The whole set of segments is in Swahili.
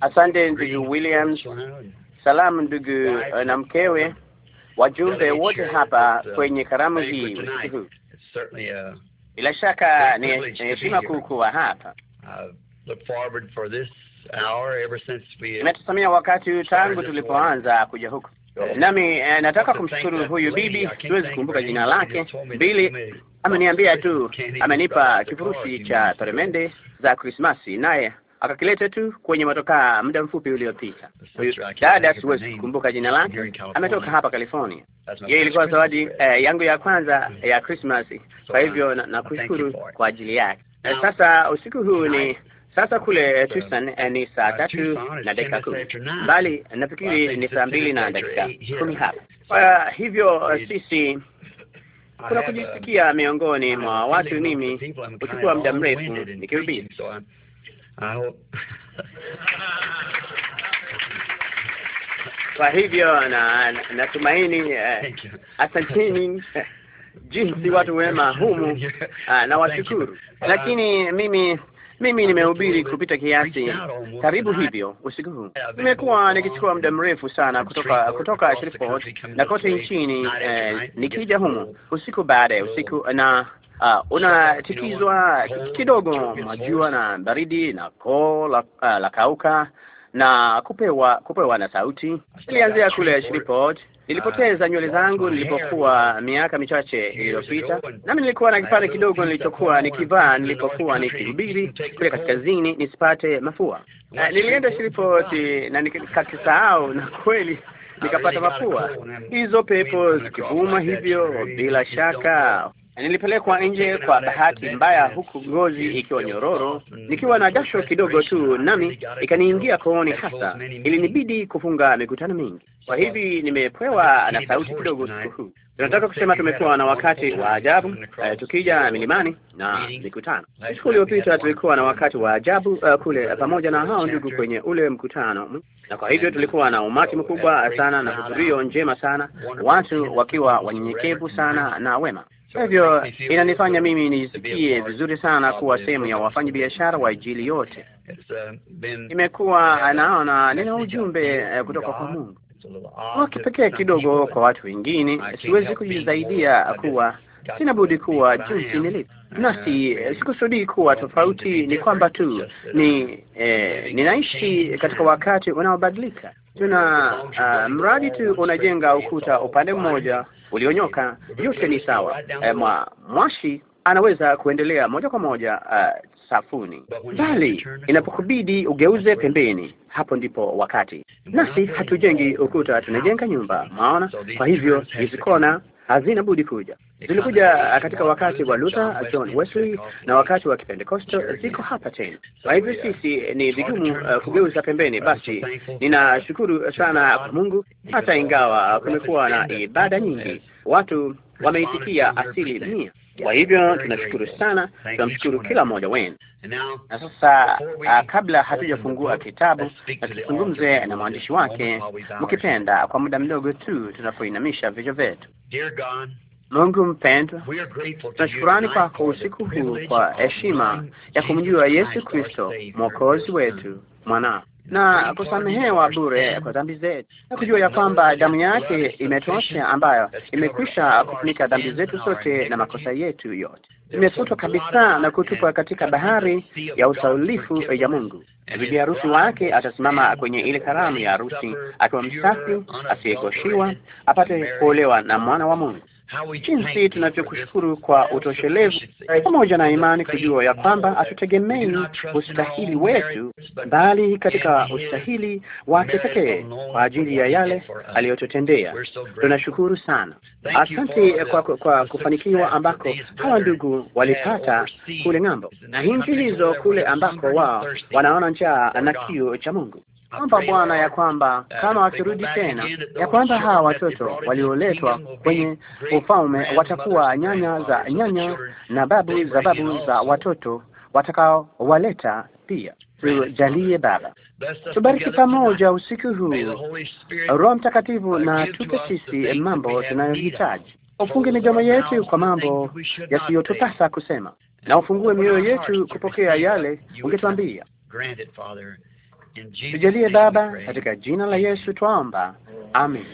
Asante ndugu Williams. Salamu ndugu uh, na mkewe, wajumbe wote hapa uh, kwenye karamu hii usiku. Uh, Bila shaka ni heshima kuu kuwa hapa. Nimetazamia wakati tangu tulipoanza kuja huku, nami nataka kumshukuru huyu bibi, siwezi kukumbuka jina lake. Bili ameniambia tu, amenipa kifurushi cha peremende za Krismasi naye akakileta tu kwenye motokaa muda mfupi uliopita. Dada, siwezi kukumbuka jina lake, ametoka hapa California. Hiyo ilikuwa zawadi eh, yangu ya kwanza ya Christmas, kwa hivyo nakushukuru na kwa ajili yake. sasa usiku huu ni sasa uh, kule Tucson eh, ni uh, saa tatu na dakika kumi bali nafikiri ni saa mbili na dakika kumi hapa. Kwa hivyo uh, sisi kuna um, kujisikia miongoni mwa watu, mimi kuchukua muda mrefu nikihubiri au kwa hivyo na natumaini uh, eh, asanteni jinsi watu wema humu uh, na washukuru. Lakini mimi mimi nimehubiri kupita kiasi, karibu hivyo usiku huu. Nimekuwa nikichukua muda mrefu sana kutoka kutoka Shreveport na kote nchini eh, nikija humu usiku baada ya usiku na uh, ah, unatikizwa ah, kidogo, majua na baridi na koo la, uh, la kauka na kupewa kupewa na sauti. Nilianzia kule Shreveport. Nilipoteza nywele zangu nilipokuwa miaka michache iliyopita, nami nilikuwa na kipande kidogo nilichokuwa nikivaa nilipokuwa nikihubiri kule kaskazini nisipate mafua. Na nilienda Shreveport eh, na nikakisahau, na kweli nikapata mafua, hizo pepo zikivuma hivyo, bila shaka nilipelekwa nje kwa bahati mbaya, huku ngozi ikiwa nyororo, nikiwa na jasho kidogo tu, nami ikaniingia kooni hasa, ilinibidi kufunga mikutano mingi. Kwa hivi nimepewa na sauti kidogo siku huu. Tunataka kusema tumekuwa na wakati wa ajabu uh, tukija milimani na mikutano. Siku uliopita tulikuwa na wakati wa ajabu uh, kule pamoja na hao ndugu kwenye ule mkutano, na kwa hivyo tulikuwa na umati mkubwa sana na hudhurio njema sana, watu wakiwa wanyenyekevu sana na wema. Hivyo inanifanya mimi nisikie vizuri sana kuwa sehemu ya wafanyabiashara wa Injili yote. Uh, Imekuwa naona nina ujumbe eh, kutoka kwa Mungu wa kipekee kidogo kwa watu wengine. Siwezi kujizaidia kuwa sina budi kuwa jinsi nilivyo, eh, nasi eh, sikusudii kuwa tofauti. Ni kwamba tu ni eh, ninaishi katika wakati unaobadilika. Tuna uh, mradi tu unajenga ukuta upande mmoja ulionyoka, yote ni sawa. Eh, mwa, mwashi anaweza kuendelea moja kwa moja uh, safuni bali inapokubidi ugeuze pembeni, hapo ndipo wakati. Nasi hatujengi ukuta, tunajenga nyumba, maona. Kwa hivyo hizi kona hazina budi kuja. Zilikuja katika wakati wa Luther, John Wesley na wakati wa Kipentekosto, ziko hapa tena. Kwa hivyo sisi eh, ni vigumu eh, kugeuza pembeni. Basi ninashukuru sana kwa Mungu, hata ingawa kumekuwa na ibada nyingi, watu wameitikia asili mia kwa hivyo tunashukuru sana, tunamshukuru kila mmoja wenu. Na sasa uh, kabla hatujafungua kitabu, na tuzungumze na mwandishi wake, mkipenda, kwa muda mdogo tu tunapoinamisha vichwa vyetu. Mungu mpendwa, tunashukurani kwako usiku huu kwa heshima ya kumjua Yesu Kristo mwokozi wetu mwanao na kusamehewa bure kwa dhambi zetu na kujua ya kwamba damu yake imetosha ambayo imekwisha kufunika dhambi zetu zote na makosa yetu yote, imefutwa kabisa na kutupwa katika bahari ya usaulifu ya Mungu. Bibi harusi wake atasimama kwenye ile karamu ya harusi akiwa msafi asiyekoshiwa, apate kuolewa na mwana wa Mungu jinsi tunavyokushukuru kwa utoshelevu pamoja na imani kujua ya kwamba hatutegemei ustahili wetu, bali katika ustahili wake pekee kwa ajili ya yale aliyotutendea. Tunashukuru sana, asante kwa, kwa kufanikiwa ambako hawa ndugu walipata kule ng'ambo na nchi hizo kule ambako wao wanaona njaa na kiu cha Mungu. Omba Bwana ya kwamba kama wakirudi tena, ya kwamba hawa watoto walioletwa kwenye ufalme watakuwa nyanya za nyanya na babu za babu za watoto watakaowaleta pia. Tujalie Baba, tubariki pamoja usiku huu, Roho Mtakatifu, uh, na tupe sisi mambo tunayohitaji. Ufunge midomo yetu kwa mambo yasiyotupasa kusema, na ufungue mioyo yetu kupokea yale ungetuambia. Tujalie Baba, katika jina la Yesu twaomba, amina.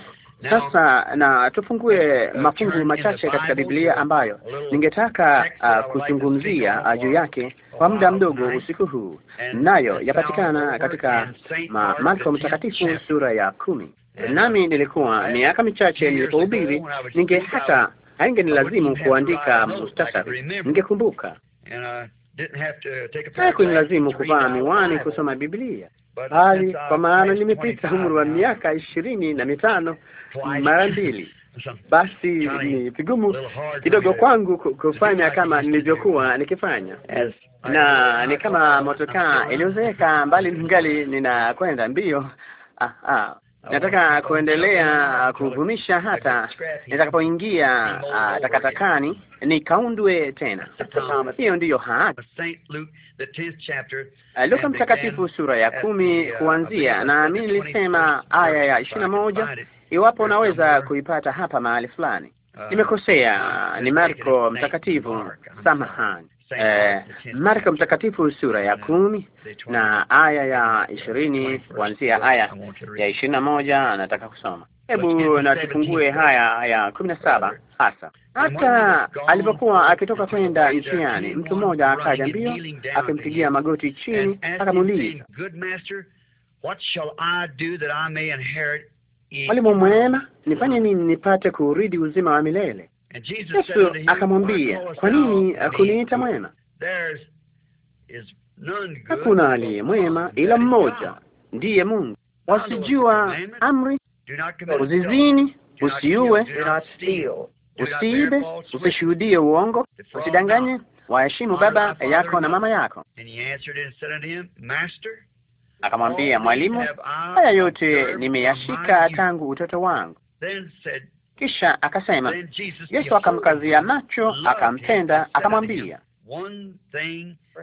Sasa na tufungue uh, uh, mafungu machache katika Biblia ambayo ningetaka uh, kuzungumzia uh, juu yake kwa muda mdogo usiku huu, nayo yapatikana katika ma Marko Mtakatifu sura ya kumi. Nami nilikuwa miaka michache nilipohubiri, ninge hata lazimu kuandika mustasari, ningekumbuka. lazimu kuvaa miwani kusoma Biblia bali kwa maana nimepita umri wa miaka ishirini na mitano mara mbili, basi ni vigumu kidogo kwangu kufanya kama nilivyokuwa nikifanya yes. na ni kama motokaa iliyozeeka, mbali ningali ninakwenda mbio. ah, ah. Nataka kuendelea kuvumisha hata nitakapoingia ah, takatakani nikaundwe tena. Hiyo ndiyo hati Uh, Luka Mtakatifu sura ya kumi uh, kuanzia, naamini nilisema aya ya ishirini na moja iwapo unaweza kuipata hapa mahali fulani. Uh, Nimekosea, ni Marko Mtakatifu, samahani. Eh, Marko Mtakatifu sura ya kumi na aya ya ishirini kuanzia aya ya ishirini na moja anataka kusoma Hebu na tufungue haya ya kumi na saba hasa. Hata alipokuwa akitoka kwenda njiani, mtu mmoja akaja mbio, akimpigia magoti chini, akamuuliza, mwalimu mwema, nifanye nini nipate kuuridi uzima wa milele? Yesu akamwambia, kwa nini kuniita mwema? Hakuna aliye mwema ila mmoja, ndiye Mungu. Wasijua amri Usizini, usiue, usiibe, usishuhudie uongo, usidanganye, waheshimu baba yako na mama yako. Akamwambia, Mwalimu, haya yote nimeyashika tangu utoto wangu. Kisha akasema, Yesu akamkazia macho, akampenda, akamwambia,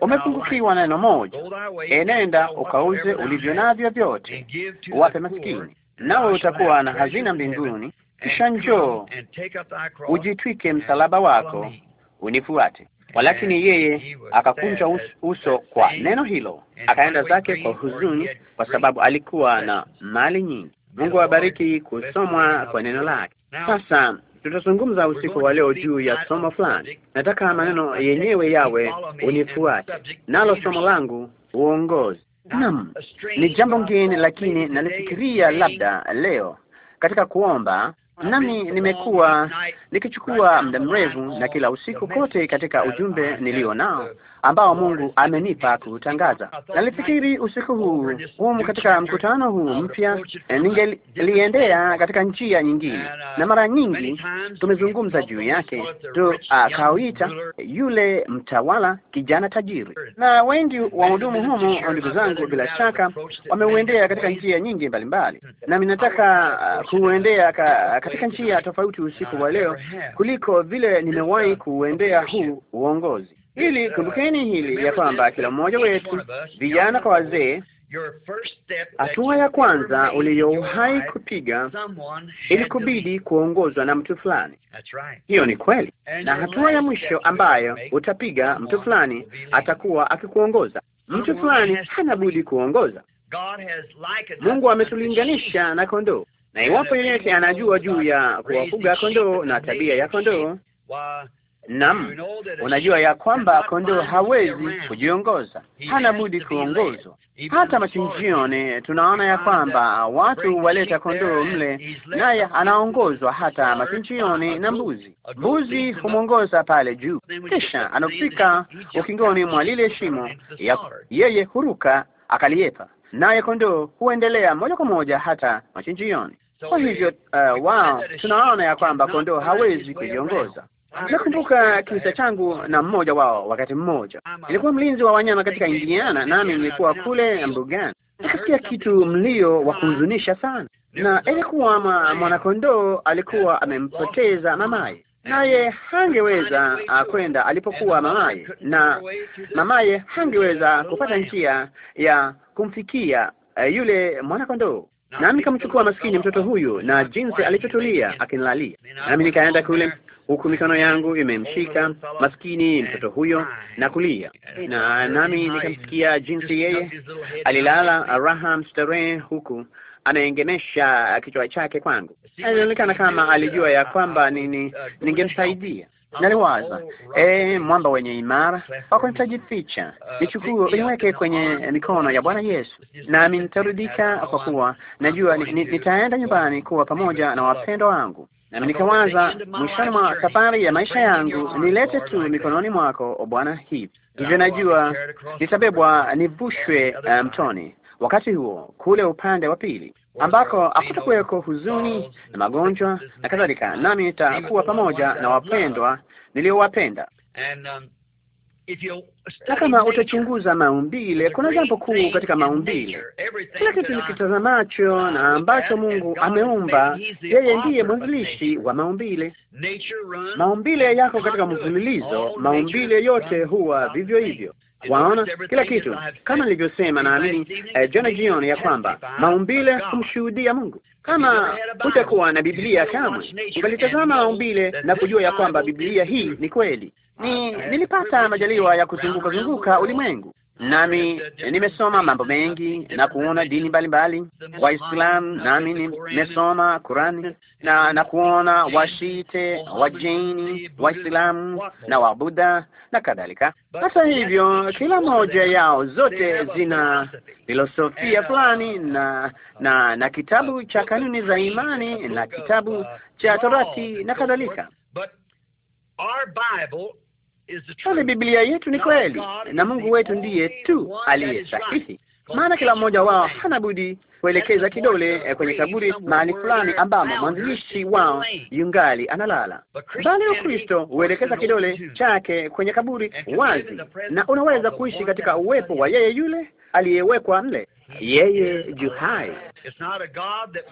umepungukiwa neno moja, enenda ukauze ulivyo navyo vyote, uwape maskini nawe utakuwa na hazina mbinguni, kisha njoo ujitwike msalaba wako unifuate. Walakini yeye akakunja uso kwa neno hilo, akaenda zake kwa huzuni, kwa sababu alikuwa na mali nyingi. Mungu abariki kusomwa kwa neno lake. Sasa tutazungumza usiku wa leo juu ya somo fulani. Nataka maneno yenyewe yawe unifuate, nalo somo langu uongozi. Naam, ni jambo ngine, lakini nalifikiria labda leo katika kuomba, nami nimekuwa nikichukua muda mrefu na kila usiku kote katika ujumbe nilio nao ambao Mungu amenipa kutangaza. Nalifikiri usiku huu huu katika mkutano huu mpya eh, ningeliendea katika njia nyingine, na mara nyingi tumezungumza juu yake tu. Akauita ah, eh, yule mtawala kijana tajiri, na wengi wa hudumu humu, ndugu zangu, bila shaka wameuendea katika njia nyingi mbalimbali, nami nataka ah, kuuendea katika njia tofauti usiku wa leo kuliko vile nimewahi kuuendea huu uongozi. Hili uh, kumbukeni hili ya kwamba kila mmoja wetu, vijana kwa wazee, hatua ya kwanza uliyouhai kupiga ili kubidi kuongozwa na mtu fulani. Hiyo ni kweli, na hatua ya mwisho ambayo utapiga, mtu fulani atakuwa akikuongoza. Mtu fulani hana budi kuongoza. Mungu ametulinganisha na kondoo, na iwapo yeyote anajua juu ya kuwafuga kondoo na tabia ya kondoo Naam, unajua ya kwamba kondoo hawezi kujiongoza, hana budi kuongozwa. Hata machinjioni tunaona ya kwamba watu waleta kondoo mle, naye anaongozwa hata machinjioni na mbuzi. Mbuzi humwongoza pale juu, kisha anafika ukingoni mwa lile shimo, yeye huruka akaliepa, naye kondoo huendelea moja kwa moja hata machinjioni. Kwa hivyo uh, wao tunaona ya kwamba kondoo hawezi kujiongoza. Nakumbuka kisa changu na mmoja wao. Wakati mmoja nilikuwa mlinzi wa wanyama katika Indiana, nami nilikuwa kule mbugani, nikasikia kitu, mlio wa kuhuzunisha sana, na ilikuwa mwanakondoo alikuwa amempoteza mamaye, naye hangeweza ah, kwenda alipokuwa mamaye, na mamaye hangeweza kupata njia ya kumfikia eh, yule mwanakondoo nami nikamchukua maskini mtoto huyu na jinsi alichotulia akinilalia, nami nikaenda kule huku mikono yangu imemshika maskini mtoto huyo na kulia, na nami nikamsikia jinsi yeye alilala raha mstarehe, huku anaengemesha kichwa chake kwangu. Alionekana kama alijua ya kwamba nini ningemsaidia. Naliwaza, e, mwamba wenye imara wako nitajificha, nichukue niweke kwenye mikono ya Bwana Yesu, nami nitarudika, kwa kuwa najua nitaenda nyumbani kuwa pamoja na wapendwa wangu na nikawaza mwishoni mwa safari ya maisha yangu nilete tu mikononi mwako, o Bwana, hivi hivyo najua nitabebwa nivushwe eh, mtoni. Um, wakati huo kule upande wa pili ambako hakutakuweko huzuni na magonjwa na kadhalika, nami nitakuwa pamoja na wapendwa niliowapenda. Um, na kama utachunguza maumbile, kuna jambo kuu katika maumbile. Kila kitu nikitazamacho na ambacho Mungu ameumba, yeye ndiye mwanzilishi wa maumbile. Maumbile yako katika mfululizo, maumbile yote huwa vivyo hivyo. Waona kila kitu, kama nilivyosema, naamini eh, jana jioni ya kwamba maumbile kumshuhudia Mungu. Kama hutakuwa na Biblia kamwe, ungalitazama maumbile na kujua ya kwamba Biblia hii ni kweli ni nilipata majaliwa ya kuzunguka zunguka ulimwengu, nami nimesoma mambo mengi na kuona dini mbalimbali, Waislamu, nami nimesoma Kurani na na kuona Washite, wajeini Waislamu na Wabudha na kadhalika. Hata hivyo, kila moja yao zote zina filosofia fulani na na na kitabu cha kanuni za imani na kitabu cha Torati na kadhalika kwani Biblia yetu ni kweli na Mungu wetu ndiye tu aliye sahihi, maana kila mmoja wao hana budi kuelekeza kidole eh, kwenye kaburi mahali fulani ambamo mwanzilishi wao yungali analala, bali Ukristo huelekeza kidole chake kwenye kaburi wazi, na unaweza kuishi katika uwepo wa yeye yule aliyewekwa mle, yeye juu hai.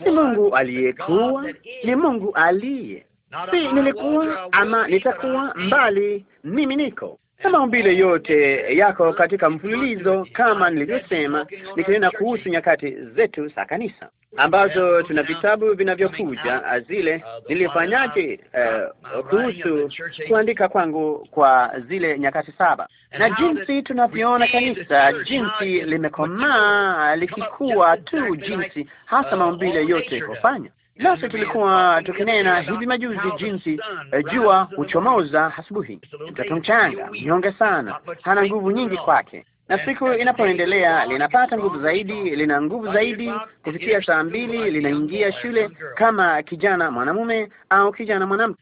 Si Mungu aliyekuwa, ni Mungu aliye si nilikuwa ama nitakuwa hmm. mbali, mimi niko na maumbile yote yako katika mfululizo, kama nilivyosema, nikinena kuhusu nyakati zetu za kanisa ambazo tuna vitabu vinavyokuja, zile nilifanyaje, uh, kuhusu kuandika kwangu kwa zile nyakati saba na jinsi tunavyoona kanisa, jinsi limekomaa likikuwa tu, jinsi hasa maumbile uh, yote kufanya sasa tulikuwa tukinena hivi majuzi jinsi e, jua huchomoza asubuhi. Mtoto mchanga mnyonge sana, hana nguvu nyingi kwake, na siku inapoendelea linapata nguvu zaidi, lina nguvu zaidi. Kufikia saa mbili linaingia shule kama kijana mwanamume au kijana mwanamke.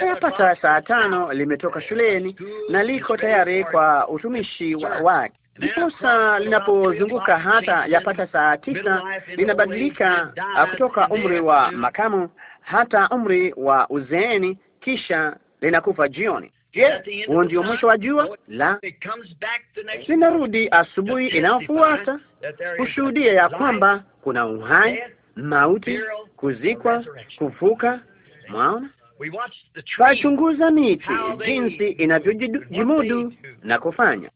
Hayapata saa tano limetoka shuleni na liko tayari kwa utumishi wake Ndiposa linapozunguka hata yapata saa tisa linabadilika ah, kutoka umri wa makamu hata umri wa uzeeni, kisha linakufa jioni. Je, huo ndio mwisho wa jua? La, linarudi asubuhi inayofuata kushuhudia ya kwamba kuna uhai, mauti, kuzikwa, kufuka. Mwaona, twaichunguza miti jinsi inavyojimudu na kufanya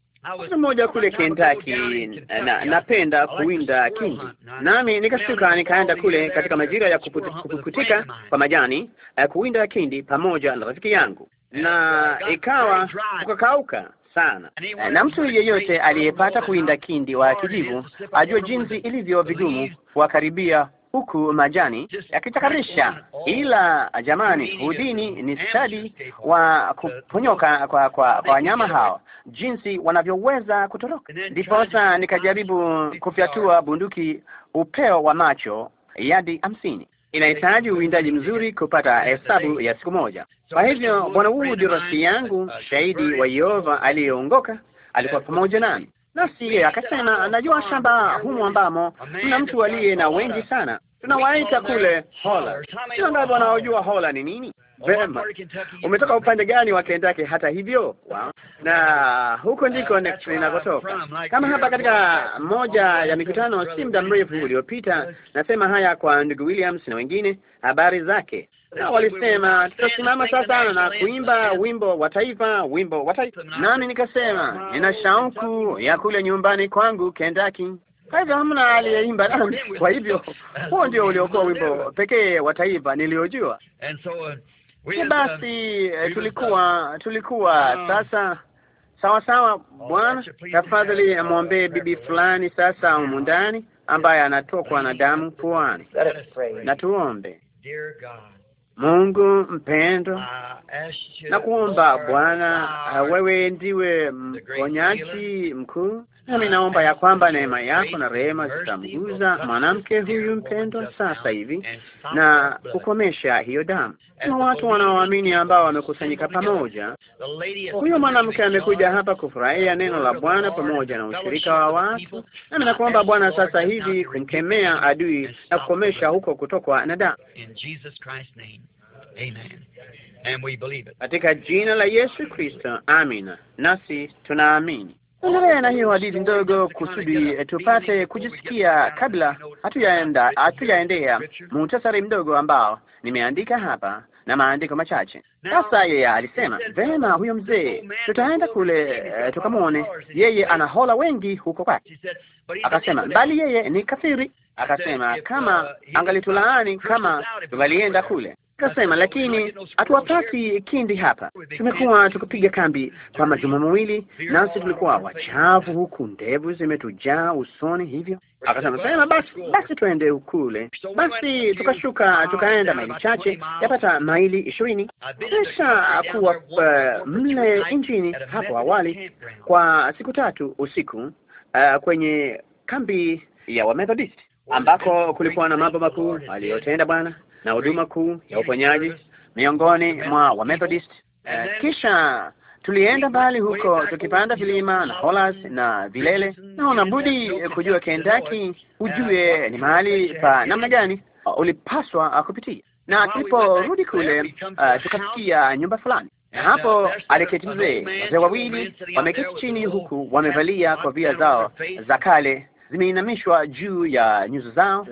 siku moja kule Kentucky, na napenda kuwinda kindi nami nikashuka nikaenda kule katika majira ya kupukutika kwa majani eh, kuwinda kindi pamoja na rafiki yangu, na ikawa kukakauka sana na mtu yeyote aliyepata kuinda kindi wa kijivu ajue jinsi ilivyo vigumu kuwakaribia huku majani yakitakarisha. Ila jamani, udini ni stadi wa kuponyoka kwa kwa wanyama hawa, jinsi wanavyoweza kutoroka. Ndiposa nikajaribu kufyatua bunduki upeo wa macho yadi hamsini. Inahitaji uwindaji mzuri kupata hesabu ya siku moja. Kwa hivyo bwana huu rafiki uh, yangu shahidi wa Yehova aliyeongoka alikuwa pamoja nami. Nasi yeye akasema, najua shamba humu ambamo kuna mtu aliye na wengi sana, tunawaita kule hola. Sio ngapi wanaojua hola ni nini? Vema, umetoka upande gani wa Kentucky? Hata hivyo wow. Na huko ndiko ninakotoka. Kama hapa katika moja ya mikutano si muda mrefu uliopita, nasema haya kwa ndugu Williams na wengine, habari zake walisema tutasimama sasa na kuimba wimbo wa taifa, wimbo wa taifa. Nami nikasema nina shauku ya kule nyumbani kwangu Kentucky. Kwa hivyo hamna aliyeimba nami, kwa hivyo huo ndio uliokuwa wimbo pekee wa taifa niliyojua. Basi eh, tulikuwa tulikuwa sasa sawa sawa. Bwana, tafadhali amwombee bibi fulani sasa humu ndani ambaye anatokwa na damu puani, na tuombe. Mungu Mpendo, uh, na Bwana, uh, wewe ndiwe mponyaji mkuu, nami naomba ya kwamba neema yako na rehema zitamguza mwanamke huyu mpendwa sasa hivi na kukomesha hiyo damu. Kuna watu wanaoamini ambao wamekusanyika pamoja. Huyo mwanamke amekuja hapa kufurahia neno la Bwana pamoja na ushirika wa watu, nami nakuomba Bwana sasa hivi kumkemea adui na kukomesha huko kutokwa na damu katika jina la Yesu Kristo, amina. Nasi tunaamini. Endelea na hiyo hadithi ndogo kusudi eh, tupate kujisikia kabla hatujaenda hatujaendea muhtasari mdogo ambao nimeandika hapa na maandiko machache. Sasa yeye alisema vema, huyo mzee tutaenda kule uh, tukamwone. Yeye anahola wengi huko kwake, akasema bali yeye ni kafiri. Akasema kama angalitulaani kama tungalienda kule Kasema, lakini hatuwapati kindi hapa. Tumekuwa tukipiga kambi kwa majuma mawili, nasi tulikuwa wachafu, huku ndevu zimetujaa usoni. Hivyo akasema sema, basi basi tuende ukule. Basi tukashuka tukaenda maili chache, yapata maili ishirini. Kisha kuwa uh, mle injini hapo awali kwa siku tatu usiku uh, kwenye kambi ya Wamethodist ambako kulikuwa na mambo makuu aliyotenda Bwana na huduma kuu ya uponyaji miongoni mwa wa Methodist. Uh, kisha tulienda mbali huko tukipanda vilima na Holas na vilele, na unabudi kujua Kentucky, ujue ni mahali pa namna gani uh, ulipaswa uh, kupitia. Na tuliporudi kule, uh, tukafikia nyumba fulani, na hapo aliketi mzee. Wazee wawili wameketi chini, huku wamevalia kofia zao za kale zimeinamishwa juu ya nyuso zao,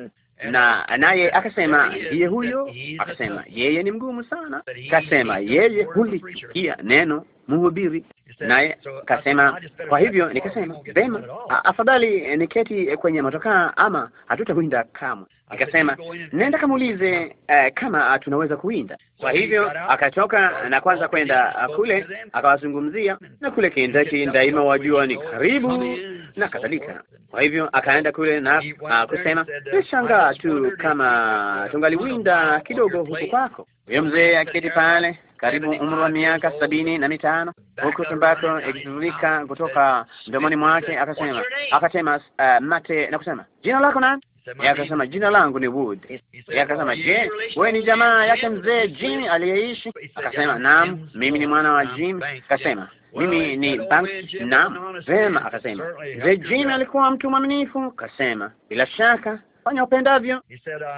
na naye akasema ndiye huyo. Akasema yeye ni mgumu sana, akasema yeye hulichukia neno mhubiri, naye kasema Kwa hivyo nikasema vema, afadhali niketi kwenye motokaa, ama hatutawinda kamwe. Nikasema nenda kamuulize uh, kama tunaweza kuwinda. Kwa hivyo akatoka na kwanza kwenda kule, akawazungumzia na kule Kentucky, daima wajua ni karibu na kadhalika. Kwa hivyo akaenda kule na uh, kusema nishangaa tu kama tungaliwinda kidogo huku kwako. Huyo mzee akiketi pale karibu umri wa miaka sabini na mitano huku tumbako ikitiririka kutoka mdomoni mwake, akasema akatema uh, mate na kusema jina lako nani? Akasema jina langu ni Wood. Akasema je, wewe ni jamaa yake mzee Jim aliyeishi? Akasema naam, mimi ni mwana wa Jim. Akasema mimi ni Banks. Naam, vema. Akasema mzee Jim alikuwa mtu mwaminifu. Akasema bila shaka, fanya upendavyo. Uh,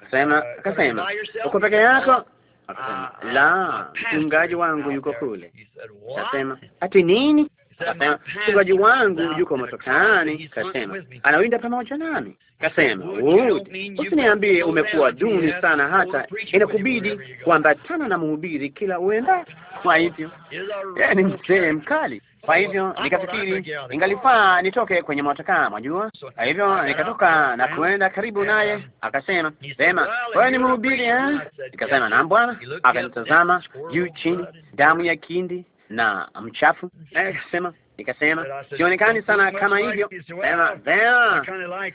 akasema uh, akasema uko peke yako Akasema, ah, la, ah, mchungaji wangu yuko kule. Akasema, ati nini? Akasema, mchungaji wangu yuko motokani. Akasema, anawinda pamoja nami. Akasema, usiniambie umekuwa duni sana, hata inakubidi kuambatana na mhubiri kila uenda. Kwa hivyo yeye ni mzee mkali kwa hivyo nikafikiri ingalifaa nitoke kwenye motokaa, mwajua. Kwa hivyo nikatoka na kuenda karibu naye, um, akasema sema, wewe ni mhubiri eh? Uh, Nikasema naam bwana. Akanitazama juu chini, damu ya kindi na mchafu, eh, akasema Nikasema sionekani sana kama hivyo sema vema,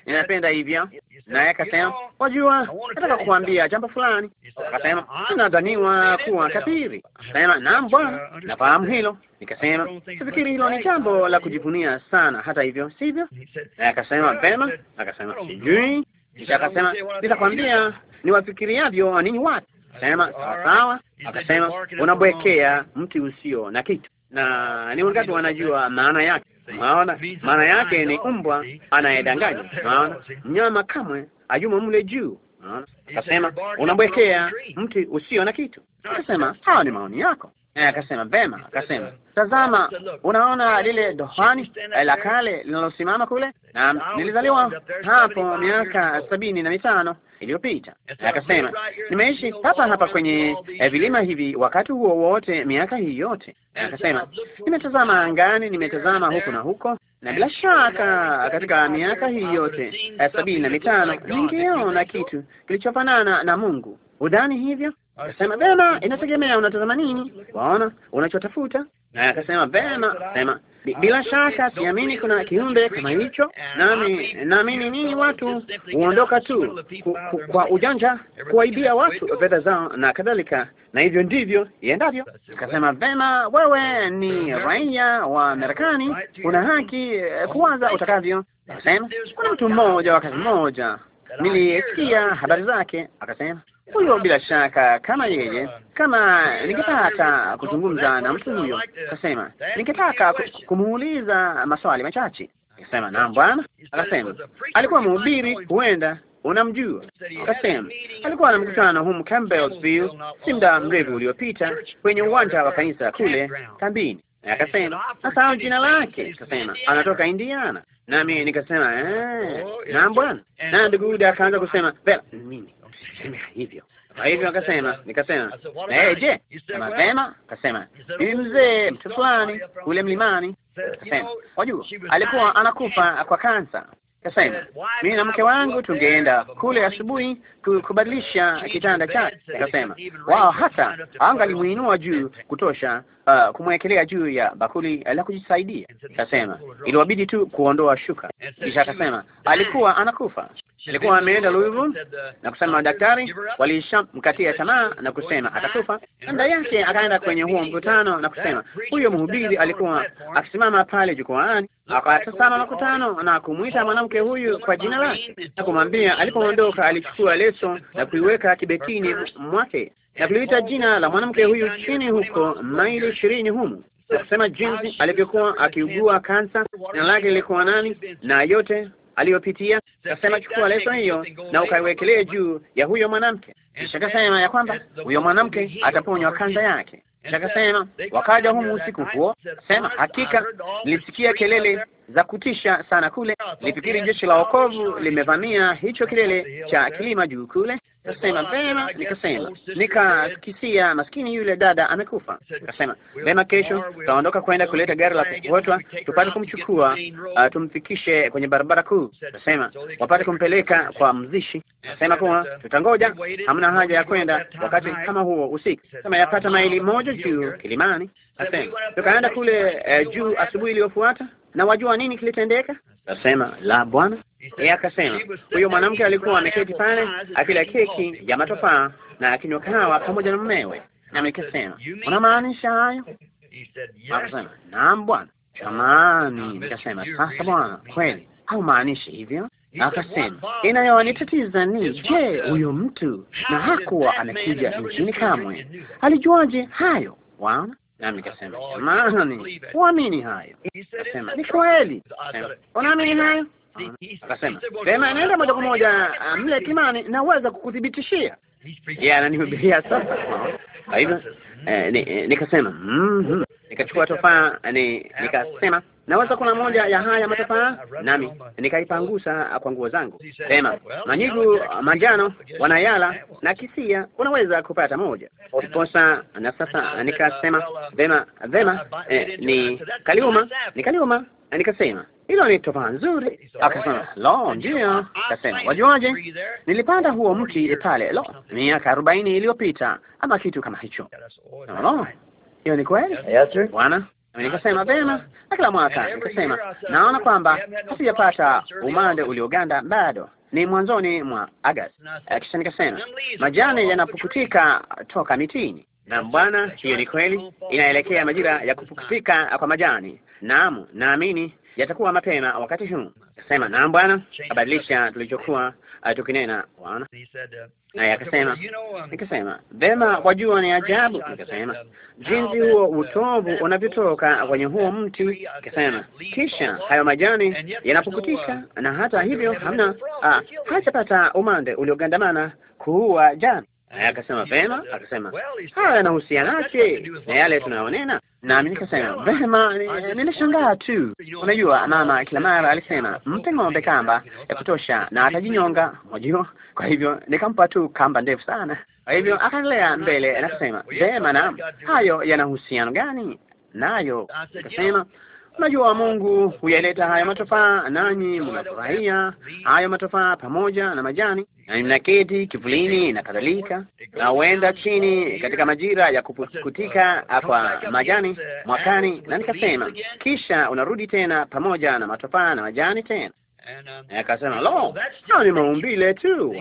ninapenda hivyo. Naye akasema wajua, nataka kukuambia jambo fulani. Akasema nadhaniwa kuwa kafiri. Sema naam bwana, nafahamu hilo. Nikasema sifikiri hilo ni jambo la kujivunia sana, hata hivyo sivyo? Naye akasema vema. Akasema sijui, kisha akasema nitakwambia niwafikiriavyo ninyi watu. Sema sawa sawa. Akasema unabwekea mti usio na kitu na ni wangapi wanajua maana yake? Unaona, maana yake ni umbwa anayedanganya. Unaona, mnyama kamwe ayumo mle juu. Akasema unabwekea mti usio na kitu. Akasema hawa ni maoni yako eh, akasema vema. Akasema, tazama, unaona lile dohani eh, la kale linalosimama kule, na nilizaliwa hapo miaka sabini na mitano iliyopita. Akasema nimeishi hapa hapa kwenye eh, vilima hivi wakati huo wote, miaka hii yote. Uh, akasema nimetazama angani, nimetazama huku na huko, na bila shaka katika miaka hii yote eh, sabini na mitano ningeona kitu kilichofanana na Mungu. Udhani hivyo? Akasema vema, inategemea unatazama nini, waona unachotafuta. Naye akasema vema, sema bila shaka, siamini kuna kiumbe kama hicho, nami naamini nini, watu huondoka tu ku, ku, kwa ujanja kuwaibia watu fedha zao na kadhalika, na hivyo ndivyo iendavyo. Akasema vema, wewe ni raia wa Marekani, una haki eh, kuwaza utakavyo. Akasema kuna mtu mmoja, wakati mmoja nilisikia habari zake, akasema huyo bila shaka, kama yeye, kama ningepata kuzungumza na mtu huyo, akasema ningetaka kumuuliza maswali machache. Akasema naam bwana. Akasema alikuwa mhubiri, huenda unamjua. Akasema alikuwa na mkutano humu Campbellsville si muda mrefu uliopita kwenye uwanja wa kanisa kule kambini. Akasema sasa jina lake, akasema anatoka Indiana. Nami nikasema eh, naam bwana. Na ndugu akaanza kusema vela mimi sema hivyo. Kwa hivyo akasema, nikasema na eh, je, mapema? Akasema ni mzee mtu fulani kule mlimani. Akasema wajua, alikuwa anakufa kwa kansa. Akasema mimi na mke wangu tungeenda kule asubuhi kubadilisha kitanda chake. Akasema wao hata angalimuinua juu kutosha uh, kumwekelea juu ya bakuli la kujisaidia. Akasema iliwabidi tu kuondoa shuka, kisha akasema alikuwa anakufa. Alikuwa ameenda Louisville na kusema daktari walishamkatia tamaa na kusema atakufa. Nda yake akaenda kwenye huo mkutano na kusema huyo mhubiri alikuwa akisimama pale jukwaani, akatazama mkutano na kumwita mwanamke huyu kwa jina lake na kumwambia, alipoondoka alichukua leso na kuiweka kibetini mwake na kuliita jina la mwanamke huyu chini huko maili ishirini humu na jinsi alivyokuwa akiugua kansa, jina lake lilikuwa nani na yote aliyopitia. Kasema, chukua leso hiyo na ukaiwekelee juu ya huyo mwanamke, kisha kasema ya kwamba huyo mwanamke ataponywa kansa yake. Kisha kasema wakaja humu usiku huo, sema hakika nilisikia kelele za kutisha sana kule, nilifikiri jeshi la wokovu limevamia hicho kilele cha kilima juu kule Nikasema vema, nikasema nikakisia, maskini yule dada amekufa. Nikasema vema, kesho tutaondoka kwenda kuleta gari la kukotwa tupate kumchukua, uh, tumfikishe kwenye barabara kuu. Nikasema wapate kumpeleka kwa mzishi. Nikasema kuwa uh, tutangoja, hamna haja ya kwenda wakati kama huo usiku, kama yapata maili moja juu kilimani tukaenda kule eh, juu asubuhi iliyofuata, na wajua nini kilitendeka? kasema la bwana. Yeye akasema huyo mwanamke alikuwa ameketi pale akila keki ya matofaa na akinywa kahawa pamoja na mmewe na nikasema unamaanisha hayo? Akasema naam bwana. Jamani, nikasema sasa bwana, kweli au maanishi hivyo? Akasema inayonitatiza ni je, huyo mtu na hakuwa amekuja nchini kamwe, alijuaje hayo? bwana? Nami nikasema jamani, huamini hayo? Akasema ni kweli. Unaamini hayo? Akasema sema, naenda moja kwa moja mle timani, naweza kukuthibitishia. Yeye ananihubiria sasa. Kwa hivyo eh, eh, nikasema, mhm, hmm. nikachukua tofaa, nikasema naweza kuna moja ya haya matofaa, nami nikaipangusa kwa nguo zangu. Sema manyigu uh, manjano wanayala na kisia, unaweza kupata moja osposa. Uh, na sasa uh, nikasema vema, vema, eh, ni kaliuma, ni kaliuma. Eh, nikasema hilo ni tofaa nzuri. Akasema lo, ndio. kasema wajuaje? Nilipanda huo mti pale lo, miaka arobaini iliyopita ama kitu kama hicho. Lo, hiyo ni kweli bwana. Nikasema vema, na kila mwaka nikasema naona kwamba hasijapata umande ulioganda bado, ni mwanzoni mwa Agosti. Eh, kisha nikasema majani yanapukutika toka mitini. Naam Bwana, hiyo ni kweli, inaelekea majira ya kupukutika kwa majani. Naam, naamini yatakuwa mapema wakati huu. Nikasema naam Bwana, abadilisha tulichokuwa Ah, tukinena Bwana, naye uh, akasema, nikasema um, vema, jua ni ajabu, nikasema um, jinsi huo uh, utovu unavyotoka uh, kwenye huo mti, nikasema kisha hayo majani yanapukutika, na hata hivyo hamna ah, hajapata umande uliogandamana kuua jani Eh, akasema vema, akasema haya yanahusianaje na eh, yale tunayonena? Nami nikasema vema, nilishangaa tu. Unajua mama kila mara alisema mpe ng'ombe kamba ya kutosha na atajinyonga, unajua. Kwa hivyo nikampa tu kamba ndefu sana. Kwa hivyo akaendelea mbele na vema, na hayo yana uhusiano gani nayo? Nikasema Unajua, Mungu huyaleta haya matofaa, nanyi mnafurahia haya matofaa pamoja na majani, na mnaketi kivulini na kadhalika, na huenda chini katika majira ya kupukutika kwa majani mwakani. Na nikasema, kisha unarudi tena pamoja na matofaa na majani tena. Akasema, lo, hao ni maumbile tu,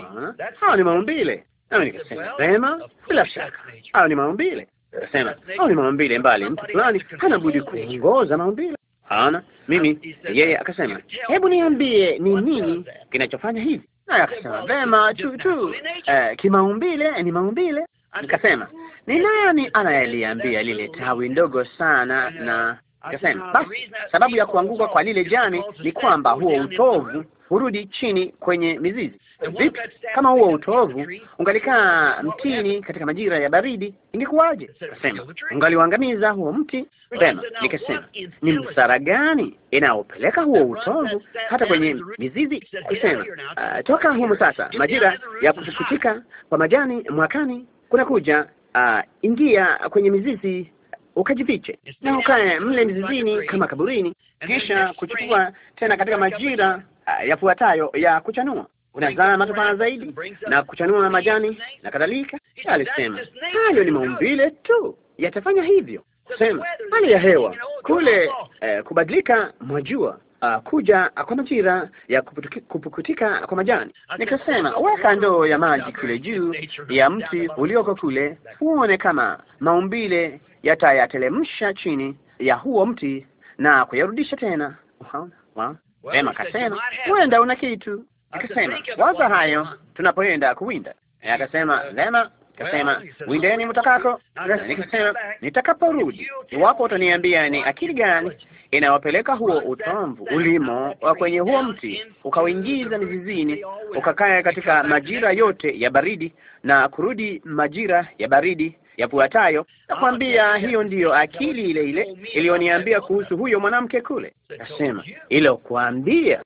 hao ni maumbile. Nami nikasema, vema, bila shaka hao ni maumbile. Akasema, hao ni maumbile, mbali mtu fulani hana budi kuongoza maumbile. Ana mimi yeye akasema, hebu niambie ni nini kinachofanya hivi. Naye akasema vema tu tu, eh, kimaumbile ni maumbile. Nikasema ni nani anayeliambia lile tawi ndogo sana na Nikasema basi, sababu ya kuanguka kwa lile jani ni kwamba huo utovu hurudi chini kwenye mizizi. Vipi kama huo utovu ungalikaa mtini katika majira ya baridi, ingekuwaje? Kasema ungaliuangamiza huo mti pema. Nikasema ni msara gani inaopeleka huo utovu hata kwenye mizizi? Kasema uh, ah, toka humu sasa, majira ya kufukutika kwa majani mwakani kunakuja, uh, ingia kwenye mizizi ukajifiche na ukae mle mzizini kama kaburini, kisha kuchukua tena katika majira ah, yafuatayo ya kuchanua unazaa matofaa zaidi na kuchanua majani na kadhalika. Alisema hayo ni maumbile tu yatafanya hivyo, sema hali ya hewa kule, eh, kubadilika mwa jua uh, kuja kwa majira ya kupukutika kwa majani. Nikasema, weka ndoo ya maji kule juu ya mti ulioko kule, huone kama maumbile yatayatelemsha chini ya huo mti na kuyarudisha tena. Unaona? Wow. Well, akasema huenda una kitu. Akasema waza hayo tunapoenda kuwinda. Eh, akasema lema Kasema windeni mtakako. Nikasema nitakaporudi, iwapo utaniambia ni akili gani inawapeleka huo utomvu ulimo wa kwenye huo mti, ukauingiza mizizini, ukakaya katika majira yote ya baridi na kurudi majira ya baridi yafuatayo. Nakwambia, hiyo ndiyo akili ile ile iliyoniambia kuhusu huyo mwanamke kule. Akasema, ilokuambia?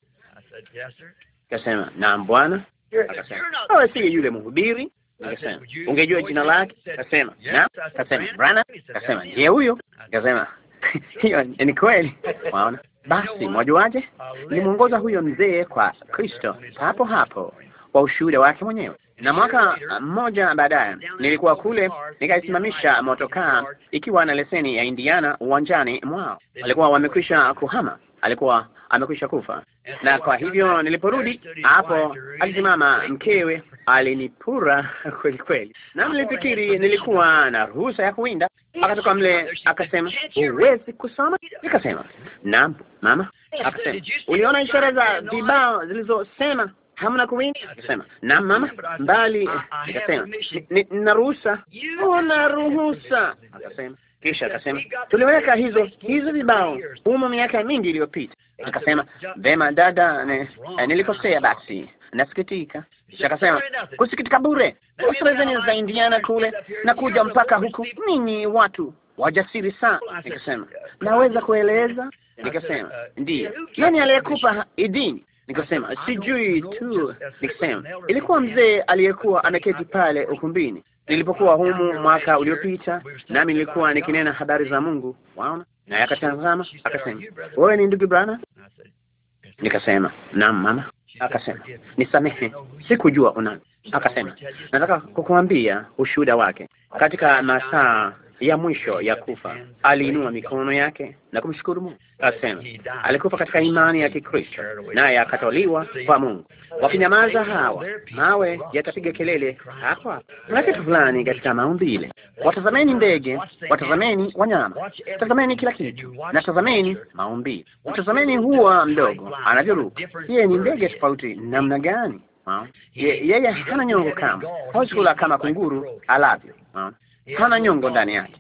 Akasema, naam bwana. Akasema, wewe si yule mhubiri? Akasema, ungejua jina lake? Akasema, naam. Akasema, bwana. Akasema, ndiye huyo. Akasema hiyo ni kweli. Waona, basi mwajuaje? Nilimwongoza huyo mzee kwa Kristo papo hapo kwa ushuhuda wake mwenyewe, na mwaka mmoja baadaye nilikuwa kule, nikaisimamisha motokaa ikiwa na leseni ya Indiana uwanjani mwao. Walikuwa wamekwisha kuhama, alikuwa amekwisha kufa na kwa hivyo niliporudi hapo, alisimama mkewe, alinipura kweli kweli, na nilifikiri nilikuwa na ruhusa ya kuwinda. Akatoka mle akasema, huwezi kusoma? Nikasema naam mama. Akasema, uliona ishara za vibao zilizosema hamna kuwinda? Akasema, naam mama, mbali. Nikasema ninaruhusa. una ruhusa? Akasema kisha akasema tuliweka hizo hizo vibao humo miaka mingi iliyopita. Akasema vema dada, eh, nilikosea basi, nasikitika. Kisha akasema kusikitika bure, kuserezeni za Indiana kule na kuja mpaka huku, ninyi watu wajasiri sana. Nikasema naweza uh, kueleza, nikasema uh, ndiyo. Nani aliyekupa idini Nikasema sijui tu. Nikasema ilikuwa mzee aliyekuwa anaketi pale ukumbini, nilipokuwa humu mwaka uliopita, nami nilikuwa nikinena habari za Mungu, waona, naye akatazama akasema, wewe ni ndugu Brana? Nikasema, naam mama. Akasema, nisamehe, sikujua una. Akasema, nataka kukuambia ushuhuda wake katika masaa ya mwisho ya kufa, aliinua mikono yake na kumshukuru Mungu. Asema alikufa katika imani ya Kikristo, naye akatoliwa kwa Mungu. Wakinyamaza hawa, mawe yatapiga kelele hapo hapo. kitu fulani katika maumbile. Watazameni ndege, watazameni wanyama, tazameni kila kitu na tazameni maumbile. watazameni huwa mdogo anavyoruka. Yeye ni ndege tofauti namna gani? Yeye hana nyongo kama hawezi kula kama kunguru alavyo hana nyongo ndani yake,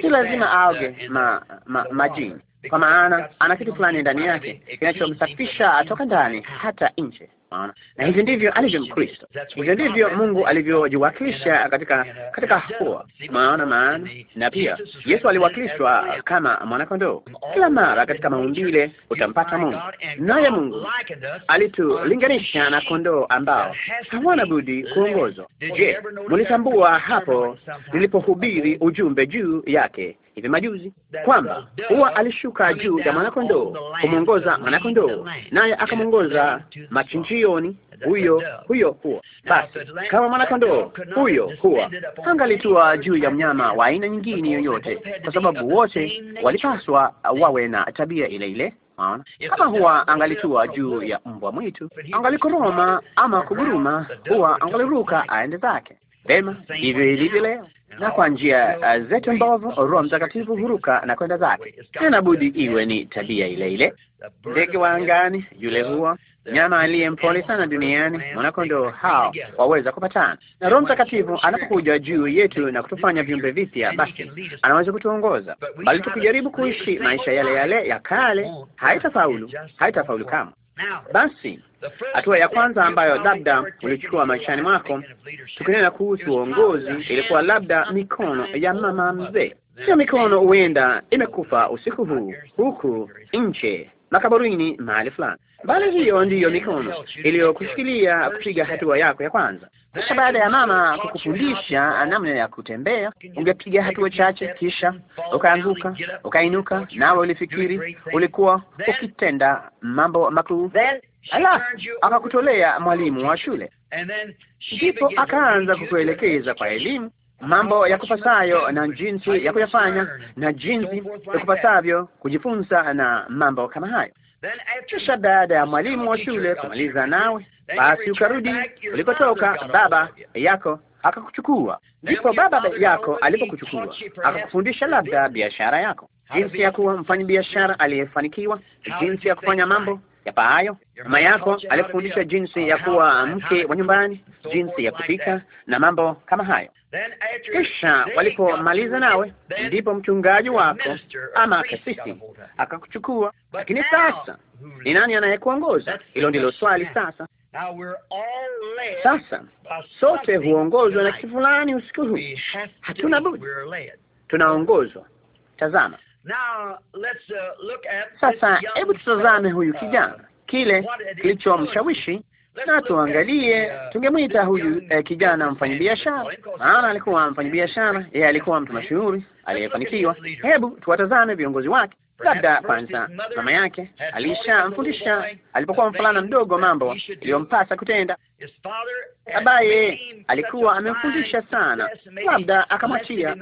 si lazima aoge uh, ma, ma, majini kwa maana ana kitu fulani ndani yake kinachomsafisha atoka ndani hata nje. Maana na hivi ndivyo alivyo Mkristo, hivyo ndivyo Mungu alivyojiwakilisha katika katika hua. maana maana, na pia Yesu aliwakilishwa kama mwanakondoo. Kila mara katika maumbile utampata Mungu, naye Mungu alitulinganisha na kondoo ambao hawana budi kuongozwa. Je, mlitambua hapo nilipohubiri ujumbe juu yake hivi majuzi kwamba huwa alishuka juu ya mwanakondoo kumwongoza mwanakondoo, naye akamwongoza machinjioni huyo huyo huo. Basi kama mwanakondoo huyo huwa angalitua uh, juu ya mnyama wa aina nyingine yoyote, kwa sababu wote walipaswa uh, wawe na tabia ile ile. Maana kama huwa angalitua uh, juu ya mbwa mwitu, angalikoroma ama kuguruma, huwa angaliruka aende zake. Vema, hivyo ilivyo leo na kwa njia uh, zetu mbovu, Roho Mtakatifu huruka na kwenda zake. Inabudi iwe ni tabia ile ile, ndege wa angani yule huo nyama aliye mpole sana duniani, mwanakondoo, hao waweza kupatana. Na Roho Mtakatifu anapokuja juu yetu na kutufanya viumbe vipya, basi anaweza kutuongoza, bali tukijaribu kuishi maisha yale yale ya kale, haitafaulu, haitafaulu kama basi Hatua ya kwanza ambayo labda ulichukua maishani mwako, tukinena kuhusu uongozi, ilikuwa labda mikono ya mama mzee. Hiyo mikono huenda imekufa usiku huu huku nje makaburini mahali fulani, bali hiyo ndiyo mikono iliyokushikilia kupiga hatua yako ya kwanza. Kisha baada ya mama kukufundisha namna ya kutembea, ungepiga hatua chache, kisha ukaanguka, ukainuka, nawe ulifikiri ulikuwa ukitenda mambo makuu. Ala, akakutolea mwalimu wa shule, ndipo akaanza kukuelekeza kwa elimu mambo ya kupasayo na jinsi ya kuyafanya na jinsi ya kupasavyo kujifunza na mambo kama hayo. Kisha baada ya mwalimu wa shule kumaliza nawe, basi ukarudi ulikotoka, baba yako akakuchukua. Ndipo baba yako alipokuchukua akakufundisha labda biashara yako, jinsi ya kuwa mfanyabiashara aliyefanikiwa, jinsi ya kufanya mambo ya Mama yako alikufundisha jinsi ya kuwa mke wa nyumbani, jinsi ya kupika na mambo kama hayo. Kisha walipomaliza nawe, ndipo mchungaji wako ama kasisi akakuchukua. Lakini sasa ni nani anayekuongoza? Hilo ndilo swali sasa. Sasa sote huongozwa na kitu fulani usiku huu, hatuna budi, tunaongozwa. Tazama Uh, Sasa hebu tutazame huyu kijana, kile uh, kilichomshawishi na tuangalie. Uh, tungemwita huyu eh, kijana mfanyabiashara, maana alikuwa mfanyabiashara, yeye alikuwa mtu mashuhuri aliyefanikiwa. Hebu tuwatazame viongozi wake. Labda kwanza, mama yake alishamfundisha alipokuwa mfulana mdogo mambo iliyompasa kutenda. Babaye alikuwa amemfundisha sana, labda akamwachia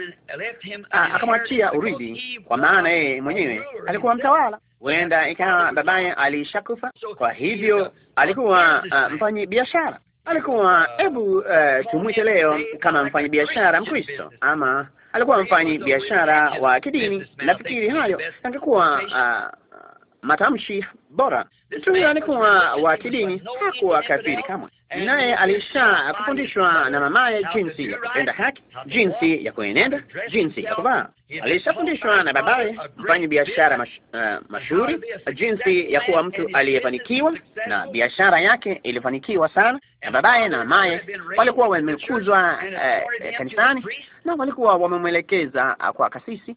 ah, akamwachia urithi, kwa maana yeye mwenyewe alikuwa mtawala. Huenda ikawa babaye alishakufa, kwa hivyo alikuwa uh, mfanyi biashara, alikuwa uh, hebu, uh, tumwite leo kama mfanyi biashara Mkristo ama alikuwa mfanyi biashara wa kidini. Nafikiri hayo angekuwa uh, ah, matamshi bora. Mtu huyo alikuwa wa kidini, hakuwa kafiri kamwe naye alisha kufundishwa na mamaye jinsi ya kutenda haki, jinsi ya kuenenda, jinsi ya kuvaa. Alishafundishwa na babaye, mfanyi biashara mash, uh, mashuhuri, jinsi ya kuwa mtu aliyefanikiwa, na biashara yake ilifanikiwa sana, na babaye na mamaye walikuwa wamekuzwa uh, kanisani na walikuwa wamemwelekeza kwa kasisi,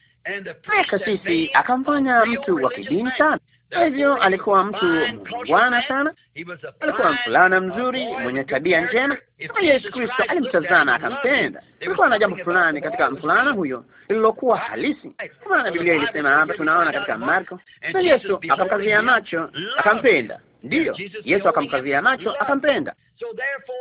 naye kasisi akamfanya mtu wa kidini sana. Hivyo alikuwa mtu bwana sana, alikuwa mfulana mzuri mwenye tabia njema. Kama Yesu Kristo alimtazama akampenda, kulikuwa na jambo fulani katika mfulana huyo lililokuwa halisi, kwa maana Biblia ilisema hapa, tunaona katika Marko, na Yesu akamkazia macho akampenda. Ndiyo, Yesu akamkazia macho akampenda.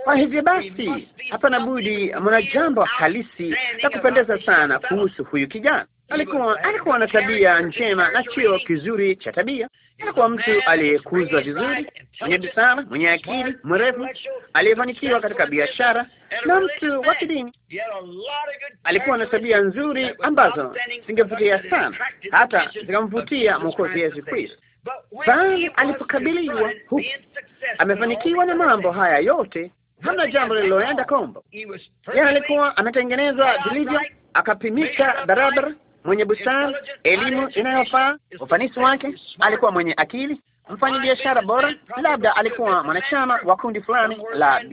Kwa hivyo basi, hapana budi, mna jambo halisi la kupendeza sana kuhusu huyu kijana. Alikuwa alikuwa na tabia njema na cheo kizuri cha tabia. Alikuwa mtu aliyekuzwa vizuri, mwenye busara, mwenye akili, mrefu, aliyefanikiwa katika biashara na mtu wa kidini. Alikuwa na tabia nzuri ambazo zingevutia sana, hata zikamvutia Mwokozi Yesu Kristo. Bali alipokabiliwa huku amefanikiwa na mambo haya yote, hamna jambo lililoenda kombo. Yeye alikuwa ametengenezwa vilivyo, akapimika barabara mwenye busara, elimu inayofaa, ufanisi wake, alikuwa mwenye akili, mfanyi biashara bora, labda alikuwa mwanachama wa kundi fulani la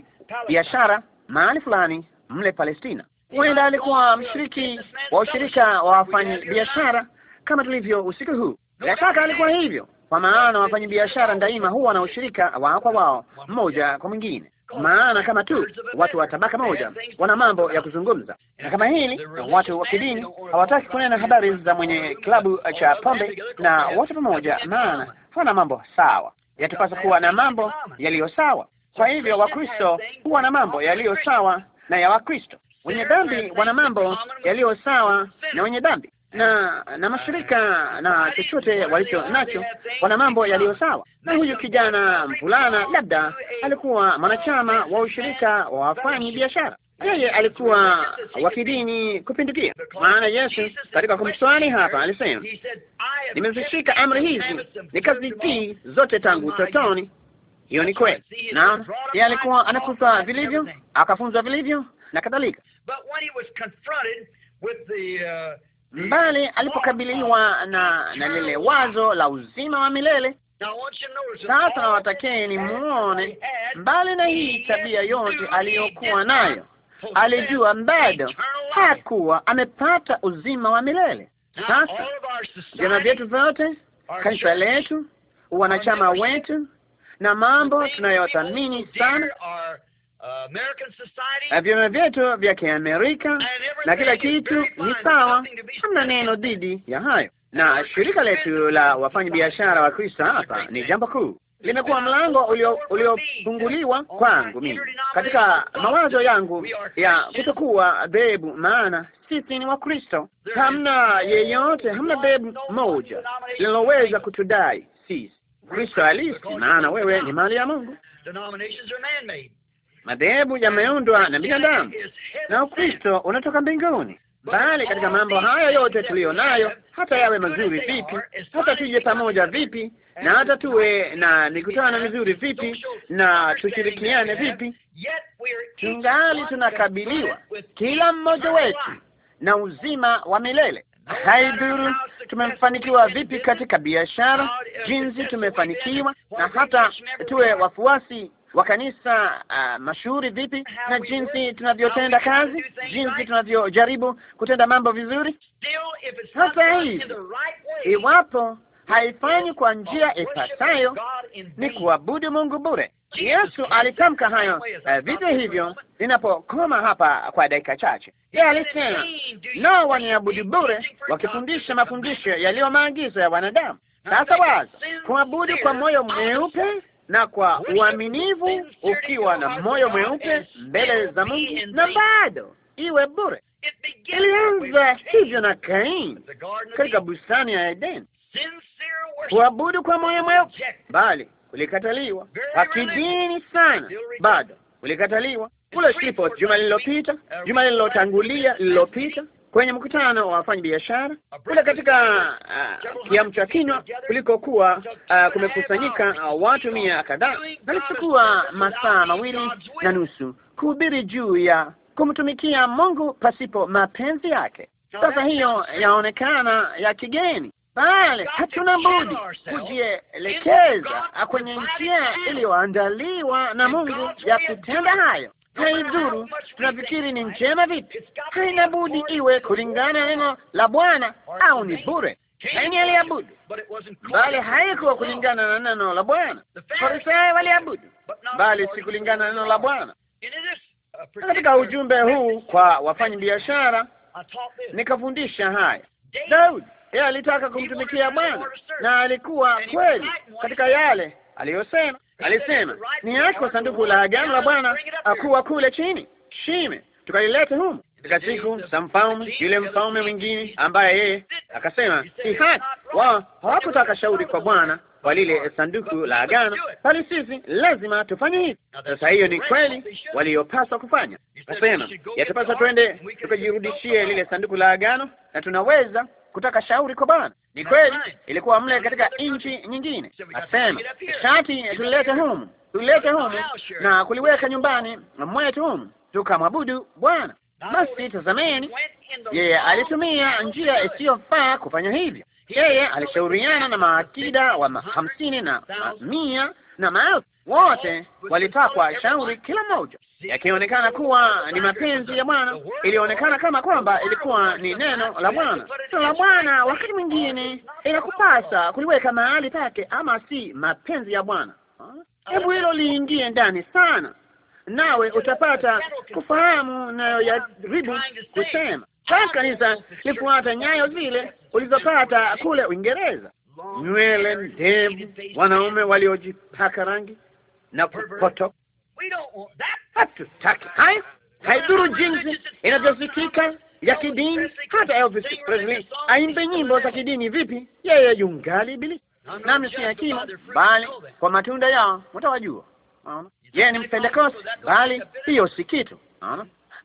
biashara mahali fulani mle Palestina. Huenda alikuwa mshiriki wa ushirika wa wafanyi biashara kama tulivyo usiku huu. Bila shaka alikuwa hivyo, kwa maana wafanyi biashara daima huwa na ushirika wao kwa wao, mmoja kwa mwingine maana kama tu watu wa tabaka moja wana mambo ya kuzungumza, na kama hili watu wa kidini hawataki kunena habari za mwenye klabu cha pombe na watu pamoja, maana hawana mambo sawa. Yatupasa kuwa na mambo yaliyo sawa. Kwa hivyo, Wakristo huwa na mambo yaliyo sawa na ya Wakristo, wenye dhambi wana mambo yaliyo sawa na wenye dhambi na na mashirika na chochote walicho nacho, wana mambo yaliyo sawa. Na huyu kijana mvulana labda alikuwa mwanachama wa ushirika wa wafanyi biashara, yeye alikuwa wa kidini kupindukia, maana Yesu katika kumswali hapa alisema, nimezishika amri hizi nikazitii zote tangu utotoni. Hiyo ni kweli, na yeye alikuwa anakufa vilivyo, akafunzwa vilivyo na kadhalika mbali alipokabiliwa na na lile wazo la uzima wa milele. Sasa nawatakeni muone, mbali na hii tabia yote aliyokuwa nayo, alijua bado hakuwa amepata uzima wa milele. Sasa vyama vyetu vyote, kanisa letu, wanachama wetu na mambo tunayothamini sana na vyama vyetu vya Kiamerika na kila kitu ni sawa, hamna neno dhidi ya hayo. Na shirika letu la biashara wa Kristo hapa ni jambo kuu, limekuwa mlango uliofunguliwa ulio kwangu mimi katika mawazo yangu ya kutokuwa bebu, maana sisi ni Wakristo. Hamna yeyote, hamna bebu moja linaloweza kutudai sisi Kristo halisi, maana wewe ni mali ya Mungu. Madhehebu yameundwa na binadamu na Ukristo unatoka mbinguni, bali katika mambo haya yote tuliyo nayo, hata yawe mazuri vipi, hata tuje pamoja vipi, na hata tuwe na mikutano mizuri vipi, na tushirikiane vipi, tungali tunakabiliwa kila mmoja wetu na uzima wa milele. Haidhuru tumefanikiwa vipi katika biashara, jinsi tumefanikiwa, na hata tuwe wafuasi wa kanisa uh, mashuhuri vipi na jinsi tunavyotenda kazi, jinsi tunavyojaribu kutenda mambo vizuri. Hata hivi iwapo haifanyi kwa njia ipasayo, ni kuabudu Mungu bure. Yesu alitamka hayo eh, uh, vivyo hivyo. Ninapokoma hapa kwa dakika chache, yeye alisema nao waniabudu bure, wakifundisha mafundisho yaliyo maagizo ya wanadamu. Sasa waza kuabudu kwa moyo mweupe na kwa uaminivu, ukiwa na moyo mweupe mbele za Mungu, na bado iwe bure. Ilianza hivyo na Kain katika bustani ya Eden, kuabudu kwa moyo mweupe, bali kulikataliwa. Akidini sana, bado kulikataliwa. Kule Shreveport juma lililopita, juma lililotangulia lililopita kwenye mkutano wa biashara kule katika uh, kiamcha kinywa kulikokuwa uh, kumekusanyika uh, watu mia kadhaa. Alichukua masaa mawili na nusu kuhubiri juu ya kumtumikia Mungu pasipo mapenzi yake. Sasa hiyo yaonekana ya kigeni pale. Hatuna budi kujielekeza kwenye njia iliyoandaliwa na Mungu ya kutenda hayo haidhuru tunafikiri ni njema vipi, haina budi iwe kulingana na neno la Bwana au ni bure. Kaini aliabudu, bali haikuwa kulingana na neno la Bwana. Farisayo waliabudu, bali si kulingana na neno la Bwana. Katika ujumbe huu kwa biashara nikafundisha haya. Daudi yeye alitaka kumtumikia Bwana na alikuwa kweli katika yale aliyosema. Alisema, ni yako sanduku la agano la Bwana, akuwa kule chini shime, tukalilete humu. Katika siku za mfalme yule mfalme mwingine ambaye yeye akasema si haki, wao hawakutaka shauri kwa Bwana kwa lile sanduku la agano, bali sisi lazima tufanye hivi. Sasa hiyo ni kweli waliyopaswa kufanya. Akasema yatupasa twende tukajirudishie lile sanduku la agano, na tunaweza kutaka shauri kwa Bwana. Ni kweli ilikuwa mle katika nchi nyingine, asema shati tulilete humu, tulilete humu na kuliweka nyumbani mwetu humu, tukamwabudu Bwana. Basi tazameni, yeye alitumia njia isiyofaa kufanya hivyo. Yeye alishauriana na maakida wa hamsini na mia na maelfu wote walitakwa shauri, kila mmoja yakionekana kuwa ni mapenzi ya Bwana. Ilionekana kama kwamba ilikuwa ni neno la Bwana. Neno la Bwana wakati mwingine inakupasa kuliweka mahali pake, ama si mapenzi ya Bwana. Hebu hilo liingie ndani sana, nawe utapata kufahamu nayoyaribu kusema. Sasa kanisa lifuata nyayo zile ulizopata kule Uingereza: nywele ndevu, wanaume waliojipaka rangi na kupotoka. Hatutaki hayo, haidhuru jinsi inavyosikika ya kidini. Hata Elvis Presley aimbe nyimbo za kidini vipi, yeye yungali ibilisi. Nami si hakimu, bali kwa matunda yao mtawajua. Yeye ni mpendekosi, bali hiyo si kitu.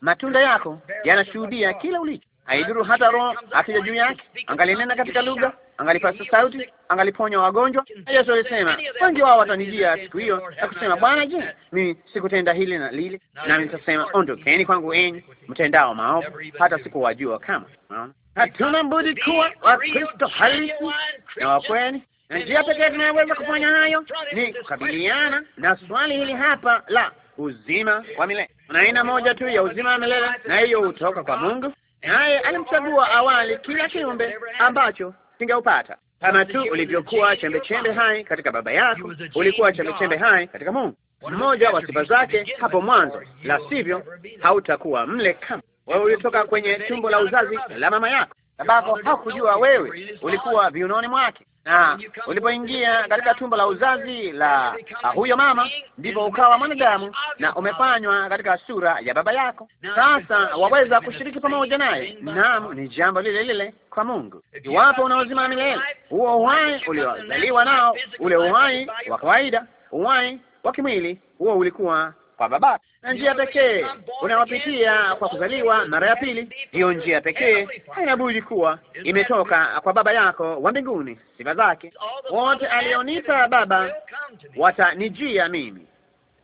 Matunda yako yanashuhudia kila ulicho haidhuru hata roho akija juu yake, angalinena katika lugha, angalipasa sauti, angaliponya wagonjwa. Yesu alisema wengi wao watanijia siku hiyo na kusema, Bwana, je, mimi sikutenda hili na lile? Nami nitasema, ondokeni kwangu enyi mtendao maovu, hata sikuwajua kama. Hatuna budi kuwa Wakristo halisi na wakweli na njia pekee tunayoweza kufanya hayo ni kukabiliana na swali hili hapa la uzima wa milele. Kuna aina moja tu ya uzima wa milele, na hiyo hutoka kwa Mungu naye alimchagua awali kila kiumbe ambacho kingeupata kama tu ulivyokuwa chembe chembe hai katika baba yako, ulikuwa chembe chembe hai katika Mungu, mmoja wa sifa zake hapo mwanzo, la sivyo hautakuwa mle kama wewe. Ulitoka kwenye tumbo la uzazi la mama yako, ambapo hakujua wewe, ulikuwa viunoni mwake na ulipoingia katika tumbo la uzazi la huyo mama, ndipo ukawa mwanadamu na umefanywa katika sura ya baba yako. Sasa waweza kushiriki pamoja naye. Naam, ni jambo lile lile kwa Mungu. Iwapo una uzima wa milele, huo uhai uliozaliwa nao, ule uhai wa kawaida, uhai wa kimwili, huo ulikuwa kwa baba, na njia pekee unayopitia kwa kuzaliwa mara ya pili, hiyo njia pekee haina budi kuwa imetoka kwa baba yako wa mbinguni. Sifa zake wote alionipa baba watanijia mimi.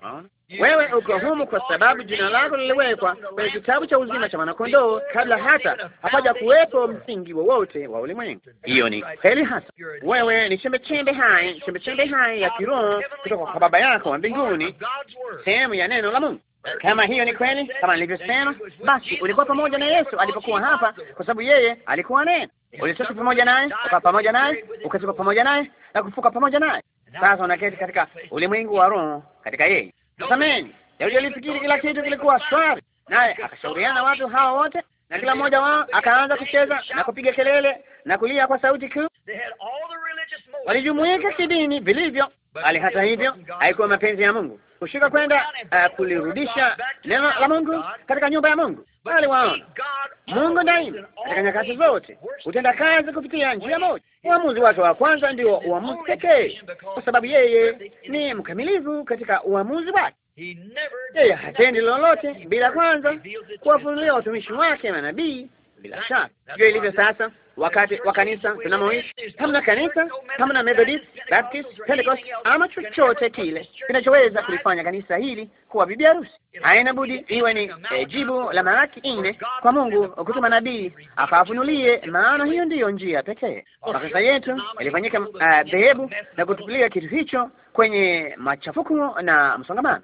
Unaona? Wewe uko humu kwa sababu jina lako liliwekwa kwenye kitabu cha uzima cha mwanakondoo kabla hata hapaja kuwepo msingi wowote wa, wa ulimwengu. Hiyo ni kweli hasa. Wewe ni chembechembe hai, chembechembe hai ya kiroho kutoka kwa Baba yako wa mbinguni, sehemu ya neno la Mungu. Kama hiyo ni kweli, kama nilivyosema, basi ulikuwa pamoja na Yesu alipokuwa hapa, kwa sababu yeye alikuwa neno. Ulitoka pamoja naye, ukaa pamoja naye, ukazikwa pamoja naye na kufuka pamoja naye. Sasa unaketi katika ulimwengu wa roho katika yeye. Tazameni, Daudi alifikiri kila kitu kilikuwa shwari, naye akashauriana watu hawa wote, na kila mmoja wao akaanza kucheza na kupiga kelele na kulia kwa sauti kuu walijumuika kidini vilivyo, bali hata hivyo haikuwa mapenzi ya Mungu kushika kwenda uh, kulirudisha neno la Mungu katika nyumba ya Mungu, bali waona Mungu daima katika nyakati zote hutenda kazi kupitia njia moja. Uamuzi wake wa kwanza ndio uamuzi pekee, kwa sababu yeye ni mkamilifu katika uamuzi wake. Yeye hatendi lolote bila kwanza kuwafunulia watumishi wake manabii bila shaka ndio ilivyo sasa, wakati wa kanisa tunamoishi. Hamna kanisa, hamna Methodist, Baptist, Pentecost ama chochote kile kinachoweza kulifanya kanisa hili kuwa bibi harusi. Haina budi iwe ni eh, jibu la Malaki nne kwa Mungu kutuma nabii akawafunulie, maana hiyo ndiyo njia pekee. Makanisa yetu yalifanyika eh, dhehebu na kutupilia kitu hicho kwenye machafuko na msongamano.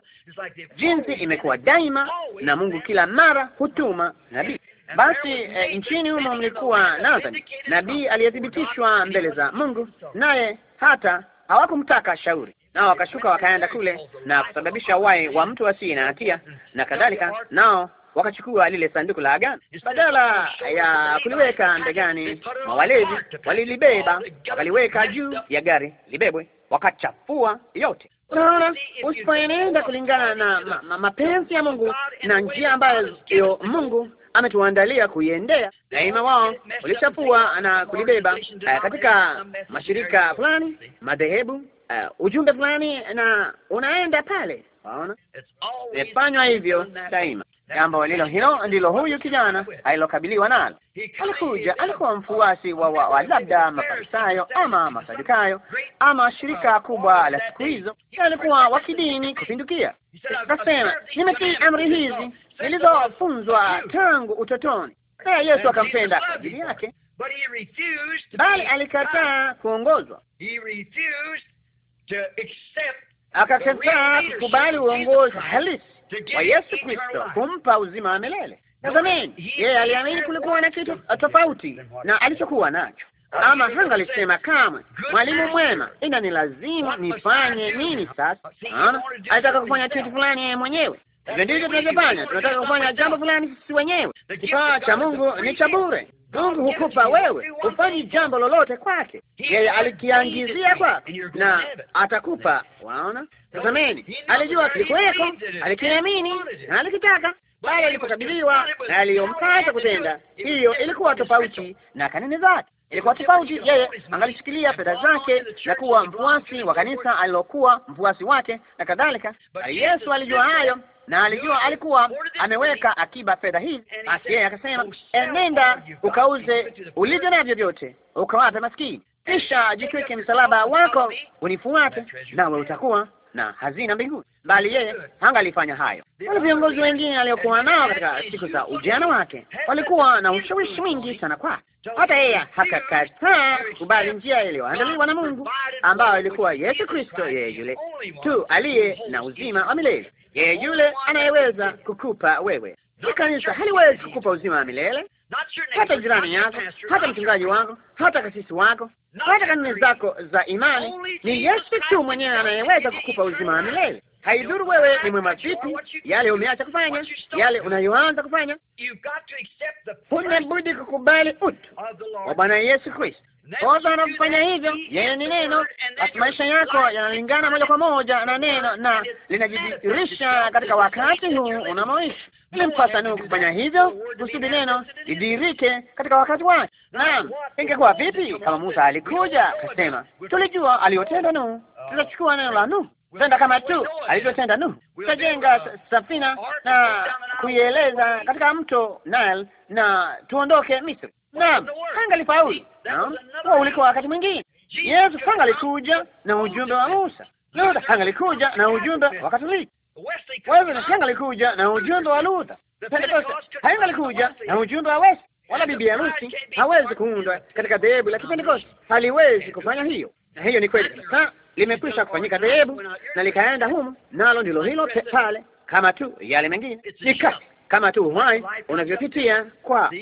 Jinsi imekuwa daima, na Mungu kila mara hutuma nabii basi eh, nchini humo mlikuwa Nathani nabii aliyethibitishwa mbele za Mungu, naye hata hawakumtaka shauri, nao wakashuka wakaenda kule na kusababisha uhai wa mtu asiye na hatia na kadhalika, nao wakachukua lile sanduku la agano, badala ya kuliweka mbegani mwa walevi, walilibeba wakaliweka juu ya gari libebwe, wakachafua yote. Unaona, usipoenenda kulingana na ma ma mapenzi ya Mungu na njia ambayo Mungu ametuandalia kuiendea. Daima wao ulichafua na kulibeba eh, katika mashirika fulani, madhehebu, eh, ujumbe fulani, na unaenda pale. Waona, imefanywa hivyo daima jambo lilo hilo ndilo huyu kijana alilokabiliwa nalo. Alikuja, alikuwa mfuasi wa, wa, wa labda Mafarisayo ama Masadukayo ama shirika kubwa la siku hizo, alikuwa wa kidini kupindukia. Akasema, nimetii amri hizi nilizofunzwa tangu utotoni. Na Yesu akampenda kwa ajili yake, bali alikataa kuongozwa, akakataa kukubali uongozi halisi wa Yesu Kristo kumpa uzima wa milele. Tazameni, yeye aliamini kulikuwa na kitu tofauti na alichokuwa nacho, ama hangalisema kamwe, mwalimu mwema, ina ni lazima nifanye nini sasa? Ana alitaka kufanya kitu fulani yeye mwenyewe. Hivyo ndivyo tunavyofanya, tunataka kufanya jambo fulani sisi wenyewe. Kifaa cha Mungu ni cha bure. Mungu hukupa wewe, hufanyi jambo lolote kwake, yeye alikiangizia kwako na atakupa. Waona, tazameni, alijua kilikuweko, alikiamini na alikitaka, bali alipokabiliwa na aliyompasa kutenda, hiyo ilikuwa tofauti na kanuni zake ilikuwa tofauti. Yeye angalishikilia fedha zake na kuwa mfuasi wa kanisa alilokuwa mfuasi wake na kadhalika. Yesu alijua hayo, na alijua alikuwa ameweka akiba fedha hizi, basi yeye akasema, enenda eh, ukauze ulivyo navyo vyote ukawape maskini, kisha jitwike msalaba wako unifuate, nawe utakuwa na hazina mbinguni, bali yeye hangalifanya hayo. Wale viongozi wengine aliokuwa nao katika siku za ujana wake walikuwa na ushawishi mwingi sana kwake, hata yeye hakakataa kubali njia iliyoandaliwa na Mungu, ambayo ilikuwa Yesu Kristo, yeye yule tu aliye na uzima wa milele, yeye yule anayeweza kukupa wewe. Kanisa haliwezi kukupa uzima wa milele, hata jirani yako, hata mchungaji wako, hata kasisi wako hata kanuni zako za imani, ni Yesu tu mwenyewe anayeweza kukupa uzima wa milele haidhuru wewe ni mwema vipi, yale umeacha kufanya, yale unayoanza kufanya, huna budi kukubali utu wa Bwana Yesu Kristo. Kosa unapofanya hivyo, yeye ni neno, basi maisha yako yanalingana moja kwa moja na neno na linajidhihirisha katika wakati huu unamoishi. Ilimpasa nu kufanya hivyo kusudi neno lidhihirike katika wakati wake. Naam, ingekuwa vipi kama Musa alikuja akasema, tulijua aliyotenda Nuhu, tutachukua neno la Nuhu tenda kama tu alivyotenda Nuhu. Tutajenga safina na kuieleza katika mto Nile na tuondoke Misri. Naam, anga lifaulu. Naam, huo ulikuwa wakati mwingine. Yesu angalikuja na ujumbe wa Musa. Luther angalikuja na ujumbe wa Katoliki. Wesley angalikuja na ujumbe wa Luther. Pentecost haingalikuja na ujumbe wa Wesley. Wala bibi harusi hawezi kuundwa katika dhehebu la Kipentekosti, haliwezi kufanya hiyo, na hiyo ni kweli kabisa limekwisha kufanyika dhehebu na likaenda humo, nalo ndilo hilo pale, kama tu yale mengine nika kama tu uhai unavyopitia kwa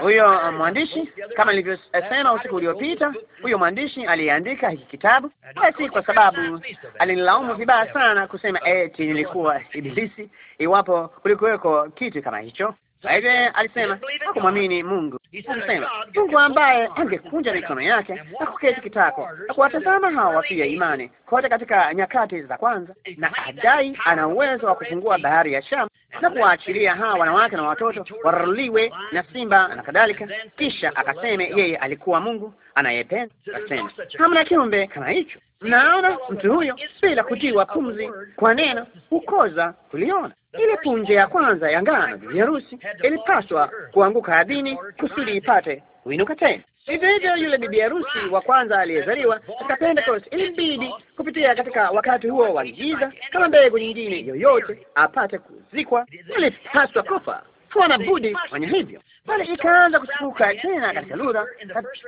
huyo mwandishi. Kama nilivyosema usiku uliopita, huyo mwandishi aliyeandika hiki kitabu, basi kwa sababu alinilaumu vibaya sana kusema eti nilikuwa ibilisi, iwapo kulikuweko kitu kama hicho. Kwa hivyo alisema hakumwamini Mungu. Anasema Mungu ambaye angekunja mikono yake na kuketi kitako na kuwatazama hawa wafia imani kote katika nyakati za kwanza, na adai ana uwezo wa kufungua bahari ya Shamu na kuwaachilia hawa wanawake na watoto wararuliwe na simba na kadhalika, kisha akaseme yeye alikuwa Mungu anayependa. Akasema hamna kiumbe kama hicho. Mnaona mtu huyo bila kutiwa pumzi kwa neno hukoza, kuliona ile punje ya kwanza ya ngano rusi ilipaswa kuanguka ardhini kusudi ipate kuinuka tena. Hivyo hivyo yule bibi harusi wa kwanza aliyezaliwa katika Pentecost ilimbidi kupitia katika wakati huo wa giza kama mbegu nyingine yoyote, apate kuzikwa. Alipaswa kufa, hawana budi fanya hivyo, bali ikaanza kuchipuka tena katika lugha,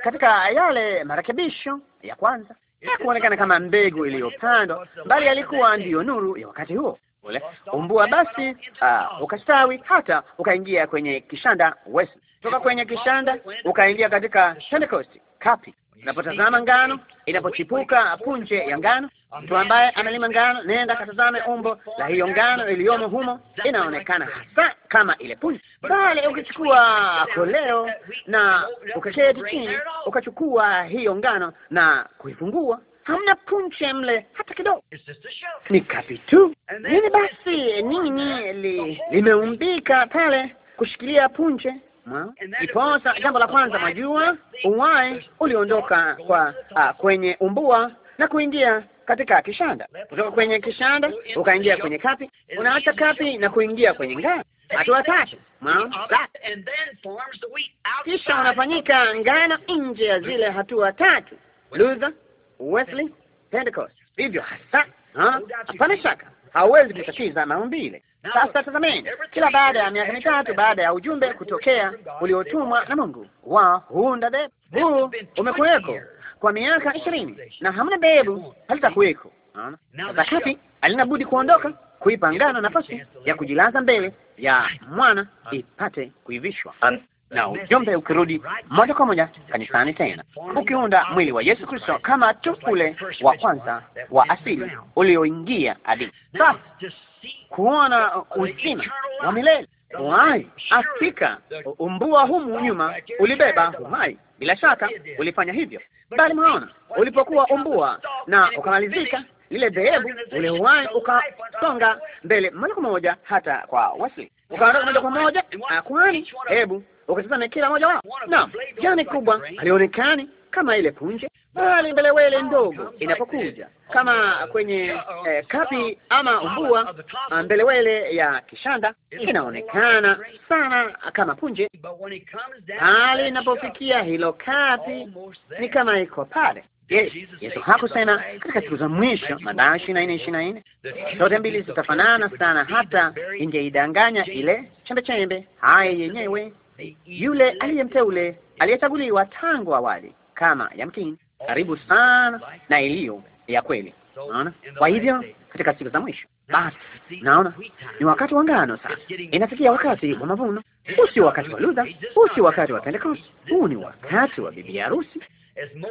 katika yale marekebisho ya kwanza. Hakuonekana kama mbegu iliyopandwa, bali alikuwa ndiyo nuru ya wakati huo umbua basi uh, ukastawi hata ukaingia kwenye kishanda West, toka kwenye kishanda ukaingia katika Pentecost kapi. Unapotazama ngano inapochipuka punje ya ngano, mtu ambaye analima ngano, nenda katazame umbo la hiyo ngano iliyomo humo, inaonekana hasa kama ile punje. Bali ukichukua koleo na ukaketi chini, ukachukua hiyo ngano na kuifungua hamna punche mle hata kidogo, ni kapi tu. Nini basi nini li, limeumbika pale kushikilia punche iposa. Jambo la kwanza, majua uwai uliondoka kwa a, ah, kwenye umbua na kuingia katika kishanda, kutoka kwenye kishanda ukaingia kwenye kapi, unaacha kapi na kuingia kwenye ngano, hatua tatu. Kisha unafanyika ngano nje ya zile hatua tatu. Luther Wesley Pentecost, hivyo hasa. Hapana shaka hauwezi kutatiza maumbile. Sasa tazameni, kila baada ya miaka mitatu baada ya ujumbe kutokea uliotumwa na Mungu wa huunda dhehebu, huu umekuweko kwa miaka ishirini na hamna dhehebu halitakuweko. Sasa kati alina budi kuondoka, kuipa ngano nafasi ya kujilaza mbele ya mwana ipate kuivishwa na ujumbe ukirudi moja kwa moja kanisani tena, ukiunda mwili wa Yesu Kristo kama tu ule wa kwanza wa asili ulioingia hadi sasa, kuona uzima wa milele uhai. Hakika umbua humu nyuma ulibeba uhai, bila shaka ulifanya hivyo, bali mwaona, ulipokuwa umbua na ukamalizika lile dhehebu, ule uhai ukasonga mbele moja kwa moja hata kwa Wesley ukaondoka moja kwa moja. Kwani hebu ukatazame kila moja wao. Naam, jani kubwa alionekani kama ile punje, bali mbelewele ndogo inapokuja kama kwenye eh, kapi ama umbua, ah, mbelewele ya kishanda inaonekana sana kama punje, bali inapofikia hilo kapi ni kama iko pale Yesu hakusema katika siku za mwisho, Mathayo ishirini na nne ishirini na nne zote mbili zitafanana sana, hata ingeidanganya ile chembe chembe. Haya yenyewe yule aliyemteule aliyechaguliwa tangu awali, kama yamkini karibu sana na iliyo ya kweli. Naona, kwa hivyo katika siku za mwisho basi, naona ni wakati wa ngano sasa, inafikia wakati wa mavuno. Huu sio wakati wa Luther, huu sio wakati wa Pentecost, huu ni wakati wa bibi harusi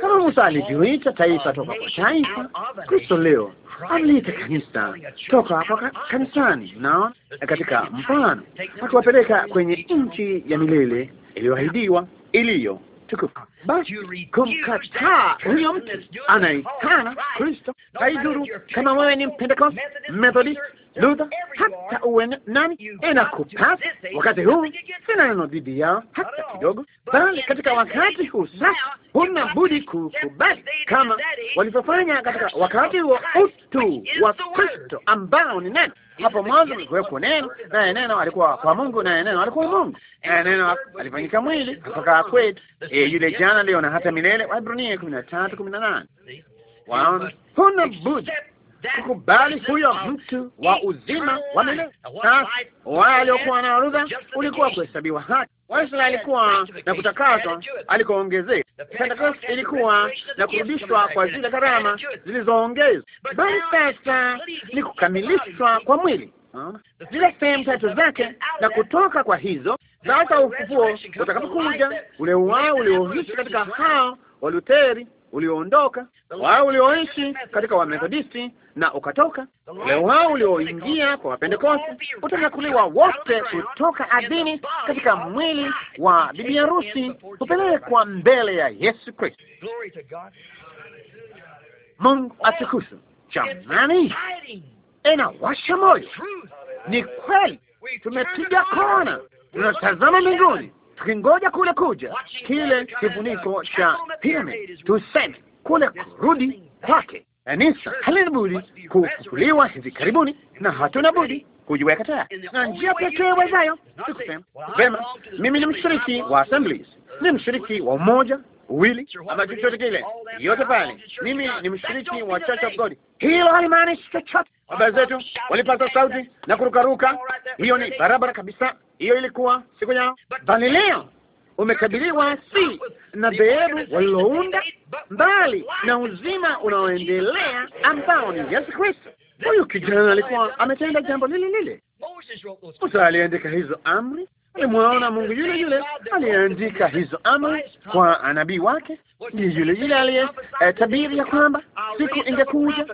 kama Musa alivyoita taifa toka kwa taifa, Kristo leo aliita kanisa toka kwa kanisani, Naona katika mfano akiwapeleka kwenye nchi ya milele iliyoahidiwa iliyo tukufu. Basi kumkataa huyo mtu anaitana Kristo haidhuru kama wewe ni Pentekoste, Methodist, Luther, hata uwe nani, eh, inakupasa wakati huu. Sina neno dhidi yao hata kidogo, bali katika wakati huu sasa huna budi kukubali, kama walivyofanya katika wakati huo, utu wa Kristo ambao ni neno. Hapo mwanzo kulikuwepo neno, naye neno alikuwa kwa Mungu, naye neno alikuwa Mungu, naye neno alifanyika mwili akakaa kwetu, eh, yule jana, leo na hata milele. Waebrania kumi na tatu kumi na nane. Waona, huna budi kukubali huyo mtu wa uzima wa milele. waliokuwa na orodha ulikuwa kuhesabiwa haki. Wesley alikuwa na kutakaswa alikoongezea. Pentecost ilikuwa na kurudishwa kwa zile karama zilizoongezwa, bali sasa ni kukamilishwa kwa mwili ah, zile sehemu tatu zake na kutoka kwa hizo. Sasa ufufuo utakapokuja, ule uwao ulioishi katika hao Waluteri ulioondoka, wao ulioishi katika Wamethodisti na ukatoka, ule wao ulioingia kwa Wapentekoste, utanyakuliwa wote kutoka ardhini katika mwili wa bibi harusi, kupelekwa mbele ya Yesu Kristo. Mungu atukufu! Jamani, inawasha moyo. Ni kweli, tumepiga kona, tunatazama mbinguni tukingoja kule kuja kile kifuniko cha pime, tuseme kule kurudi kwake. Kanisa halina budi kufufuliwa hivi karibuni, na hatuna budi kujiweka tayari, na njia pekee wezayo sikusema vema. Mimi ni mshiriki wa Assemblies, ni mshiriki wa umoja uwili ama chochote kile, yote pale. Mimi ni mshiriki wa Church of God, hilo halimaanishi chochote. Baba zetu walipata sauti na kurukaruka, hiyo ni barabara kabisa. Hiyo ilikuwa siku yao, bali leo umekabiliwa si na dhehebu walilounda, mbali na uzima unaoendelea ambao ni Yesu Kristo. Huyu kijana alikuwa ametenda jambo lile lile. Musa aliandika hizo amri mwaona Mungu yule yule aliyeandika hizo ama kwa nabii wake, ni yule yule aliye eh, tabiri ya kwamba siku ingekuja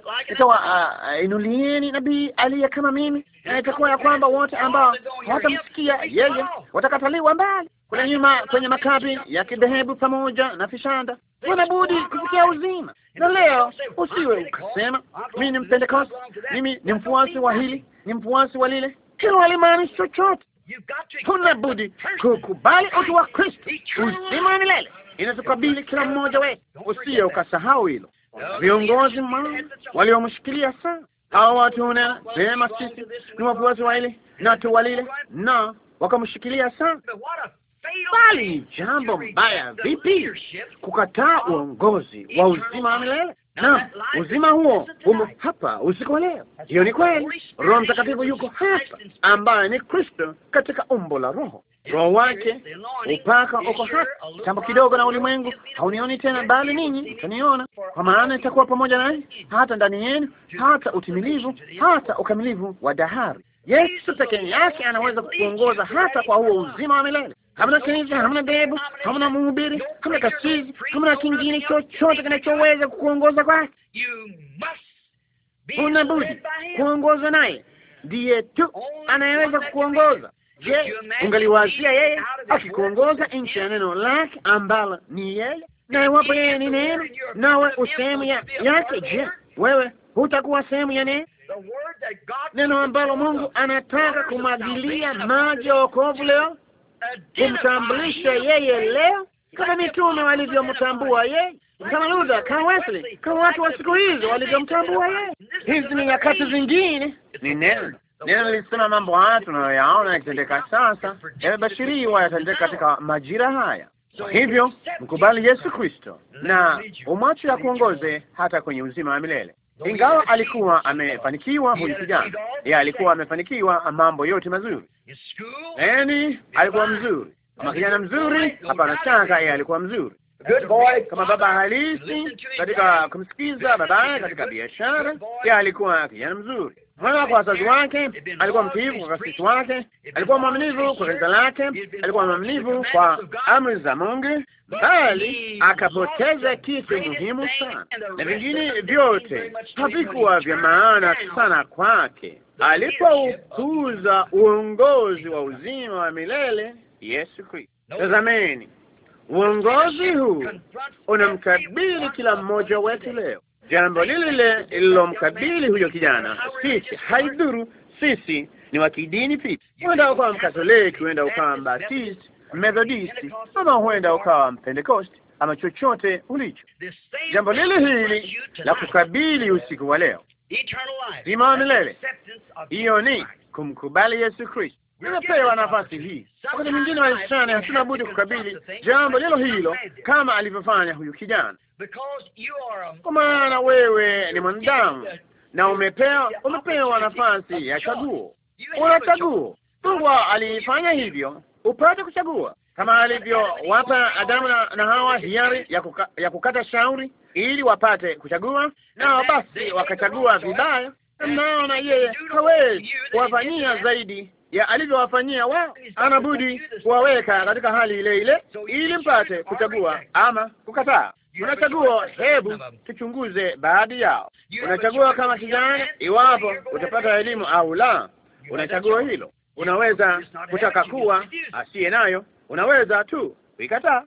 ah, ah, inulieni nabii aliye kama mimi, na eh, itakuwa ya kwamba wote ambao hawatamsikia yeye watakataliwa mbali kule nyuma kwenye makapi ya kidhehebu pamoja na vishanda, wanabudi kufikia uzima. Na leo usiwe ukasema mimi ni Mpentekoste, mimi ni mfuasi wa hili, ni mfuasi wa lile, hilo halimaanishi chochote. Huna budi kukubali utu wa Kristo, uzima wa milele inatukabili kila mmoja wetu, usije ukasahau hilo. Viongozi mao waliomshikilia sana hao watu unena vema, sisi ni wafuasi wa ile na walile na wakamshikilia sana bali jambo mbaya vipi kukataa uongozi wa uzima wa milele? na uzima huo umo hapa usiku wa leo. Hiyo ni kweli. Roho Mtakatifu yuko hapa, ambaye ni Kristo katika umbo la Roho. Roho wake upaka uko hapa. Tambo kidogo na ulimwengu haunioni tena, bali ninyi mtaniona, kwa maana itakuwa pamoja naye hata ndani yenu, hata utimilivu, hata ukamilivu wa dahari. Yesu peke yake anaweza kukuongoza hata kwa huo uzima wa milele. Hamna kanisa, hamna dhehebu, hamna mhubiri, hamna kasisi, hamna kingine chochote kinachoweza kukuongoza kwake. Una budi kuongozwa naye, ndiye tu anayeweza kukuongoza. Je, ungaliwazia yeye akikuongoza nchi ya neno lake ambalo ni yeye, na iwapo yeye ni neno nawe usehemu yake, je, wewe hutakuwa sehemu ya neno? neno ambalo Mungu anataka kumwagilia maji ya wokovu leo, kumtambulisha yeye leo kama mitume walivyomtambua yeye, kama Luther, kama Wesley, kama watu wa siku hizo walivyomtambua yeye. Hizi ni nyakati zingine, ni neno neno lilisema mambo haya tunayoyaona yakitendeka sasa, yamebashiriwa yaani yatendeka katika majira haya. Kwa hivyo mkubali Yesu Kristo na umwache akuongoze hata kwenye uzima wa milele ingawa alikuwa amefanikiwa huyu kijana, yeye alikuwa amefanikiwa mambo yote mazuri, yaani alikuwa mzuri kama kijana mzuri, hapana shaka yeye alikuwa mzuri Good boy, kama baba halisi katika kumsikiza babaye katika biashara, yeye alikuwa kijana mzuri mwana kwa wazazi wake, alikuwa mtiifu kwa kasisi wake, alikuwa mwaminivu kwa kanisa lake, alikuwa mwaminivu kwa amri za Mungu, bali akapoteza kitu muhimu sana, na vingine vyote havikuwa vya maana sana kwake. Alipoukuza uongozi wa uzima wa milele Yesu Kristo. Tazameni, uongozi huu unamkabili kila mmoja wetu leo jambo lile lile lililomkabili huyo kijana. Sisi haidhuru, sisi ni wa kidini pia, huenda ukawa Mkatoliki, huenda ukawa Mbaptisti, Methodisti, ama huenda ukawa Mpentekosti ama chochote ulicho. Jambo lile hili la kukabili usiku wa leo, zima wa milele, hiyo ni kumkubali Yesu Kristo ninapewa nafasi hii. Wakati mwingine wasichana, hatuna budi kukabili jambo lilo hilo kama alivyofanya huyu kijana, kwa maana wewe ni mwanadamu na umepewa umepewa nafasi ya chaguo. Una chaguo. Mungu alifanya hivyo upate kuchagua, kama alivyowapa Adamu na, na Hawa hiari ya, kuka, ya kukata shauri ili wapate kuchagua, nao basi wakachagua vibaya. Mnaona, yeye hawezi kuwafanyia zaidi ya alivyowafanyia wao, anabudi kuwaweka katika hali ile ile, ili mpate kuchagua ama kukataa. Unachagua. Hebu tuchunguze baadhi yao. Unachagua kama kijana, iwapo utapata elimu au la. Unachagua hilo. Unaweza kutaka kuwa asiye nayo, unaweza tu kuikataa.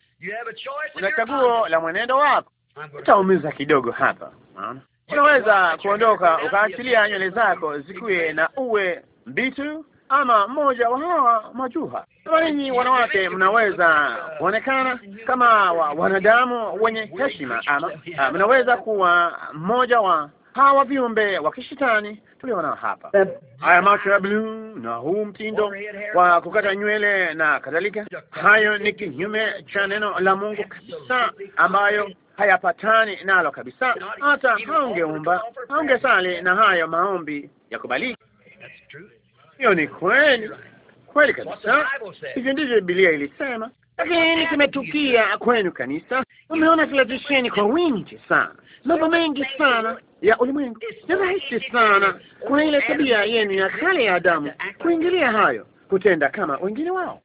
Una chaguo la mwenendo wako. Utaumiza kidogo hapa, maana unaweza kuondoka ukaachilia nywele zako zikuwe na uwe mbitu ama mmoja wa hawa majuha. Kama ninyi wanawake mnaweza kuonekana kama wa wanadamu wenye heshima, ama ah, mnaweza kuwa mmoja wa hawa viumbe wa kishitani tulionao hapa, eh, haya macho ya bluu na huu mtindo wa kukata nywele na kadhalika. Hayo ni kinyume cha neno la Mungu kabisa, ambayo hayapatani nalo kabisa. Hata haungeumba haungesali na hayo maombi ya kubaliki hiyo ni kweli kweli kabisa, hivyo ndivyo Biblia ilisema. Lakini kimetukia kwenu kanisa, umeona televisheni kwa wingi sana, mambo mengi sana ya ulimwengu. Ni rahisi sana, kwa ile tabia yenu ya kale ya Adamu kuingilia hayo, kutenda kama wengine wao.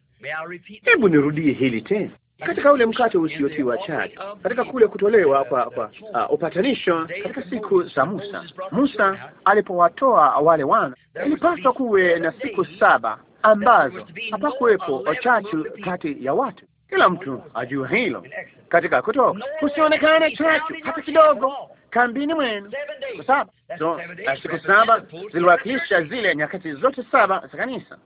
Hebu nirudie hili tena, katika ule mkate usiotiwa chachu, katika kule kutolewa kwa, kwa uh, upatanisho katika siku za Musa. Musa alipowatoa wale wana, ilipaswa kuwe na siku saba ambazo hapakuwepo chachu kati ya watu. Kila mtu ajua hilo. Katika Kutoka kusionekana chachu hata kidogo kambini mwenu. Siku saba eh, siku saba ziliwakilisha zile nyakati zote saba za kanisa,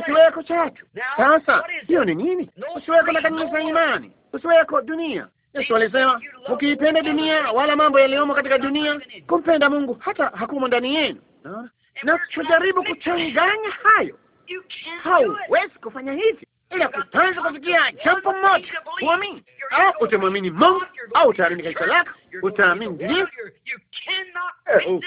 usiweko chatu. Sasa hiyo ni nini? Usiweko na kanisa za imani, usiweko dunia. Yesu alisema mkiipenda dunia wala mambo yaliyomo katika dunia, kumpenda Mungu hata hakumo ndani yenu. Na kujaribu kuchanganya hayo, hauwezi kufanya hivi ila kutanza kufikia jambo moja kuamini. Au utamwamini Mungu au utaamini kanisa lako, utaamini Biblia. Eh,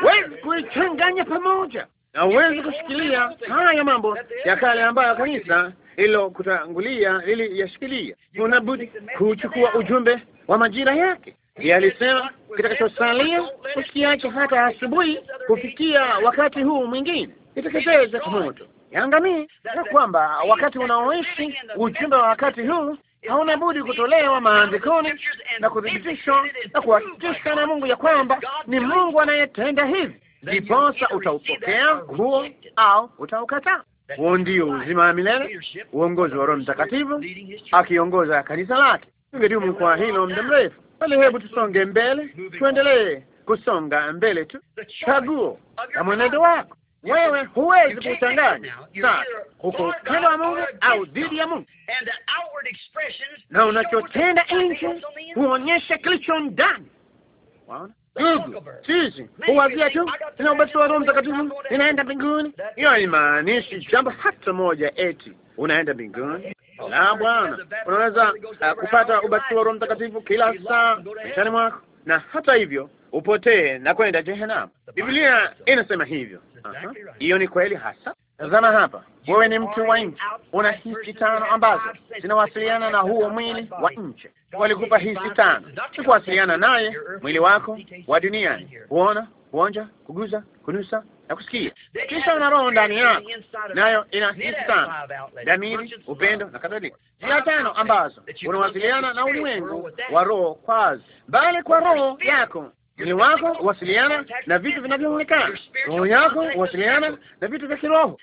huwezi kuichanganya pamoja na huwezi kushikilia haya mambo ya kale ambayo kanisa ilo kutangulia ili yashikilia. Kuna budi kuchukua ujumbe wa majira yake. Yeye alisema kitakachosalia usikiache hata asubuhi kufikia wakati huu mwingine kiteketeza kwa moto yangamii, na kwamba wakati unaoishi ujumbe wa wakati huu hauna budi kutolewa maandikoni na kuthibitishwa na kuhakikisha na Mungu ya kwamba ni Mungu anayetenda hivi, ndiposa utaupokea huo au utaukataa. Huo ndio uzima wa milele, uongozi wa Roho Mtakatifu akiongoza kanisa lake. Tungedumu kwa hilo muda mrefu, bali hebu tusonge mbele, tuendelee kusonga mbele tu. Chaguo na mwenendo wako wewe huwezi kuchanganya sasa, uko upendo wa Mungu au dhidi ya Mungu, na unachotenda nje huonyesha kilicho ndani. Waona ndugu, sisi huwazia tu ina ubatizo wa Roho Mtakatifu, inaenda mbinguni. Hiyo haimaanishi jambo hata moja eti unaenda mbinguni. Oh, La, bwana, unaweza uh, kupata ubatizo wa Roho Mtakatifu kila saa maishani mwako, na hata hivyo upotee na kwenda jehanamu. Biblia inasema hivyo. Hiyo ni kweli hasa. Tazama hapa, wewe ni mtu wa nchi, una hisi tano ambazo zinawasiliana na huo mwili wa nche Walikupa hisi tano, si kuwasiliana naye mwili wako wa duniani: kuona, kuonja, kuguza, kunusa na kusikia. Kisha una roho ndani yako, nayo ina hisi tano: dhamiri, upendo na kadhalika, sila tano ambazo unawasiliana na ulimwengu wa roho kwazi bali kwa roho yako mwili wako huwasiliana na vitu vinavyoonekana, roho yako huwasiliana na vitu vya kiroho,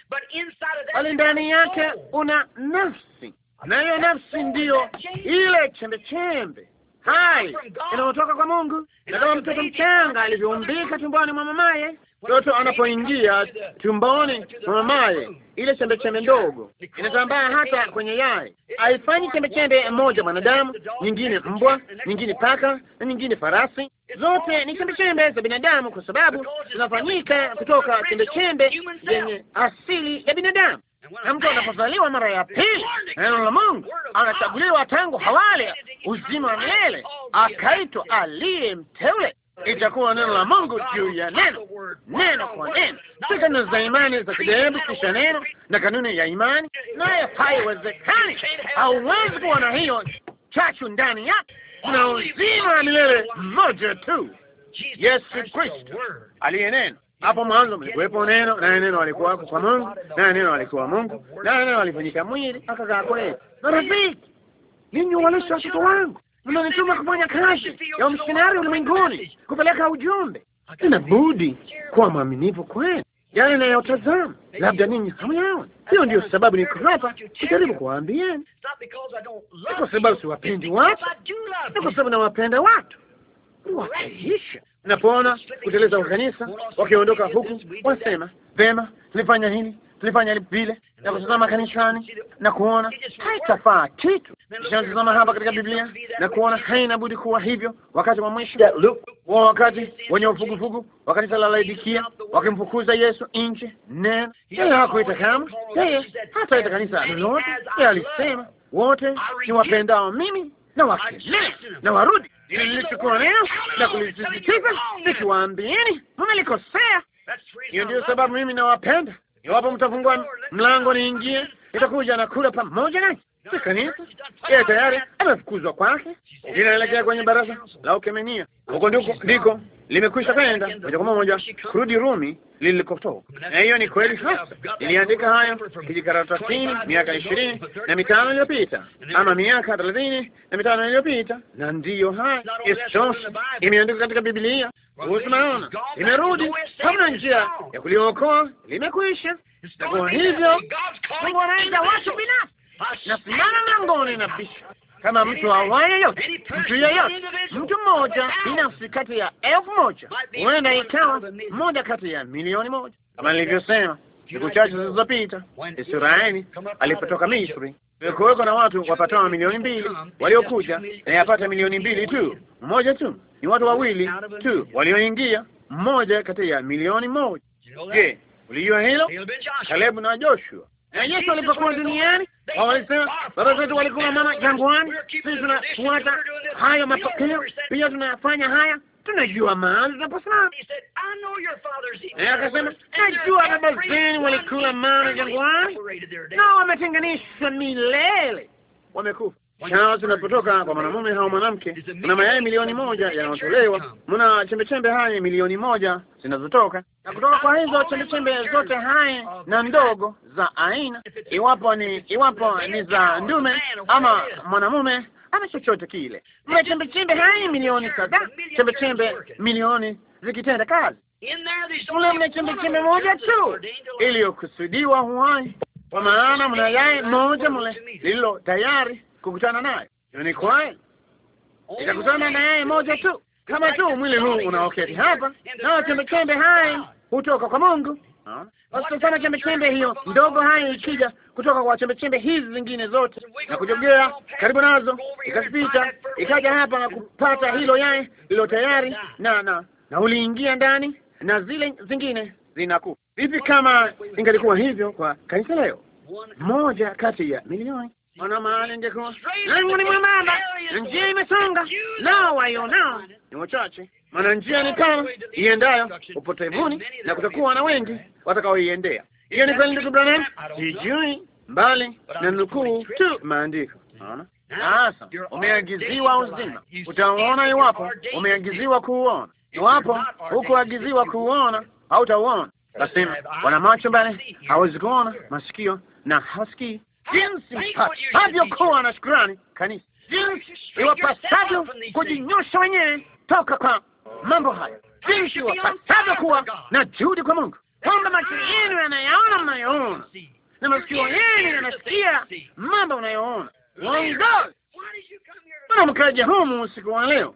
bali ndani yake una nafsi, na hiyo nafsi ndiyo ile chembe hai inayotoka kwa Mungu, na kama mtoto mchanga alivyoumbika tumboni mwa mamaye mtoto anapoingia tumboni mwa mamaye, ile chembe chembe ndogo inatambaa hata kwenye yai. Haifanyi chembe chembe moja mwanadamu, nyingine mbwa, nyingine paka na nyingine farasi. Zote ni chembe chembe za binadamu, kwa sababu zinafanyika kutoka chembe chembe zenye asili ya binadamu na mtu anapozaliwa mara ya pili neno la Mungu, anachaguliwa tangu hawali uzima wa milele, akaitwa aliye mteule itakuwa neno la Mungu juu ya neno, neno kwa neno, si kanuni za imani za kidhehebu, kisha neno na kanuni ya imani, naye haiwezekani. Hauwezi kuwa na hiyo chachu ndani yake. Kuna uzima wa milele mmoja tu, Yesu Kristo aliye neno. Hapo mwanzo mlikuwepo neno, naye neno alikuwa kwa Mungu, naye neno alikuwa Mungu, naye neno alifanyika mwili akakaa kwetu. Marafiki, ninyi walisha watoto wangu mmenituma kufanya kazi ya wamisionari ulimwenguni, kupeleka ujumbe. Sina budi kuwa mwaminifu kwenu. Yale yaani inayotazama labda ninyi hamyaoni. Hiyo ndiyo sababu niko hapa kujaribu kuwaambieni, si kwa sababu siwapendi watu, si kwa sababu nawapenda watu wakaisha napoona kuteleza kwa kanisa, wakiondoka huku wasema vema, nilifanya nini? tulifanya vile na kutazama kanisani na kuona haitafaa kitu, kisha tazama hapa katika Biblia na kuona haina budi kuwa hivyo wakati wa mwisho wa wakati wenye ufugufugu wa kanisa la Laodikia, wakimfukuza Yesu nje. Neno yeye hakuita kama yeye hata hataita kanisa lolote. Yeye alisema wote ni wapendao mimi na wakemea na warudi. Nilichukua neno na kulisisitiza nikiwaambieni, mnalikosea. Hiyo ndiyo sababu mimi nawapenda iwapo mtafungua mlango niingie, nitakuja na kula pamoja naye. Kanisa yeye tayari amefukuzwa kwake. Jina lelekea kwenye baraza la Ukemenia, huko ndiko limekwisha kwenda moja kwa moja kurudi Rumi lilikotoka. Na eh, hiyo ni kweli hasa. Niliandika hayo kijikaratasi miaka ishirini na mitano iliyopita ama miaka thelathini na mitano iliyopita na ndiyo haya imeandikwa katika Biblia. Usimaona imerudi, hamna njia ya kuliokoa, limekwisha. Kwa hivyo Mungu anaenda watu binafsi, nasimama mlangoni na pisha kama mtu awaye yeyote, mtu yeyote, mtu mmoja binafsi kati ya elfu moja huenda ikawa mmoja kati ya milioni moja, kama nilivyosema siku chache zilizopita. Israeli alipotoka Misri kuweko na watu wapatao milioni mbili waliokuja, na yapata milioni mbili tu, mmoja tu, ni watu wawili tu walioingia, mmoja kati ya milioni moja. Je, ulijua hilo? Kalebu na Joshua. Na Yesu alipokuwa duniani Waweza wazazi walikula mama jangwani, sisi tunafuata haya matokeo, pia tunayafanya haya tunajua mahali tunapasa. Eh, akasema najua baba zenu walikula mana jangwani na wametenganisha milele, wamekufa. Chao tunapotoka kwa mwanamume au mwanamke, kuna mayai milioni moja yanayotolewa. chembe chembe hai milioni moja zinazotoka, na kutoka kwa hizo chembechembe zote hai na ndogo za aina, iwapo ni iwapo ni za ndume ama mwanamume ama chochote kile, mna chembechembe hai milioni kadhaa, chembechembe milioni zikitenda kazi mle, mna chembechembe moja tu iliyokusudiwa uhai, kwa maana mna yai moja mle lililo tayari kukutana naye. Hiyo ni kweli, nitakutana naye moja tu, kama tu mwili huu unaoketi hapa, na chembechembe hai hutoka kwa Mungu. chembe chembechembe hiyo ndogo hai ikija kutoka kwa chembechembe hizi zingine zote na kujogea karibu nazo, ikazipita ikaja hapa na kupata hilo yai lilo tayari, na na na uliingia ndani, na zile zingine zinaku Vipi kama ingalikuwa hivyo kwa kanisa leo? Moja kati ya milioni Ona mahali ingekuwa langu ni mwembamba na njia imesonga, nao waionao ni wachache. Maana njia ni pana iendayo upotevuni, na kutakuwa na wengi watakaoiendea. Hiyo ni kweli, ndugu Branham, sijui mbali na nukuu tu maandiko. Ona sasa, umeagiziwa uzima, utaona iwapo umeagiziwa kuuona. Iwapo hukuagiziwa kuuona, hautauona. Kasema wana macho mbali, hawezi kuona, masikio na hasikii jinsi mtavyokuwa na shukrani kanisa, jinsi iwapasavyo kujinyosha wenyewe toka kwa mambo haya, jinsi iwapasavyo kuwa na juhudi kwa Mungu, kwamba macho yenu yanayaona mnayoona na masikio yenu yanasikia mambo unayoona. Waongozi, mbona mkaja humu usiku wa leo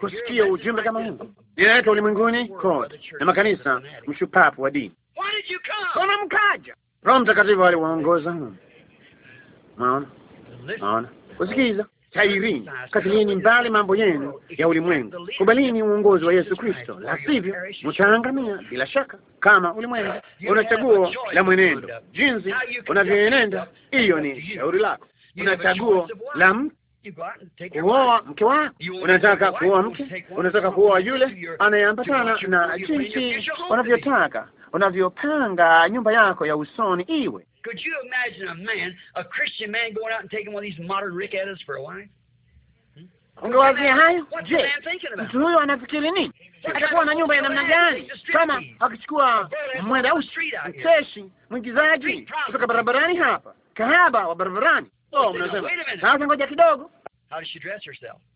kusikia ujumbe kama huu? Ninaweka ulimwenguni kote na makanisa mshupapu wa dini, mbona mkaja? Roho Mtakatifu aliwaongoza humu Maona, maona, kusikiza Tairini, katilieni mbali mambo yenu ya ulimwengu, kubalini uongozi wa Yesu Kristo, la sivyo mtaangamia bila shaka. Kama ulimwengu una chaguo la mwenendo, jinsi unavyoenenda, hiyo ni shauri lako. Una chaguo la kuoa mke wako, unataka kuoa mke, unataka kuoa yule anayeambatana na jinsi wanavyotaka unavyopanga nyumba yako ya usoni iwe. Could you imagine a man, a Christian man going out and taking one of these modern rickettas for a wife? Hmm? Ungewazia hayo? Je, mtu huyo anafikiri nini? Atakuwa na nyumba ya namna gani kama akichukua mwendausi, mcheshi, mwigizaji kutoka barabarani hapa, kahaba wa barabarani? Oh, mnasema sasa, ngoja kidogo.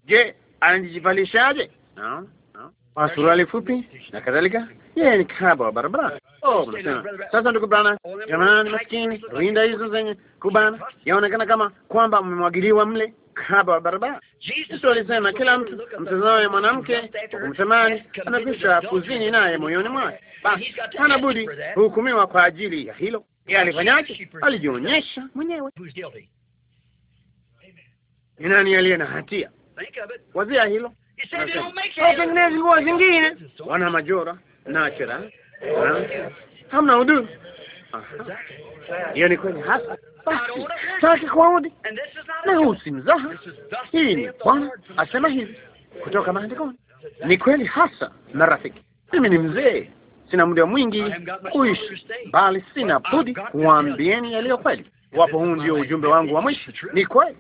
Je, anajivalishaje? Suruali fupi na kadhalika. Yeye ni kahaba wa barabarani sasa ndugu bwana, jamani, maskini rinda hizo zenye kubana, yaonekana kama kwamba mmemwagiliwa mle kaba wa barabara. Yesu alisema kila mtu mtazamaye mwanamke kumtamani anakwisha kuzini naye moyoni mwake, basi hana budi hukumiwa kwa ajili ya hilo. Yeye alifanyaje? Alijionyesha mwenyewe. Ni nani aliye na hatia? Wazia hilo. Watengenezi oh, nguo zingine, wana majora na shera hamna hudu. Hiyo ni kweli hasa. Basi taki kuwaudi na huu si mzaha. Hii ni Bwana asema hivi kutoka maandikoni. Ni kweli hasa, marafiki. Mimi ni mzee, sina muda mwingi kuishi, bali sina budi kuwaambieni yaliyo kweli. Wapo, huu ndio ujumbe wangu wa mwisho. Ni kweli,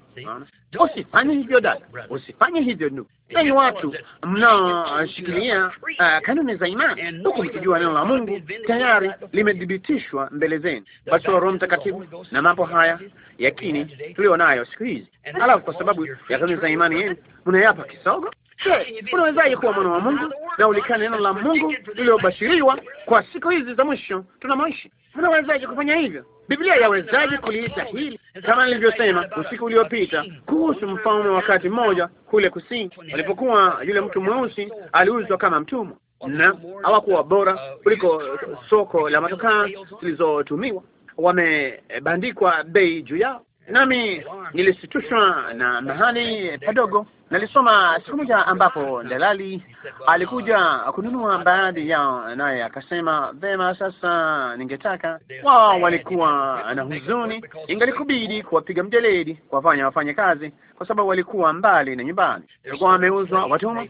Usifanye hivyo dada, usifanye hivyo ndugu. Enyi yaani watu mnaoshikilia uh, kanuni za imani, huku mkijua neno la Mungu tayari limethibitishwa mbele zenu, basi wa Roho Mtakatifu na mambo haya yakini tulio nayo siku hizi, alafu kwa sababu ya kanuni za imani yenu mnayapa kisogo. Je, unawezaje kuwa mwana wa Mungu na ulikana neno la Mungu lililobashiriwa kwa siku hizi za mwisho tunamaishi? Unawezaje kufanya hivyo? Biblia yawezaje kuliita hili, kama nilivyosema usiku uliopita kuhusu mfalme, wakati mmoja kule kusini, walipokuwa yule mtu mweusi aliuzwa kama mtumwa na hawakuwa bora kuliko soko la matokaa zilizotumiwa, wamebandikwa bei juu yao nami nilisitushwa na mahali padogo. Nalisoma siku moja ambapo dalali alikuja kununua baadhi yao, naye akasema vema, sasa ningetaka. Wao walikuwa na huzuni, ingalikubidi kuwapiga mjeledi, kuwafanya wafanye kazi, kwa sababu walikuwa mbali na nyumbani, walikuwa wameuzwa watumwa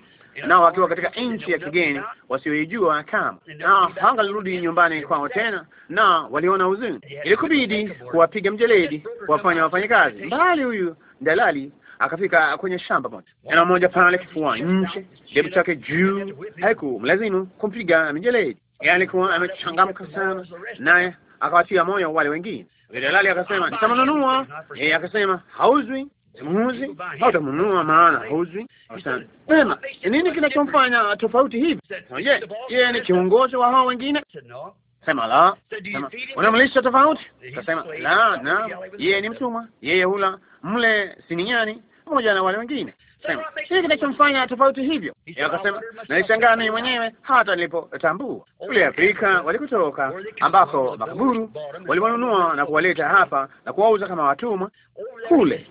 nao wakiwa katika nchi ya kigeni wasioijua kama, na hangalirudi nyumbani kwao tena, na waliona huzuni. Ilikubidi kuwapiga mjeledi, kuwafanya wafanye kazi mbali. Huyu dalali akafika kwenye shamba moja, ana mmoja pale kifua nje, debu chake juu, mlazimu kumpiga mjeledi. Alikuwa amechangamka sana, naye akawatia moyo wale wengine. Dalali akasema nitamnunua, yeye akasema hauzwi simuuzi, hautamnunua maana hauzi. Sema nini kinachomfanya tofauti hivi? Je, yeye ni kiongozi wa hao wengine? Sema la. Unamlisha tofauti? Kasema la, na yeye ni mtumwa, yeye hula mle siniani pamoja na wale wengine sema nini kinachomfanya tofauti hivyo? Akasema nalishangaa mimi mwenyewe hata nilipotambua oh, kule Afrika walikotoka, ambapo makaburu waliwanunua na kuwaleta hapa na kuwauza kama watumwa kule.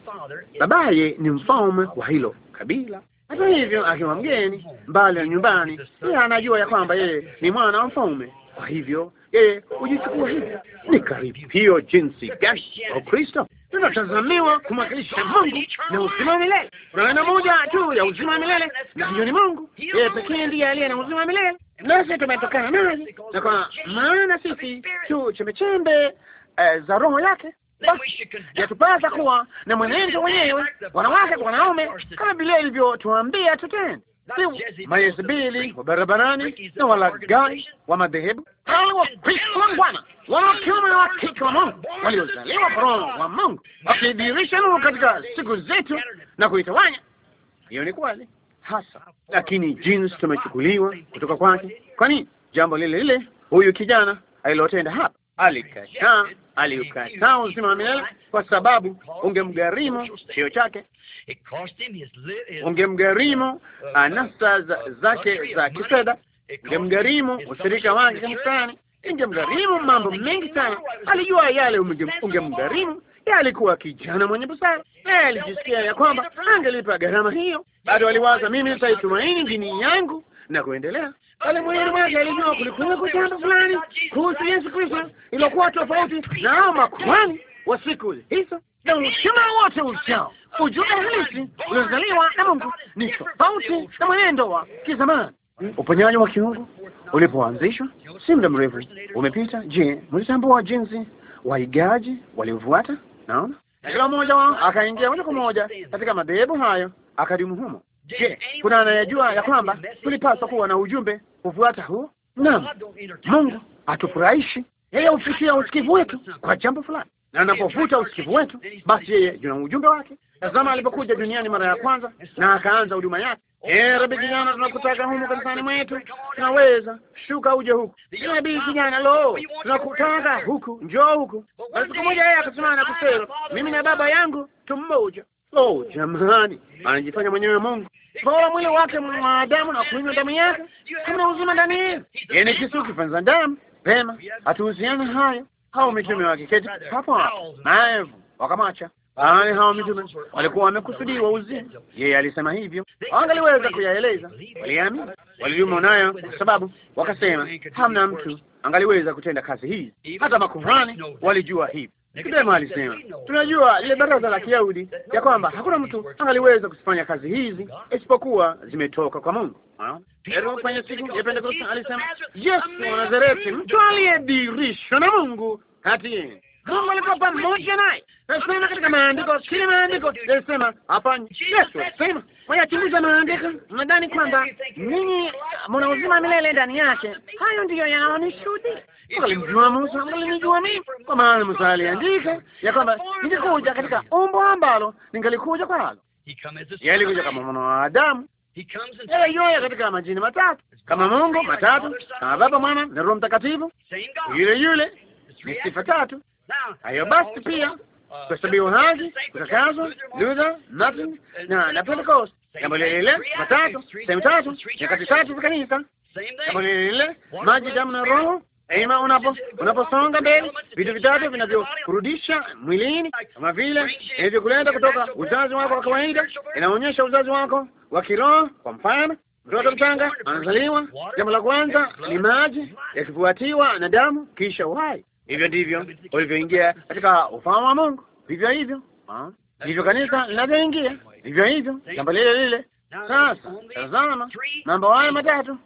Babaye ni mfalme wa hilo kabila. Hata hivyo, akiwa mgeni mbali na nyumbani, yeye anajua ya kwamba yeye ni mwana wa mfalme. Kwa hivyo yeye hujichukua hivyo. Ni karibu hiyo jinsi gani Wakristo tunatazamiwa kumwakilisha Mungu na uzima wa milele. Kuna aina moja tu ya uzima wa milele, na hiyo ni Mungu. Yeye pekee ndiye aliye na uzima wa milele, nasi tumetokana naye, na kwa maana sisi tu chembechembe eh, za roho yake yatupasa kuwa na mwenendo wenyewe, wanawake kwa wanaume, kama vile ilivyotuambia tutende si mayezebili wa barabarani na walaghai wa madhehebu, hali wapishi wa ngwana, wana kiume na wakike wa Mungu, waliozaliwa kwa Roho wa Mungu, wakidirisha nuru katika siku zetu na kuitawanya. Hiyo ni kweli hasa, lakini jinsi tumechukuliwa kutoka kwake. Kwa nini jambo lile lile huyu kijana alilotenda hapa? Alikataa aliukataa uzima wa milele kwa sababu ungemgharimu cheo chake, ungemgharimu anasa uh, uh, uh, zake za kifedha, ungemgharimu ushirika wake kanisani, ingemgharimu mambo mengi sana. Alijua yale ungemgharimu. Alikuwa kijana mwenye busara, naye alijisikia ya kwamba angelipa gharama hiyo. Bado aliwaza, mimi nitaitumaini dini yangu na kuendelea bali moyoni mwake alijua kulikuweko jambo fulani kuhusu Yesu Kristo ilikuwa tofauti na hao makuhani wa siku hizo na uchuma wote uchao. Ujumbe halisi uliozaliwa na Mungu ni tofauti na mwenendo wa kizamani. Uponyaji wa kiungu ulipoanzishwa si muda mrefu umepita. Je, mlitambua jinsi waigaji waliofuata? Naona kila mmoja wao akaingia moja kwa moja katika madhehebu hayo, akadumu humo. Je, kuna anayejua ya kwamba tulipaswa kuwa na ujumbe kufuata huu? Naam, Mungu hatufurahishi. Yeye hufikia usikivu wetu kwa jambo fulani, na anapovuta usikivu wetu, basi yeye juna ujumbe wake. Tazama alipokuja duniani mara ya kwanza na akaanza huduma yake. Eh, ee, rabi kijana, tunakutaka humu kanisani mwetu, tunaweza shuka uje huku. Ee, rabi kijana, lo, tunakutaka huku, njoo huku. siku moja yeye akasema na kusema, mimi na baba yangu tu mmoja. Oh jamani, anajifanya mwenyewe Mungu, bora mwili wake mwa adamu na kunywa damu yake, hamna uzima ndani yake. ni Kristo kifanza damu. Pema, hatuhusiani hayo. Hao mitume wakiketi hapo hapo maevu wakamacha Bali hao mitume walikuwa wamekusudiwa uzima. Yeye alisema hivyo, angaliweza kuyaeleza, waliamini, waliduma nayo kwa sababu wakasema hamna mtu angaliweza kutenda kazi hii. Hata makuhani walijua hivi. Nikodemo alisema tunajua lile baraza la Kiyahudi ya kwamba hakuna mtu angaliweza kuzifanya kazi hizi isipokuwa zimetoka kwa Mungu. Kwenye siku ya Pentekoste alisema Yesu wa Nazareti, mtu aliyedirishwa na Mungu yenu Mungu alikuwa pamoja naye. Nasema katika maandiko, kile maandiko linasema hapa, Yesu sema wayachunguza maandiko, mnadhani kwamba ninyi mna uzima milele ndani yake. Hayo ndiyo yanaonishuhudia. Mngalimjua Musa, mngalinijua mimi, kwa maana Musa aliandika ya kwamba ningekuja katika umbo ambalo ningalikuja kwalo. Yeye alikuja kama mwana wa Adamu yeye yoye katika majini matatu kama Mungu matatu kama Baba, Mwana na Roho Mtakatifu, yule yule, ni sifa tatu. Hayo basi pia kuhesabiwa haki, kutakazwa, Luther, Martin na na Pentecost, jambo lile lile, matatu sehemu tatu, nyakati tatu za kanisa, jambo lile lile, maji, damu na Roho. Ima unapo unaposonga mbele, vitu vitatu vinavyokurudisha mwilini, kama vile inavyokuleta kutoka uzazi wako wa kawaida, inaonyesha uzazi wako wa kiroho. Kwa mfano, mtoto mchanga anazaliwa, jambo la kwanza ni maji, yakifuatiwa na damu, kisha uhai. Hivyo ndivyo ulivyoingia katika ufahamu wa Mungu, vivyo hivyo ndivyo kanisa linavyoingia, vivyo hivyo jambo lile lile. Sasa tazama mambo haya matatu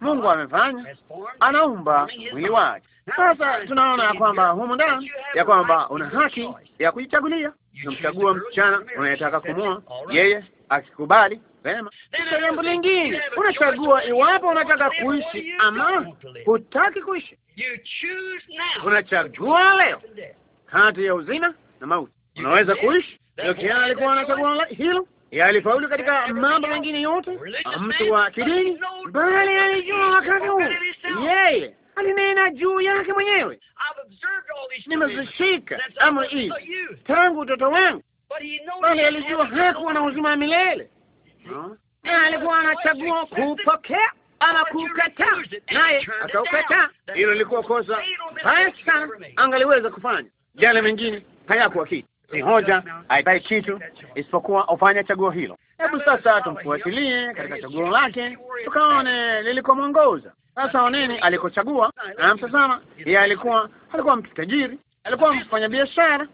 Mungu amefanya, anaumba mwili wake. Sasa tunaona ya kwamba humu ndani ya kwamba una haki ya kujichagulia, unamchagua msichana unayetaka kumwoa, yeye akikubali Vema, jambo lingine, unachagua iwapo unataka kuishi ama hutaki kuishi. Unachagua leo kati ya uzima na mauti. Unaweza kuishi. Yokia alikuwa anachagua hilo, yalifaulu katika mambo mengine yote, mtu wa kidini, bali alijua wakati huu yeye alinena juu yake mwenyewe, nimezishika amri hii tangu utoto wangu, bali alijua hakuwa na uzima wa milele alikuwa anachagua kupokea ama kukataa, naye akaukataa. Hilo lilikuwa kosa baya sana angaliweza kufanya. Yale mengine hayakuwa kitu, si hoja, haidai kitu isipokuwa ufanya chaguo hilo. Hebu sasa tumfuatilie katika chaguo lake, tukaone lilikomwongoza. Sasa oneni alikochagua, namtazama yeye. Alikuwa alikuwa mtu tajiri, alikuwa mfanya biashara,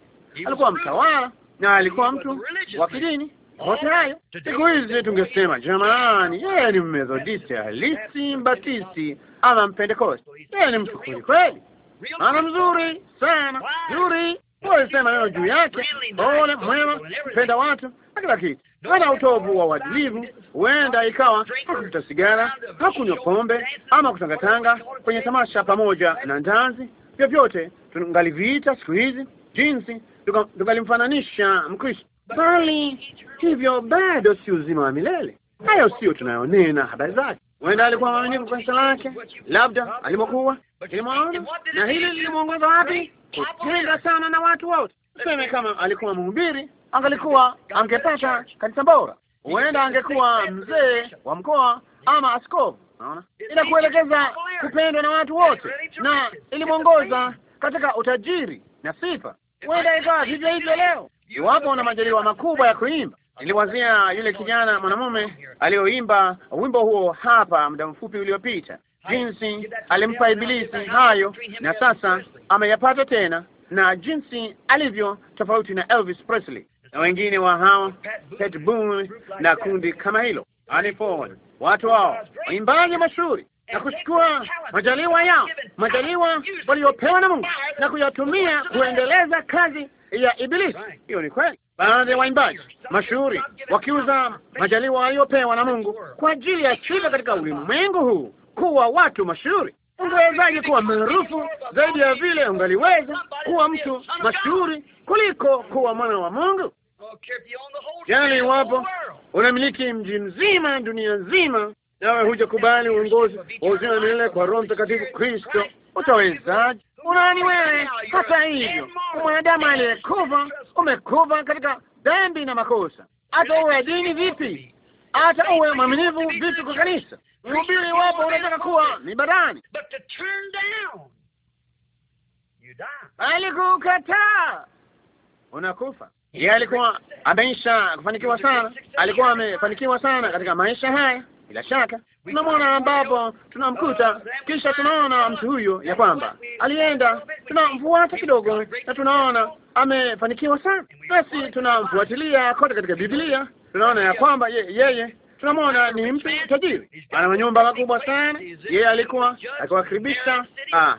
alikuwa mtawala na alikuwa mtu wa kidini yote hayo siku hizi tungesema jamani, yeye ni Mmethodisti halisi, Mbatisi ama Mpentekosti. Yeye ni mtu kweli kweli, mzuri sana, mzuri sema neno juu yake, pole, mwema, mpenda watu na kila kitu, ana utovu wa uadilivu. Huenda ikawa hakuvuta sigara, hakunywa pombe ama kutangatanga kwenye tamasha pamoja na ndanzi. Vyovyote tungaliviita siku hizi jinsi tungalimfananisha Mkristo bali hivyo bado si uzima wa milele. Hayo sio tunayonena habari zake. Huenda alikuwa mwaminifu kwa sala yake, labda alimokuwa kilimwona, na hili lilimwongoza wapi? Kutenda sana na watu wote. Seme kama alikuwa mhubiri, angalikuwa angepata kanisa bora, huenda angekuwa mzee wa mkoa ama askofu. Naona inakuelekeza kupendwa na watu wote, na ilimwongoza katika utajiri na sifa. Huenda ikawa vivyo hivyo leo iwapo na majaliwa makubwa ya kuimba. Niliwazia yule kijana mwanamume aliyoimba wimbo huo hapa muda mfupi uliopita, jinsi alimpa Ibilisi hayo na sasa ameyapata tena, na jinsi alivyo tofauti na Elvis Presley na wengine wa hawa Pat Boone na kundi kama hilo, Anifon, watu hao waimbaji mashuhuri na kuchukua majaliwa yao, majaliwa waliopewa na Mungu na kuyatumia kuendeleza kazi ya Ibilisi. Hiyo ni kweli. Baadhi ya waimbaji mashuhuri wakiuza majaliwa waliopewa na Mungu kwa ajili ya chiza katika ulimwengu huu, kuwa watu mashuhuri. Ungewezaje kuwa maarufu zaidi ya vile ungaliweza kuwa mtu mashuhuri kuliko kuwa mwana wa Mungu? Jali yaani, iwapo unamiliki mji mzima, dunia nzima, nawe hujakubali uongozi wa uzima milele kwa Roho Mtakatifu Kristo, utawezaje? Unani wewe hata hivyo, mwanadamu aliyekufa umekufa katika dhambi na makosa. Hata uwe dini vipi, hata uwe mwaminivu vipi kwa kanisa, mhubiri wapo, unataka kuwa ni barani, alikukataa unakufa. Yeye alikuwa ameisha kufanikiwa sana, alikuwa amefanikiwa sana katika maisha haya bila shaka tunamwona ambapo tunamkuta, kisha tunaona mtu huyo ya kwamba alienda, tunamfuata kidogo na tunaona amefanikiwa sana, basi tunamfuatilia kote katika Biblia, tunaona ya kwamba yeye tunamwona ni mtu tajiri, ana manyumba makubwa sana. Yeye alikuwa akiwakaribisha ah, ah,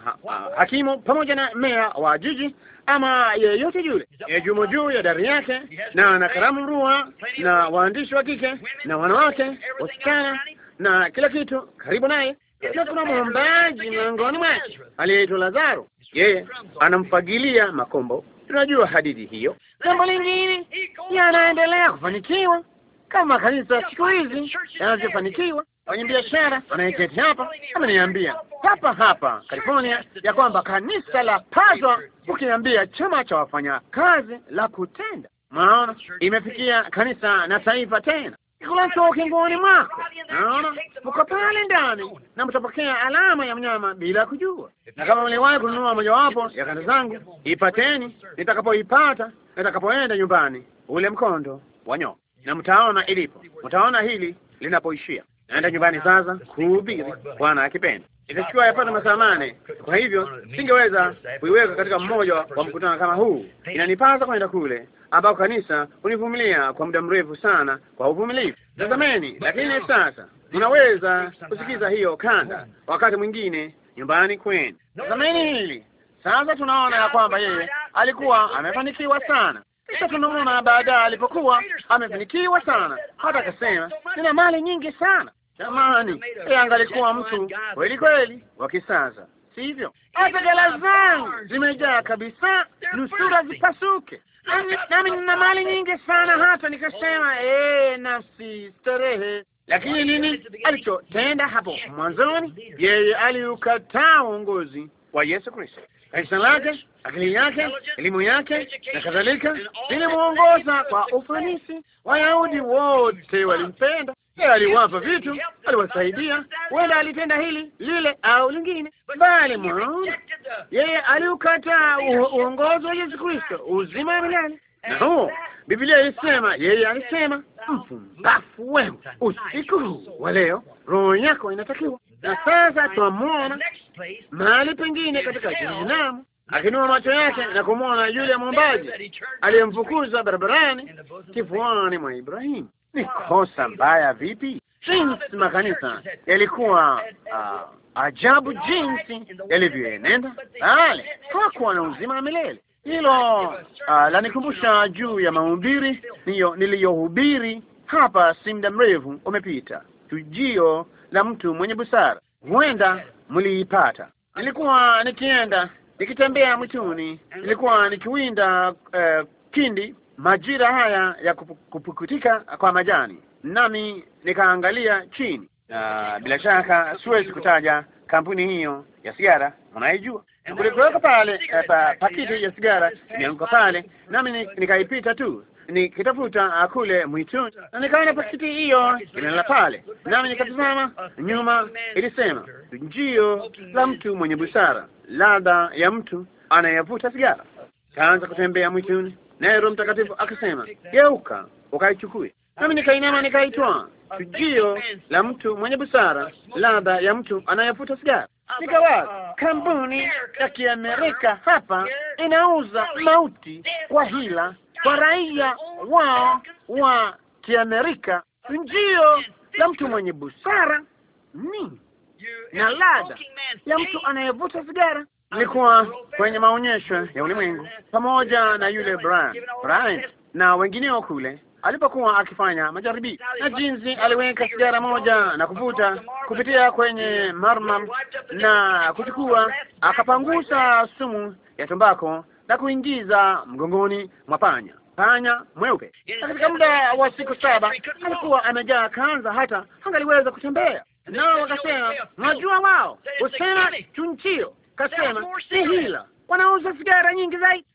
hakimu pamoja na meya wa jiji ama yeyote yule, jumo juu ya dari yake, na ana karamu rua na waandishi wa kike na wanawake, wasichana na kila kitu karibu naye. Pia kuna mwombaji mlangoni mwake aliyeitwa Lazaro, yeye anamfagilia makombo. Tunajua hadithi hiyo. Jambo lingine, yanaendelea kufanikiwa kama kanisa siku hizi yanavyofanikiwa biashara wanaeketi hapa ameniambia hapa hapa California ya kwamba kanisa la pazwa ukiambia chama cha wafanya kazi la kutenda. Maona imefikia kanisa na taifa tena kulaso ukingoni mwako. Naona mko pale ndani na mtapokea alama ya mnyama bila kujua. Na kama mliwahi kununua mojawapo ya kanda zangu, ipateni nitakapoipata, nitakapoenda nyumbani, ule mkondo wa nyoka, na mtaona ilipo, mtaona hili linapoishia naenda nyumbani sasa kuhubiri, Bwana akipenda. Itachukua yapata masaa nane. Kwa hivyo singeweza kuiweka katika mmoja wa mkutano kama huu. Inanipasa kwenda kule ambao kanisa univumilia kwa muda mrefu sana kwa uvumilivu. Tazameni, lakini sasa unaweza kusikiza hiyo kanda wakati mwingine nyumbani kwenu. Tazameni hili sasa. Tunaona ya kwamba yeye alikuwa amefanikiwa sana, kisha tunaona baadaye alipokuwa amefanikiwa sana, hata akasema nina mali nyingi sana Jamani, yeye angalikuwa mtu kweli kweli wa kisasa, sivyo? Hata gala zangu zimejaa kabisa, nusura zipasuke, nami nina mali nyingi sana, hata nikasema eh, nafsi starehe. Lakini nini alichotenda hapo mwanzoni? Yeye aliukataa uongozi wa Yesu Kristo, kanisa lake, akili yake, elimu yake na kadhalika, muongoza kwa ufanisi. Wayahudi wote walimpenda yeye aliwapa vitu, aliwasaidia, wenda alitenda hili lile au lingine, bali Mungu yeye aliukata uongozi wa Yesu Kristo, uzima wa milele. Na huo Biblia ilisema, yeye alisema, mpumbafu wewe, usiku huu wa leo roho yako inatakiwa. Na sasa twamwona mahali pengine katika jehanamu akinua macho yake na kumwona yule mwombaji aliyemfukuza barabarani, kifuani mwa Ibrahimu ni kosa mbaya vipi? Jinsi makanisa yalikuwa uh, ajabu jinsi yalivyoenenda bale, hakuwa na uzima wa milele. Hilo uh, lanikumbusha juu ya mahubiri niyo niliyohubiri hapa si muda mrefu umepita, tujio la mtu mwenye busara. Huenda mliipata. Nilikuwa nikienda nikitembea mwituni, nilikuwa nikiwinda uh, kindi majira haya ya kupukutika kwa majani, nami nikaangalia chini, Uh, bila shaka siwezi kutaja kampuni hiyo ya sigara, unaijua. Kulikuweka pale eh, pa, pakiti ya sigara imeanguka pale, nami nikaipita tu nikitafuta kule mwituni na nikaona pakiti hiyo imelala pale, nami nikatazama nyuma. Ilisema njio la mtu mwenye busara, ladha ya mtu anayevuta sigara. Kaanza kutembea mwituni naye Roho Mtakatifu akasema, geuka ukaichukue. Nami nikainama nikaitwaa, chujio la mtu mwenye busara, ladha ya mtu anayevuta sigara. Nikawaza, kampuni ya Kiamerika hapa inauza mauti kwa hila kwa raia wao wa Kiamerika. Chujio la mtu mwenye busara ni na ladha ya mtu anayevuta sigara nilikuwa kwenye maonyesho ya ulimwengu pamoja na yule Brian Brian na wengineo kule alipokuwa akifanya majaribio na jinsi aliweka sigara moja na kuvuta kupitia kwenye marmam na kuchukua, akapangusa sumu ya tombako na kuingiza mgongoni mwa panya panya mweupe. katika muda wa siku saba alikuwa amejaa kanza, hata angaliweza kutembea. Nao wakasema, najua wao usema chunchio kasema si hila, wanauza sigara nyingi zaidi,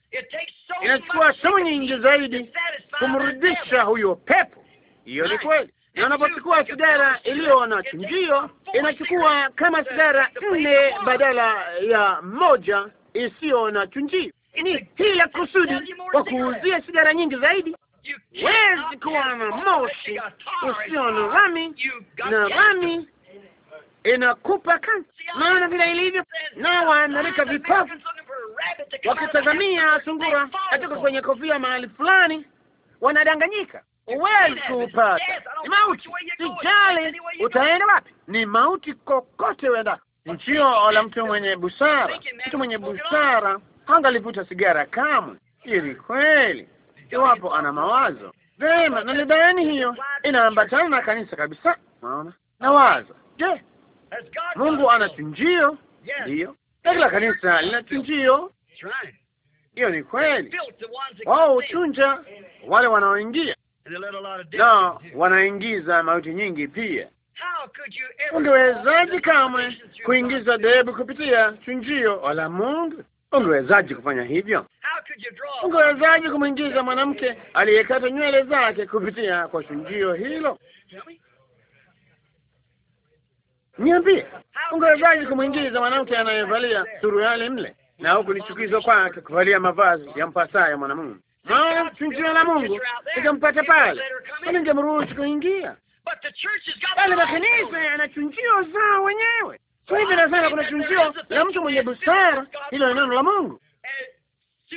inachukua sumu nyingi zaidi kumrudisha huyo pepo. Hiyo ni kweli, na unapochukua sigara iliyo na chunjio inachukua kama sigara nne badala ya moja isiyo na chunjio. Ni hila kusudi kwa kuuzia sigara nyingi zaidi. Huwezi kuwa na moshi usio na rami na rami inakupa kazi, maana vile ilivyo na wanaandika vipofu wakitazamia sungura katika kwenye kofia mahali fulani, wanadanganyika. Huwezi kuupata, ni mauti. Sijali utaenda wapi, ni mauti kokote uendako. Nchio la mtu mwenye busara, mtu mwenye busara hangalivuta sigara kamwe. Ili kweli, iwapo ana mawazo vema, na lidayani hiyo inaambatana na kanisa kabisa. Naona na wazo, je Mungu ana chinjio, ndiyo, na kila kanisa lina chinjio. Hiyo ni kweli. Wao huchunja wale wanaoingia na wanaingiza mauti nyingi pia. Ungewezaji kamwe kuingiza dhehebu kupitia chinjio wala Mungu? Ungewezaji kufanya hivyo? Ungewezaji kumwingiza mwanamke aliyekata nywele zake kupitia kwa chinjio hilo? Niambie, ungewezaji kumwingiza mwanamke anayevalia suruali mle na huku nichukizwa kwake kuvalia mavazi ya mpasayo mwanamume? Maana sinjia la Mungu ikampata pale, mruhusi kuingia bali Makanisa yana chunjio zao wenyewe. Kwa hivyo nasema kuna chunjio la mtu mwenye busara, hilo ni neno la Mungu,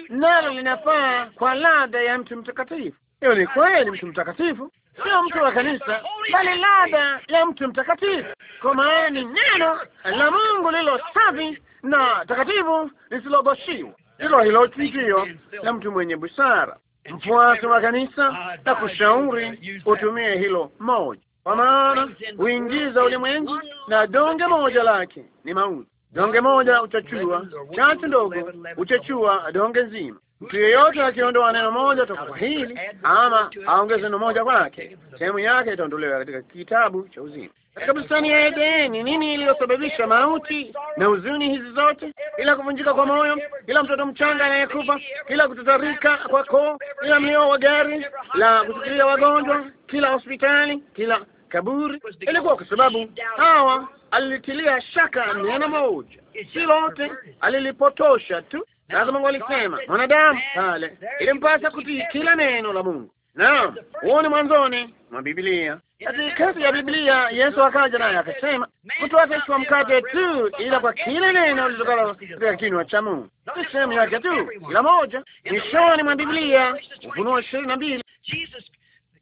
nalo linafaa kwa ladha ya mtu mtakatifu. Hiyo ni kweli, mtu mtakatifu sio mtu wa kanisa, bali labda ya mtu mtakatifu, kwa maana ni neno la Mungu lilo safi na takatifu lisiloboshiwa. Hilo hilo chujio la mtu mwenye busara, mfuasi wa kanisa, na kushauri utumie hilo moja, kwa maana huingiza ulimwengu, na donge moja lake ni mauti. Donge moja uchachua chachu ndogo uchachua donge nzima. Mtu yeyote akiondoa neno moja toka kwa hili ama aongeze neno moja kwake, sehemu yake itaondolewa katika kitabu cha uzima. Katika bustani ya Edeni, nini iliyosababisha mauti na huzuni hizi zote? ila kuvunjika kwa moyo, kila mtoto mchanga anayekufa, kila kutotarika kwa koo, ila mlio wa gari la kuchukulia wagonjwa, kila hospitali, kila kaburi, ilikuwa kwa sababu hawa alilitilia shaka neno moja, si lote, alilipotosha tu. Sasa Mungu alisema mwanadamu pale, ilimpasa kutii kila neno la Mungu. Naam, huo ni mwanzoni mwa Biblia. Katikati ya Biblia Yesu akaja naye akasema, mtu akishwa mkate tu, ila kwa kila neno litokalo katika kinywa cha Mungu. Si sehemu yake tu, ila moja. Mwishoni mwa Biblia, Ufunuo ishirini na mbili,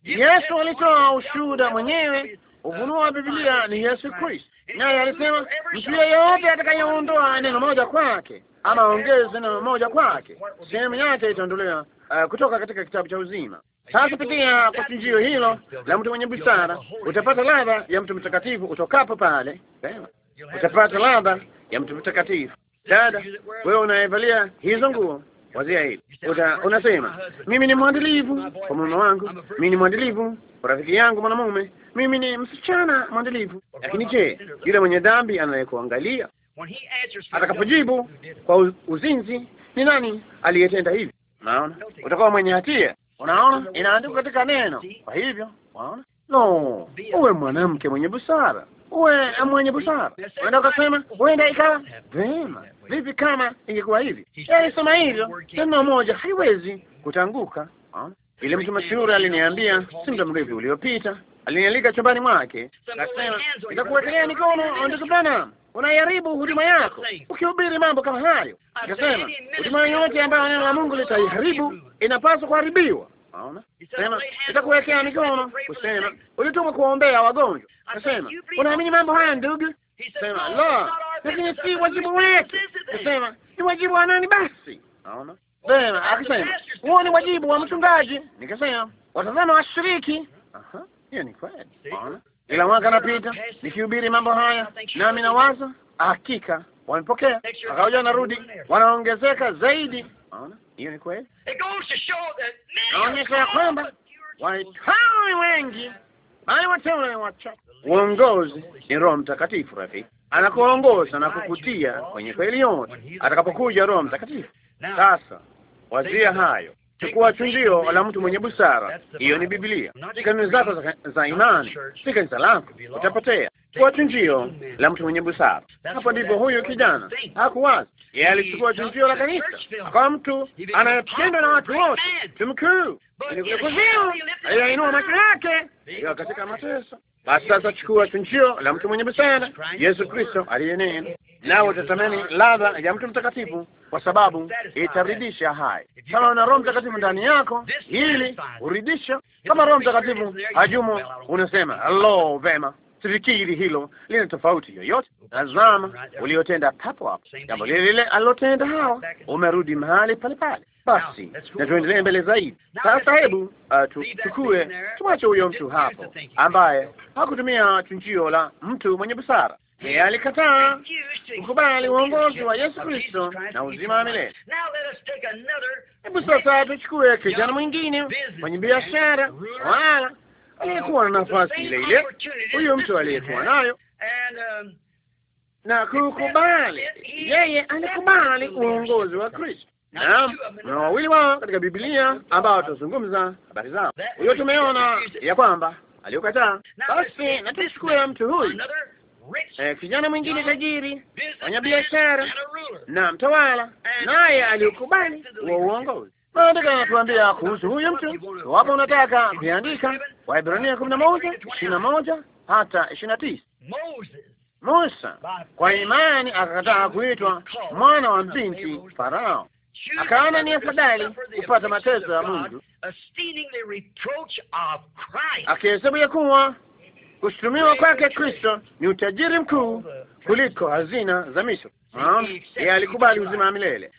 Yesu alitoa ushuhuda mwenyewe. Ufunuo wa Biblia ni Yesu Kristo naye alisema mtu yeyote atakayeondoa neno moja kwake ama ongeze neno moja kwake, sehemu yake itaondolewa uh, kutoka katika kitabu cha uzima. Sasa pitia kwa chinjio hilo la mtu mwenye busara, utapata ladha ya mtu mtakatifu utokapo pale. utapata ladha ya mtu mtakatifu. Dada wewe unaevalia hizo nguo wazia hili. Unasema mimi ni mwandilivu kwa mume wangu, mimi ni mwandilivu kwa rafiki yangu mwanamume, mimi ni msichana mwandilivu Lakini je, yule mwenye dhambi anayekuangalia atakapojibu kwa uzinzi, ni nani aliyetenda hivi? Unaona, utakuwa mwenye hatia. Unaona, inaandikwa katika neno. Kwa hivyo, unaona, no, uwe mwanamke mwenye busara uwe mwenye busara. Uenda ukasema huenda ikawa vema, vipi kama ingekuwa hivi? Alisema yaani hivyo, neno moja haiwezi kutanguka. Ile mtu mashuhuri aliniambia si muda mrefu uliopita, alinialika chumbani mwake, akasema nitakuwekelea mikono, ndugu bwana, unaiharibu huduma yako ukihubiri mambo kama hayo. Akasema huduma yoyote ambayo neno la Mungu litaiharibu inapaswa kuharibiwa. Waona, sema nitakuwekea mikono, kusema ulitumwa kuombea wagonjwa. Nasema unaamini mambo haya ndugu? Sema la, lakini si wajibu wetu. Nasema ni wajibu wa nani basi? Waona sema, akisema huo ni wajibu wa mchungaji, nikasema watazama washiriki. Aha, hiyo ni kweli. kila mwaka napita nikihubiri mambo haya, nami nawaza hakika wamepokea, akaoja narudi, wanaongezeka zaidi. Unaona, hiyo ni kweli, naonyesha ya kwamba waitawi wengi bali wateule ni wachache. Uongozi ni Roho Mtakatifu, rafiki, anakuongoza na kukutia kwenye kweli yote atakapokuja Roho Mtakatifu. Sasa wazia hayo chukua chunjio la mtu mwenye busara. Hiyo ni Biblia. Si kanuni zako za, imani, si kanisa lako, utapotea. Chukua chunjio la mtu mwenye busara. Hapo ndipo huyu kijana hakuwazi yeye alichukua chunjio la kanisa, akawa mtu anayependwa na watu wote, mtu ni kule kuzimu, aliyoinua macho yake, iyo katika mateso basi sasa chukua chunjio la mtu mwenye busara, Yesu Kristo aliye neno, nawe utatamani ladha ya mtu mtakatifu, kwa sababu itaridhisha hai. Kama una Roho Mtakatifu ndani yako, hili huridhisha. Kama Roho Mtakatifu hajumo, unasema lo, vema sifikiri hilo lina tofauti yoyote. Tazama uliotenda papo hapo, jambo lile lile alilotenda Hawa, umerudi mahali pale pale. Basi na tuendelee mbele zaidi. Sasa hebu uh, tuchukue, tuache huyo mtu hapo ambaye hakutumia chunjio la mtu mwenye busara. Yeye alikataa kukubali uongozi wa Yesu Kristo na uzima wa milele. Hebu sasa tuchukue kijana mwingine mwenye biashara wala aliyekuwa na nafasi ile ile, huyo mtu aliyekuwa nayo na kukubali. Yeye alikubali uongozi wa Kristo. Naam, na wawili wao katika Biblia ambao tutazungumza habari zao, huyo tumeona ya kwamba aliukataa. Basi natuchukue mtu huyu Eh, kijana mwingine tajiri, mwenye biashara na mtawala, naye aliukubali wa uongozi maandiko yanatuambia kuhusu huyu mtu. Iwapo unataka kuiandika, Waibrania kumi na moja ishirini na moja hata ishirini na tisa Musa kwa imani akakataa kuitwa mwana wa binti Farao, akaona ni afadhali kupata mateso ya Mungu, akihesabu ya kuwa kushutumiwa kwake Kristo ni utajiri mkuu kuliko hazina za Misri. Yeye alikubali uzima wa milele.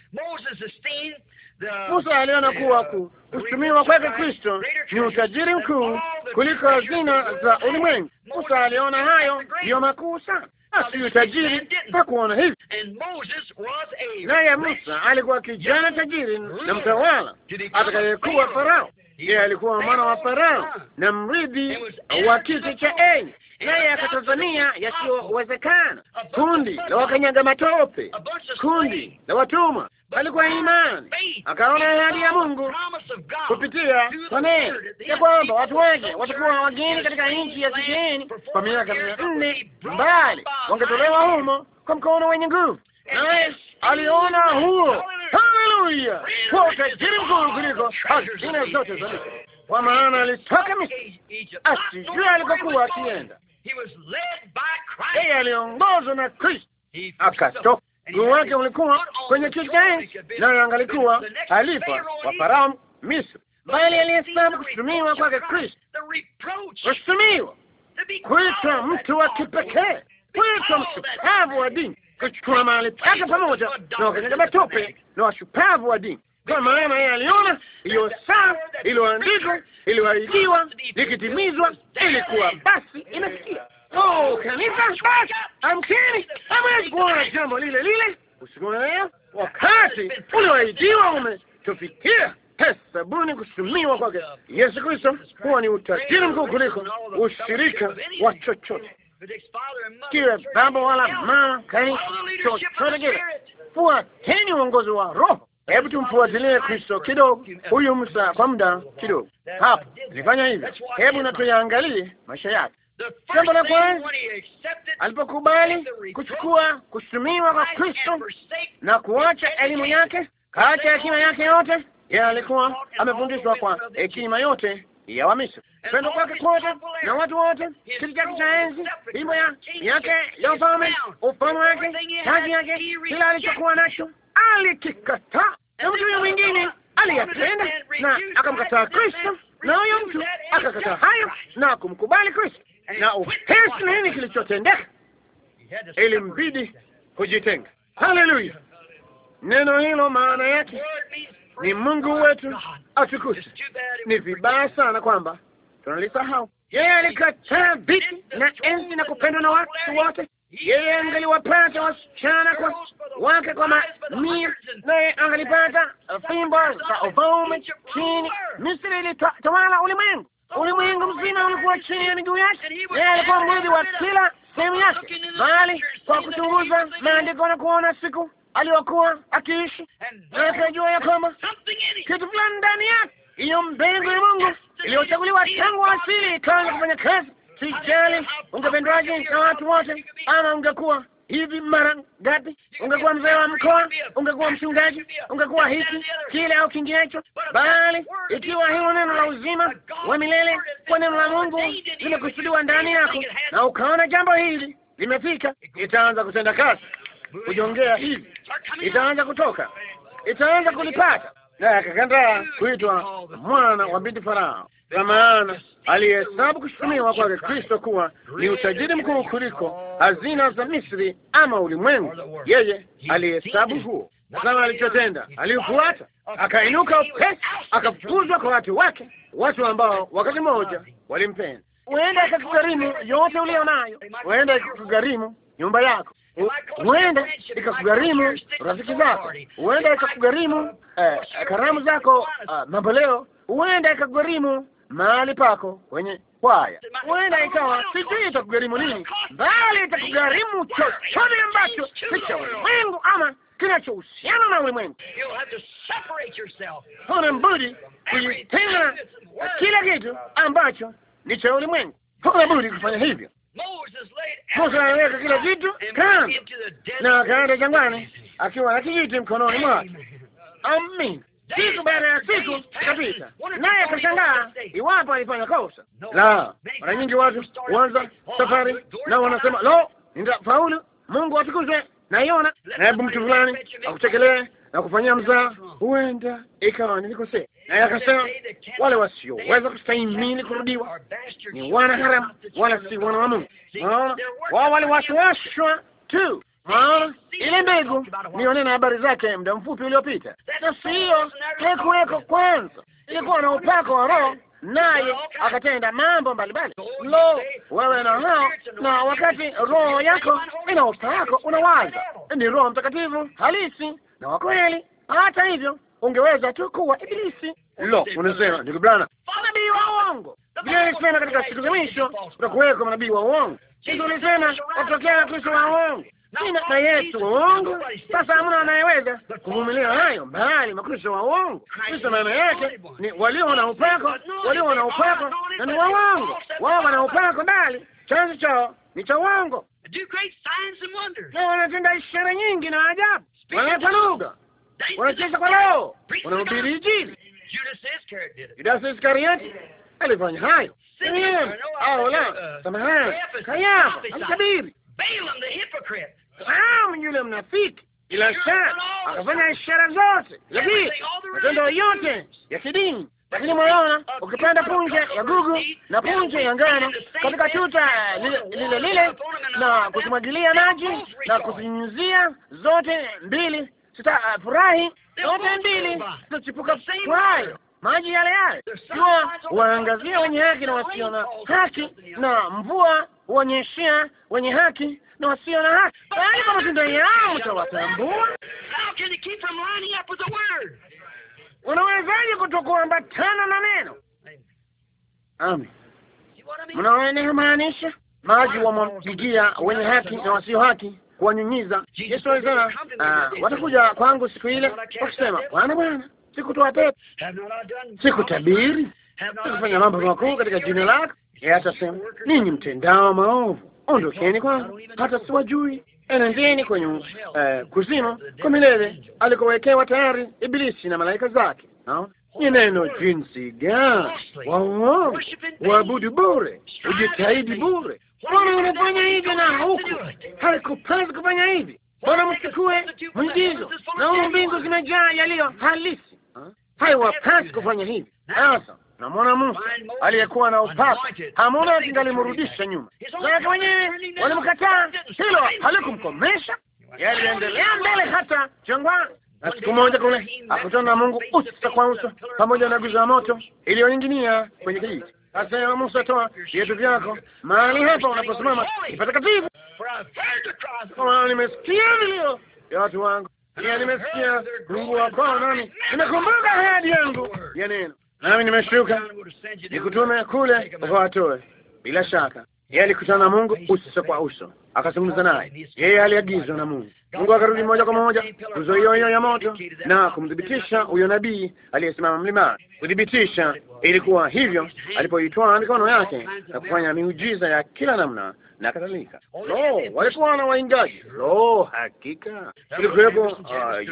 Musa aliona kuwa kushutumiwa kwake Kristo ni utajiri mkuu kuliko zina za ulimwengu. Musa aliona hayo ndiyo makuu sana, si utajiri hakuona hivi. Naye Musa alikuwa kijana tajiri na mtawala atakayekuwa Farao. Yeye alikuwa mwana wa Farao na mridhi wa kiti cha enyi naye akatazamia yasiyowezekana, kundi la wakanyaga matope, kundi la watumwa, bali kwa imani akaona ahadi ya Mungu kupitia kwa neno ya kwamba watu wengi watakuwa wageni katika nchi ya kigeni kwa miaka mia nne, mbali wangetolewa humo kwa mkono wenye nguvu. Naye aliona huo, haleluya, kwa utajiri mkuu kuliko hazina zote za Misri, kwa maana alitoka Misri asijue alikokuwa akienda. Yeye aliongozwa na Kristo akatoka Mguu wake ulikuwa kwenye kiganja, nayo angalikuwa halifa wa Farao Misri, bali alihesabu kushutumiwa kwake Kristo, kushutumiwa, kuitwa mtu wa kipekee, kuitwa mshupavu wa dini, kuchukua mahali pake pamoja na wakanyaga matope na washupavu wa dini, kwa maana yeye aliona hiyo saa iliyoandikwa, iliyoahidiwa, likitimizwa, ilikuwa basi imefikia. Oh, kanisa basi, amkini, hamwezi kuona jambo lile lile usikuelewa. Wakati ulioahidiwa umetufikia. Hesabuni kusumiwa kwake Yesu Kristo huwa ni utajiri mkuu kuliko ushirika wa chochote kile, baba wala mama, kani chochote kile. Fuateni uongozi wa Roho. Hebu tumfuatilie Kristo kidogo, huyu msa kwa muda kidogo. Hapo nilifanya hivyo. Hebu natuyaangalie maisha yake. Jambo la kwanza alipokubali kuchukua kushutumiwa kwa Kristo na kuacha elimu yake, kaacha hekima yake yote, yeye alikuwa amefundishwa kwa hekima yote ya Wamisri, pendo kwake kote na watu wote, kiti chake cha enzi, himbo yake ya ufalme, ufalme wake, taji yake, kila alichokuwa nacho alikikataa, na mtu huyo mwingine aliyapenda na akamkataa Kristo, na huyo mtu akakataa hayo na kumkubali Kristo na upesi nini kilichotendeka, ilimbidi kujitenga. Haleluya! Neno hilo maana yake ni Mungu wetu atukuse. Ni vibaya sana kwamba tunalisahau. Yeye alikataa viti na enzi na kupendwa na watu wote. Yeye angaliwapata wasichana kwa wake kwa mamia, naye angalipata fimbo za ufalme chini. Misri ilitawala ulimwengu ulimwengu mzima ulikuwa chini ya miguu yake. Yeye alikuwa mwili wa kila sehemu yake, bali kwa kuchunguza maandiko na kuona siku aliyokuwa akiishi, na akajua ya kwamba kitu fulani ndani yake, hiyo mbegu ya Mungu iliyochaguliwa tangu asili, ikaanza kufanya kazi. Sijali ungependwaje na watu wote, ama ungekuwa hivi mara ngapi? Ungekuwa mzee wa mkoa, ungekuwa mchungaji, ungekuwa hiki kile au kinginecho, bali ikiwa hiyo neno la uzima wa milele kwa neno la Mungu limekusudiwa ndani yako, na ukaona jambo hili limefika, itaanza kutenda kazi, kujongea hivi, itaanza kutoka, itaanza kulipata naye akakataa kuitwa mwana wa binti Farao, kwa maana alihesabu kushutumiwa kwake Kristo kuwa ni utajiri mkuu kuliko hazina za Misri ama ulimwengu. Yeye alihesabu huo. Tazama alichotenda, aliufuata, akainuka upesi, akafukuzwa kwa watu wake, watu ambao wakati mmoja walimpenda. Huenda ikakugharimu yote uliyo nayo, huenda ikakugharimu nyumba yako huenda ikakugharimu eh, rafiki zako, huenda eh, ikakugharimu karamu zako mambo leo, huenda ikakugharimu mahali pako kwenye kwaya, huenda ikawa sijui itakugharimu nini, bali itakugharimu chochote ambacho ni cha ulimwengu ama kinachohusiana na ulimwengu. Huna budi kuitenga kila kitu ambacho ni cha ulimwengu. Huna budi kufanya hivyo. Musa aliweka kila kitu kando na akaenda jangwani akiwa na kijiti mkononi mwake. Amin. Siku baada ya siku kabisa, naye akashangaa iwapo alifanya kosa la. Mara nyingi watu huanza safari na wanasema lo, nitafaulu, Mungu atukuzwe, naiona na hebu mtu fulani akutekelee na kufanya mzaa, huenda ikawa nilikosea. Naye akasema wale wasioweza kustahimili kurudiwa ni wana haramu, wala si wana wa Mungu. Naona wao waliwashwashwa tu. Maana ile mbegu na habari zake muda mfupi uliopita, nafsi hiyo haikuweko kwanza, ilikuwa na upako wa Roho naye akatenda mambo mbalimbali. Lo, wewe na hao na wakati roho yako ina upako, unawaza ni Roho Mtakatifu halisi na wa kweli. Hata hivyo ungeweza tu kuwa ibilisi. Lo, unasema ndugu bwana, manabii wa uongo. Biblia inasema katika siku za mwisho kutakuweko manabii wa uongo. Sisi ulisema watokea Wakristo wa uongo na Yesu wa uongo. Sasa hamna anayeweza kuvumilia hayo, bali makristo wa uongo. Kristo maana yake ni walio na upako, walio na upako na ni wa uongo. Wao wana upako, bali chanzo chao ni cha uongo, wanatenda ishara nyingi na ajabu wanaleta lugha, wanacheza kwa roho, wanahubiri Injili. Yudasi Iskarioti alifanya hayo au la, uh, samahani, Kayafa alitabiri, Balaamu yule mnafiki, bila shaka akafanya ishara zote, lakini matendo yote ya kidini lakini mwaona, ukipanda punje ya gugu na punje ya ngano katika tuta lile lile na kuzimwagilia maji na kuzinyunyizia zote mbili, sitafurahi zote mbili zitachipuka furahi, maji yale yale. Jua waangazia wenye haki na wasio na haki, na mvua huonyeshea wenye haki na wasio na haki, bali kwa matunda yao mtawatambua unawezaje kutokuambatana na neno? Amen. Mnaona maanisha maji wamwagigia wenye haki na wasio haki kuwanyunyiza. Yesu alisema ah, watakuja kwangu siku ile wakisema, Bwana Bwana, sikutoa pepo, sikutabiri, sikufanya mambo makuu katika jina lako? Yeye atasema, ninyi mtendao maovu ondokeni kwangu, hata siwajui enendeni eh, kwenye uh, kuzimu kwa milele alikowekewa tayari Ibilisi na malaika zake. Ni neno jinsi gani! Waovu waabudu bure, ujitahidi bure. Mbona unafanya hivi na huku halikupasa kufanya hivi? Mbona msikue mwingizo na huu, mbingu zimejaa yaliyo halisi, haiwapasi kufanya hivi. Sasa na Musa aliyekuwa na upako, hamuna kingalimrudisha nyuma zake mwenyewe. Walimkataa, hilo halikumkomesha, yaliendelea mbele hata jangwani. Na siku moja kule akutana na Mungu uso kwa uso, pamoja na giza moto iliyoning'inia kwenye kijiti. Asema Musa, toa viatu vyako mahali hapa unaposimama ni patakatifu. Nimesikia vilio ya watu wangu, nimesikia kungua kwao, nami nimekumbuka ahadi yangu ya neno nami nimeshuka nikutume kule ukawatoe. Bila shaka yeye alikutana na Mungu uso kwa uso, akazungumza naye. Yeye aliagizwa na Mungu. Mungu akarudi moja kwa moja nguzo hiyo hiyo ya moto na kumthibitisha huyo nabii aliyesimama mlimani, kuthibitisha ilikuwa hivyo, alipoitwaa mikono yake na kufanya miujiza ya kila namna na kadhalika. Lo, walikuwa na waingaji. Lo, hakika kulikuwepo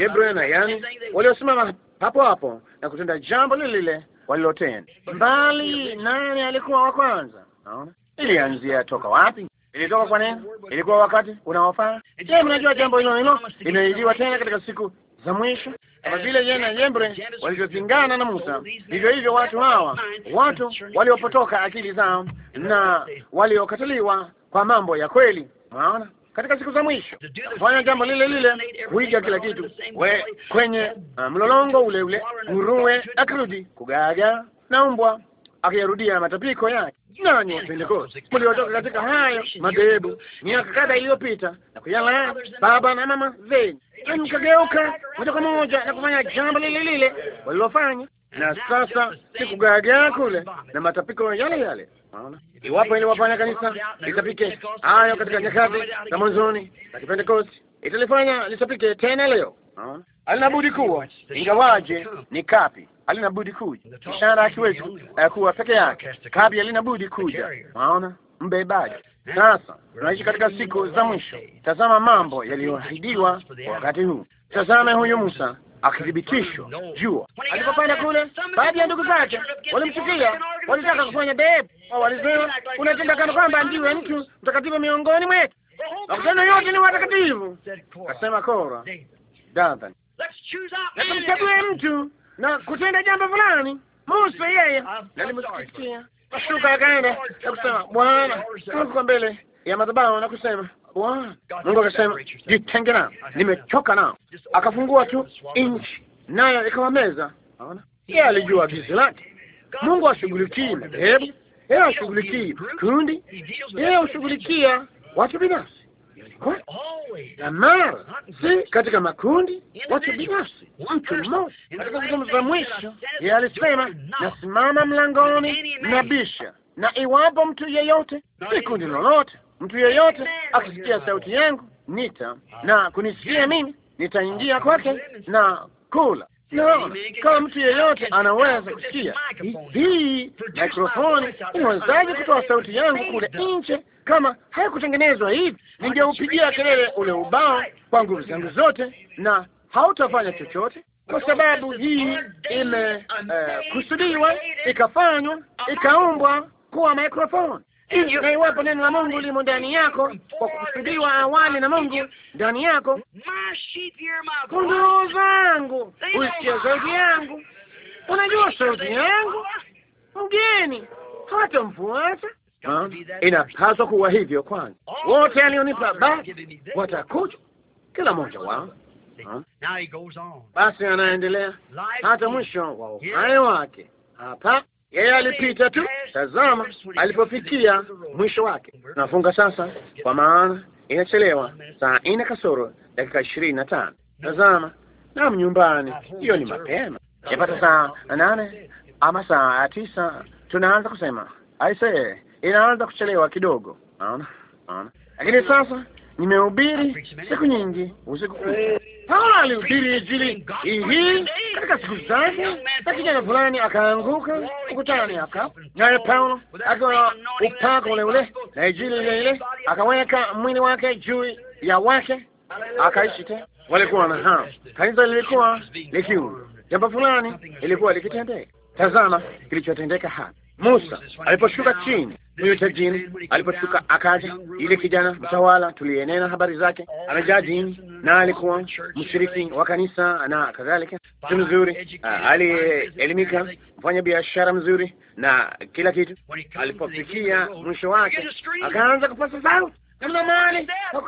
Yebre uh, na Yani waliosimama hapo hapo na kutenda jambo lile lile walilotenda. Mbali nani alikuwa wa kwanza? Naona ilianzia toka wapi? Ilitoka kwa nini? Ilikuwa wakati unaofaa. Je, mnajua jambo hilo hilo linaijiwa tena katika siku za mwisho kama vile yeye na Yembre walivyopingana na Musa, hivyo hivyo watu hawa, watu waliopotoka akili zao na waliokataliwa kwa mambo ya kweli, maana katika siku za mwisho kufanya jambo lile lile, kuiga kila kitu we, kwenye uh, mlolongo ule ule, nguruwe akirudi kugaga na umbwa akiyarudia matapiko yake. Nanyi Pentekoste mliotoka katika hayo madhehebu miaka kadha iliyopita na kuyalaani baba na mama zenu, mkageuka moja kwa moja na kufanya jambo lile lile walilofanya na sasa sikugaagaa kule na matapiko yale yale. Unaona, iwapo iliwafanya kanisa litapike hayo katika nyakati za mwanzoni na Pentekosti, italifanya litapike tena leo. Unaona, alinabudi kuwa ingawaje ni kapi, alinabudi kuja, ishara akiwezi eh, kuwa peke yake, kapi alinabudi kuja. Maona mbebaji sasa tunaishi katika siku za mwisho. Tazama mambo yaliyoahidiwa kwa wakati huu. Tazame huyu Musa akithibitishwa. Jua alipokwenda kule, baadhi ya ndugu zake walimchukia, walitaka kufanya dhehebu, walisema unatenda kana kwamba ndiwe mtu mtakatifu miongoni mwetu, wakutano yote ni watakatifu. Akasema Kora, na tumchague mtu na kutenda jambo fulani. Musa yeye alimsikia, ashuka akaenda na kusema, Bwana, kwa mbele ya madhabahu na kusema Bwana Mungu akasema, jitenge nao, nimechoka nao. Akafungua tu nchi, nayo ikawameza Unaona, yeye alijua gizi lake. Mungu ashughulikii madhehebu, yeye ashughulikii kundi, yeye hushughulikia watu binafsi mara si katika makundi watu binafsi. Mtu mmoja katika kuzungumza za mwisho, yeye alisema nasimama mlangoni na bisha, na iwapo mtu yeyote, si kundi lolote, Mtu yeyote akisikia sauti yangu nita na kunisikia mimi, nitaingia kwake na kula. Naona kama mtu yeyote anaweza kusikia hii mikrofoni, inawezaje kutoa sauti yangu kule nje kama haikutengenezwa hivi? Ningeupigia kelele ule ubao kwa nguvu zangu zote, na hautafanya chochote, kwa sababu hii imekusudiwa, eh, uh, ikafanywa, ikaumbwa kuwa mikrofoni hivyo na iwapo neno la Mungu limo ndani yako kwa kukusudiwa awali na Mungu ndani yako, kondoo zangu usikia sauti yangu, unajua sauti yangu, mgeni hata mfuata. Inapaswa kuwa hivyo kwanza, wote alionipa Baba watakuja, kila mmoja wao. Basi anaendelea hata mwisho wa uhai wake hapa yeye alipita tu. Tazama alipofikia mwisho wake. Tunafunga sasa, kwa maana inachelewa, saa ina kasoro dakika ishirini na tano. Tazama nam nyumbani, hiyo ni mapema, yapata saa nane ama saa tisa tunaanza kusema aisee, inaanza kuchelewa kidogo. Naona naona, lakini sasa nimehubiri siku nyingi usiku kucha. Paulo alihubiri injili hii katika siku zake, na kijana fulani akaanguka ukutani aka naye Paulo akiwa upako ule ule na injili ile ile, akaweka mwili wake juu ya wake, akaishi tena. Walikuwa na hao, kanisa lilikuwa likiu, jambo fulani ilikuwa likitendeka. Tazama kilichotendeka hapa. Musa aliposhuka chini huyo tajiri aliposhuka akaja, ile kijana mtawala tuliyenena habari zake amejaa dini na alikuwa mshiriki wa kanisa na kadhalika, mtu mzuri ah, aliyeelimika, mfanya biashara mzuri na kila kitu. Alipofikia mwisho wake, akaanza kupasa sauti namna mali kwa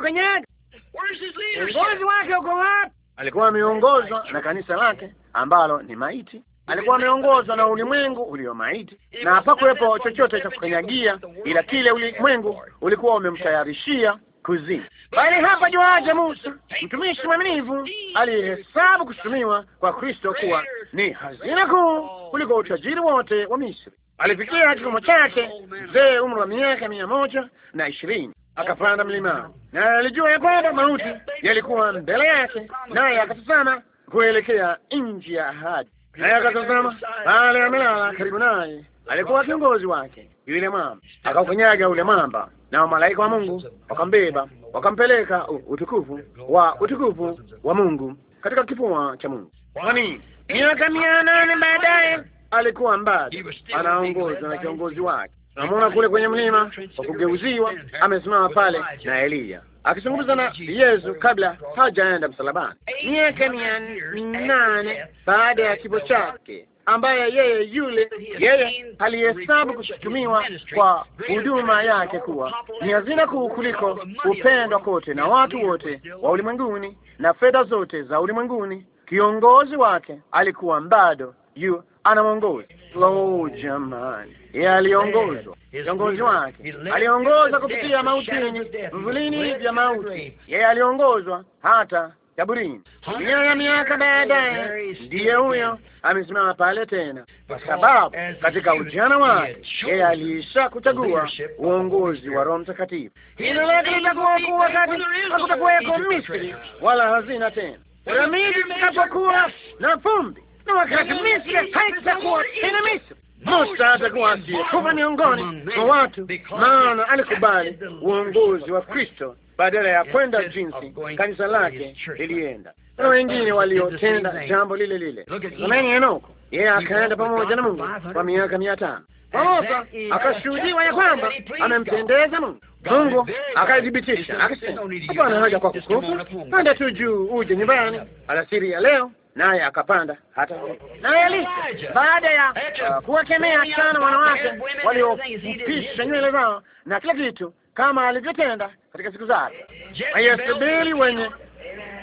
Uongozi wake uko wapi? Alikuwa ameongozwa na kanisa lake ambalo ni maiti alikuwa ameongozwa na ulimwengu maiti na hapakuwepo chochote cha kukanyagia ila kile ulimwengu ulikuwa umemtayarishia kuzimu. Bali hapa juaje Musa mtumishi mwaminivu alihesabu kushutumiwa kwa Kristo kuwa ni hazina kuu kuliko utajiri wote wa Misri. Alifikia kikomo chake mzee, umri wa miaka mia moja na ishirini, akapanda mlimani, na alijua ya kwamba mauti yalikuwa mbele yake, naye akatazama kuelekea nchi ya ahadi naye akatazama pale amelala karibu naye alikuwa kiongozi wake yule mama, Akakunyaga ule mamba, na malaika wa Mungu wakambeba wakampeleka utukufu wa utukufu wa Mungu katika kifua cha Mungu. Kwani miaka mia nane baadaye alikuwa mbali anaongozwa na kiongozi wake. Namwona kule kwenye mlima wa kugeuziwa, amesimama pale na Eliya akizungumza na Yesu kabla hajaenda msalabani, miaka mia minane baada ya kifo chake, ambaye yeye yule yeye alihesabu kushutumiwa kwa huduma yake kuwa ni hazina kuu kuliko upendwa kote na watu wote wa ulimwenguni na fedha zote za ulimwenguni. Kiongozi wake alikuwa bado yu anamwongoza. Lo, jamani, yeye aliongozwa, kiongozi wake aliongoza kupitia mautini, vivulini vya mauti. Yeye aliongozwa hata kaburini. Mia ya miaka baadaye ndiye huyo amesimama pale tena, kwa sababu katika ujana wake yeye aliisha kuchagua uongozi wa Roho Mtakatifu. Hilo lake litakuwa kuu wakati hakutakuweko Misri wala hazina tena, piramidi zitakapokuwa na fumbi na wakati Misri haitakuwa tena Misri. Musa atakuwa miongoni mwa watu, maana alikubali uongozi wa Kristo badala ya kwenda jinsi kanisa lake lilienda. Na wengine waliotenda jambo lile lile, amani Enoko, yeye akaenda pamoja na Mungu kwa miaka mia tano. pamoja, akashuhudiwa ya kwamba amempendeza Mungu. Mungu akaithibitisha akasema, hapana haja kwa kukufu, kwenda tu juu uje nyumbani alasiri ya leo naye akapanda hata naye Elisa baada ya uh, kuwakemea sana wanawake waliopisha nywele zao na kila kitu kama alivyotenda katika siku zake Mayezebeli wenye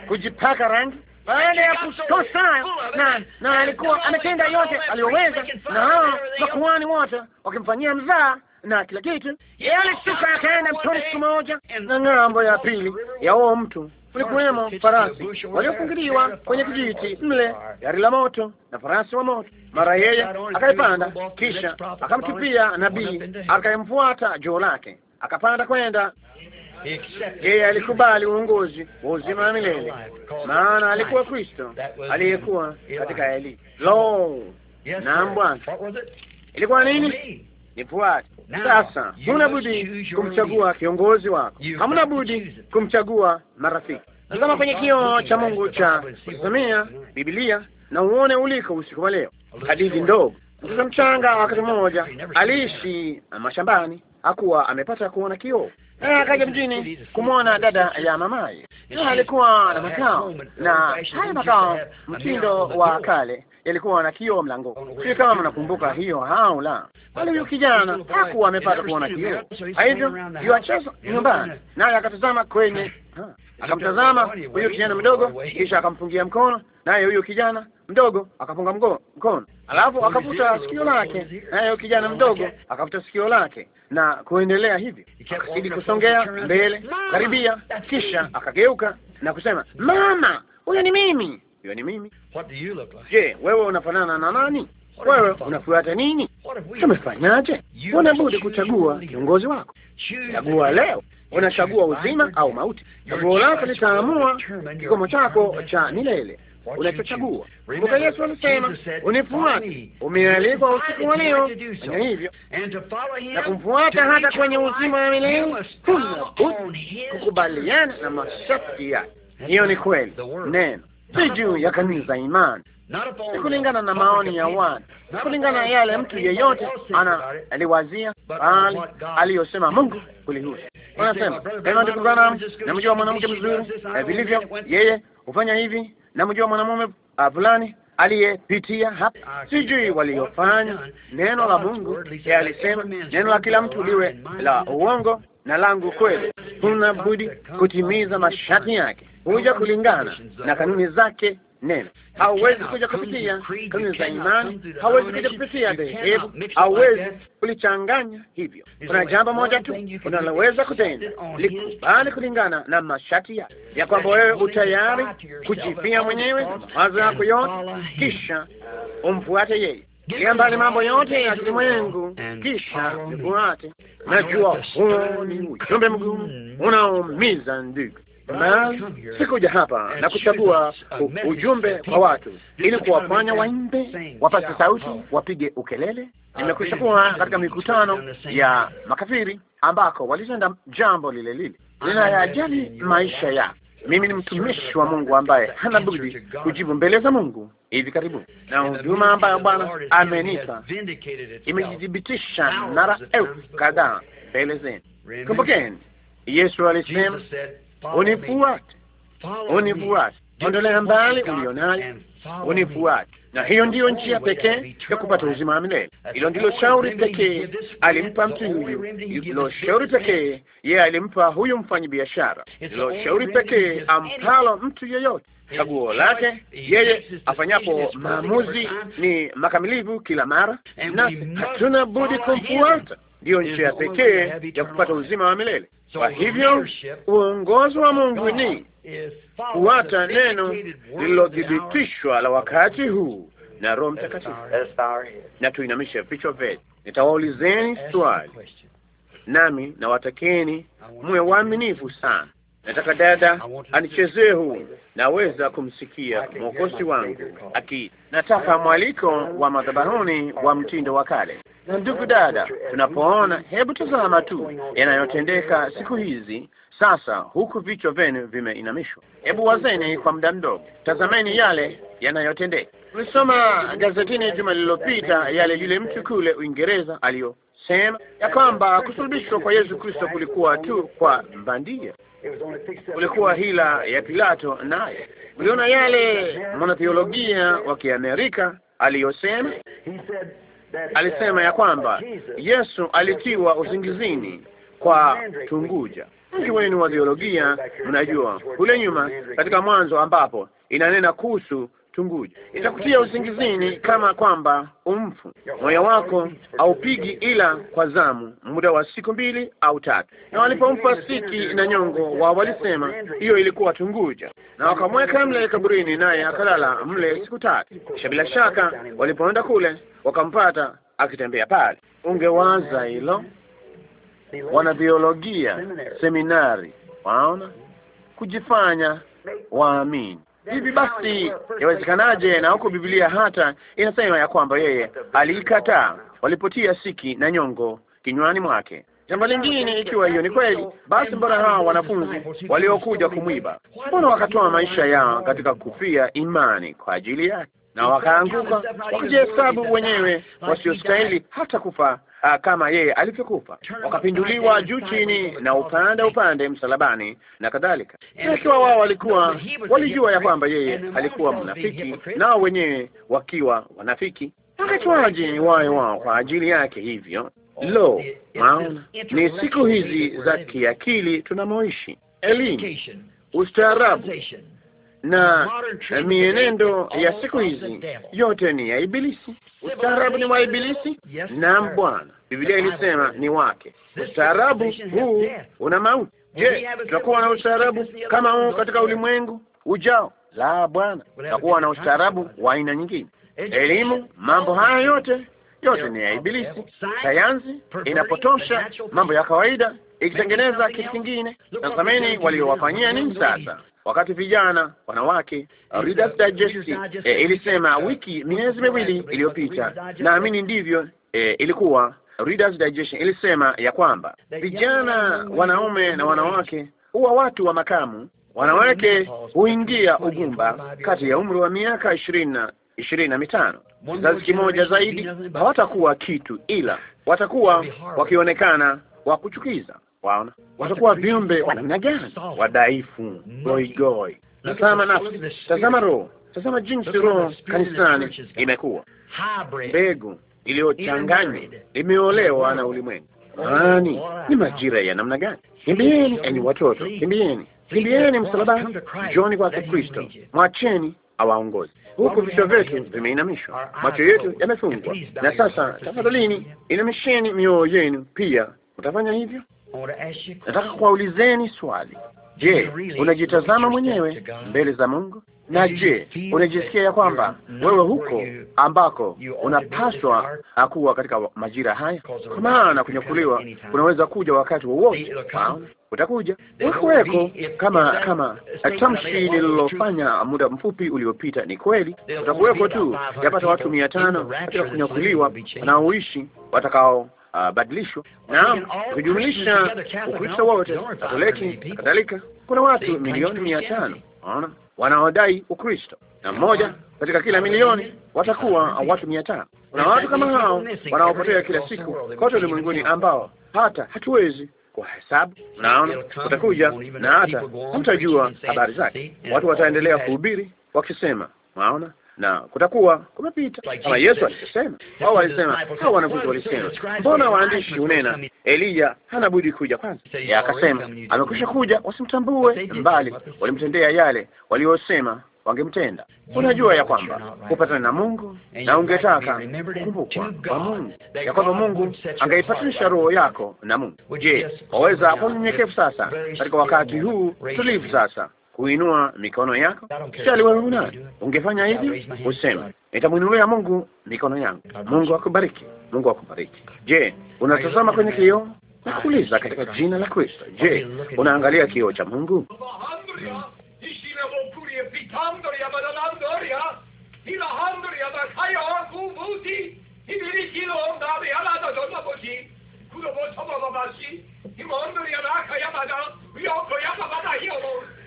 kujipaka rangi baada ya kukosa na na alikuwa ametenda yote aliyoweza, na hao makuhani wote wakimfanyia mzaa na kila kitu. Yeye alishuka akaenda mtoni siku moja, na ng'ambo ya pili ya huo mtu kulikuwemo farasi waliofungiliwa kwenye kijiti mle, gari la moto na farasi wa moto. Mara yeye akaipanda, kisha akamtupia nabii, akayemfuata joo lake, akapanda kwenda yeye alikubali uongozi wa uzima wa milele, maana alikuwa Kristo aliyekuwa katika Eli. Lo, naam Bwana, ilikuwa nini? nifuate. Sasa huna budi kumchagua kiongozi wako, hamna budi kumchagua marafiki. Tazama kwenye kioo cha Mungu cha kusomea Biblia na uone uliko usiku wa leo. Hadithi ndogo. Mtoto mchanga wakati mmoja aliishi mashambani, hakuwa amepata kuona kioo. Akaja mjini kumwona dada ya mamaye, alikuwa na makao na haya makao mtindo wa kale ilikuwa na kioo mlangoni. Sio kama mnakumbuka hiyo au la, bali huyu kijana hakuwa amepata kuona kioo. Hivyo yuacheza nyumbani, naye akatazama kwenye, akamtazama huyu kijana mdogo, kisha akamfungia mkono, naye huyu kijana mdogo akafunga mkono, alafu akavuta sikio lake, naye huyu kijana mdogo akavuta sikio lake na kuendelea hivi, akazidi kusongea mbele, karibia, kisha akageuka na kusema, mama, huyo ni mimi hiyo ni mimi. Je, wewe unafanana na nani? Wewe unafuata nini? Tumefanyaje? Unabudi kuchagua kiongozi wako. Chagua leo, unachagua uzima au mauti. Chaguo lako litaamua kikomo chako cha milele unachochagua. Kumbuka Yesu alisema, unifuate. Umealikwa usiku wa leo fanya hivyo na kumfuata hata kwenye uzima wa milele. Kuna kukubaliana na masharti yake. Hiyo ni kweli neno si juu ya kanuni za imani, si kulingana na maoni ya watu, si kulingana na yale mtu yeyote ana aliwazia, bali aliyosema Mungu kulihusu. Wanasema ema, ndugu Branham, namjua mwanamke mzuri eh, vilivyo, yeye hufanya hivi, namjua mwanamume ah, fulani aliyepitia hapa, sijui waliyofanya. Neno la Mungu yeye alisema, neno la kila mtu liwe la uongo na langu kweli, hunabudi budi kutimiza masharti yake huja kulingana na kanuni zake neno hauwezi kuja kupitia kanuni za imani, hauwezi kuja kupitia dhehebu, hauwezi kulichanganya hivyo. Kuna jambo moja tu unaloweza kutenda, likubali kulingana na masharti yake, ya kwamba wewe utayari kujifia mwenyewe mawazo yako yote, kisha umfuate yeye. Tia mbali mambo yote ya kilimwengu kisha mfuate. Najua huo ni ujumbe mgumu unaumiza ndugu na sikuja hapa na kuchagua ujumbe kwa watu ili kuwafanya waimbe, wapate sauti, wapige ukelele. Uh, Nimekwisha kuwa katika mikutano ya makafiri ambako walitenda jambo lile lile. Ninayajali maisha ya Mimi ni mtumishi wa Mungu ambaye hana budi kujibu mbele za Mungu. Hivi karibuni na huduma ambayo Bwana amenipa imejithibitisha mara elfu kadhaa mbele zenu. Kumbukeni Yesu alisema unifuate, unifuate, ondolea mbali ulionayo, unifuate. Na hiyo ndiyo njia pekee ya kupata uzima wa milele. Hilo ndilo shauri pekee alimpa mtu huyu, ilo shauri pekee yeye alimpa huyu biashara, ilo shauri pekee ampalo mtu yeyote. Chaguo lake yeye afanyapo maamuzi ni makamilifu kila mara, na hatuna budi kumfuata. Ndiyo njia pekee ya kupata uzima wa milele. Kwa hivyo uongozi wa Mungu ni kufuata neno lililothibitishwa la wakati huu na Roho Mtakatifu. Na tuinamishe vichwa vyetu, nitawaulizeni swali nami nawatakeni muwe waaminifu sana nataka dada anichezee huu, naweza kumsikia mwokozi wangu aki, nataka mwaliko wa madhabahuni wa mtindo wa kale. Na ndugu dada, tunapoona, hebu tazama tu yanayotendeka siku hizi sasa, huku vichwa vyenu vimeinamishwa. Hebu wazeni kwa muda mdogo, tazameni yale yanayotendeka. Tulisoma gazetini juma lililopita yale yule mtu kule Uingereza aliyo sema ya kwamba kusulubishwa kwa Yesu Kristo kulikuwa tu kwa mbandia, kulikuwa hila ya Pilato, naye uliona yale mwanatheolojia wa Kiamerika aliyosema. Alisema ya kwamba Yesu alitiwa usingizini kwa tunguja. Mji wenu wa theologia, mnajua kule nyuma katika Mwanzo ambapo inanena kuhusu tunguje, itakutia usingizini kama kwamba umfu. Moyo wako haupigi ila kwa zamu, muda wa siku mbili au tatu. Na walipompa siki na nyongo wao walisema hiyo ilikuwa tunguja, na wakamweka mle kaburini, naye akalala mle siku tatu. Kisha bila shaka walipoenda kule wakampata akitembea pale. Ungewaza hilo, wanabiolojia seminari, waona kujifanya waamini Hivi basi yawezekanaje? Na huko Biblia hata inasema ya kwamba yeye aliikataa walipotia siki na nyongo kinywani mwake. Jambo lingine, ikiwa hiyo ni kweli, basi mbona hawa wanafunzi waliokuja kumwiba, mbona wakatoa maisha yao katika kufia imani kwa ajili yake, na wakaanguka wakijihesabu wenyewe wasiostahili hata kufa uh, kama yeye alivyokufa, wakapinduliwa juu chini na upande upande msalabani na kadhalika. Ikiwa wao walikuwa walijua ya kwamba yeye alikuwa mnafiki, nao wenyewe wakiwa wanafiki, akatwaje wao wao kwa ajili yake hivyo. Lo, maana ni siku hizi za kiakili tunamoishi, elimu, ustaarabu na eh, mienendo ya siku hizi yote ni ya Ibilisi. Ustaarabu ni wa Ibilisi. Naam, Bwana, Biblia ilisema ni wake. Ustaarabu huu una mauti. Je, tutakuwa na ustaarabu kama huu katika ulimwengu ujao? La, Bwana, tutakuwa na ustaarabu wa aina nyingine. Elimu, mambo haya yote yote ni ya Ibilisi. Sayansi inapotosha mambo ya kawaida ikitengeneza kitu kingine. Tazameni waliowafanyia nini sasa wakati vijana wanawake Reader's Digest eh, ilisema wiki miezi miwili iliyopita, naamini ndivyo e, ilikuwa Reader's Digest ilisema ya kwamba vijana wanaume na wanawake huwa watu wa makamu, wanawake huingia ugumba kati ya umri wa miaka ishirini na ishirini na mitano. Kizazi kimoja zaidi hawatakuwa kitu, ila watakuwa wakionekana wa kuchukiza. Waona watakuwa viumbe wa namna gani? Wadhaifu, goigoi. Tazama nafsi, tazama roho, tazama jinsi roho kanisani imekuwa mbegu iliyochanganywa, limeolewa na ulimwengu. Yaani ni majira ya namna gani? Kimbieni enyi watoto, kimbieni, kimbieni msalabani, njoni kwake Kristo, mwacheni awaongozi huku vichwa vyetu vimeinamishwa, macho yetu yamefungwa. Na sasa tafadhalini, inamisheni mioyo yenu pia. utafanya hivyo? Nataka kuwaulizeni swali. Je, unajitazama mwenyewe mbele za Mungu? Na je, unajisikia ya kwamba wewe huko ambako unapaswa akuwa katika majira haya? Kwa maana kunyakuliwa kunaweza kuja wakati wowote, utakuja wekuweko. Kama kama tamshi lililofanya muda mfupi uliopita ni kweli, utakuweko tu yapata watu mia tano katika kunyakuliwa wanaoishi watakao uh, badilisho na kujumlisha Ukristo wote Katoliki na kadhalika, kuna watu milioni mia tano ona wanaodai Ukristo na mmoja katika kila milioni watakuwa watu mia tano. Kuna watu kama hao wanaopotea kila siku kote ulimwenguni ambao hata hatuwezi kwa hesabu. Naona utakuja na hata hamtajua habari zake. Watu wataendelea kuhubiri wakisema, naona na kutakuwa kumepita, kama Yesu alivyosema. Wao walisema, hao wanafunzi walisema, mbona waandishi unena Eliya hana budi kuja kwanza? Yeye akasema amekwisha kuja, wasimtambue mbali, walimtendea yale waliyosema wangemtenda. Unajua ya kwamba kupatana na Mungu na ungetaka kukumbukwa kwa Mungu, ya kwamba Mungu angeipatanisha roho yako na Mungu. Je, waweza kwa unyenyekevu sasa, katika wakati huu tulivu sasa kuinua mikono yako aliwauna. Ungefanya hivi useme, nitamwinulia Mungu mikono yangu. Mungu akubariki, Mungu akubariki. Je, unatazama kwenye kioo? Nakuuliza katika jina la Kristo, je, unaangalia kioo cha Mungu?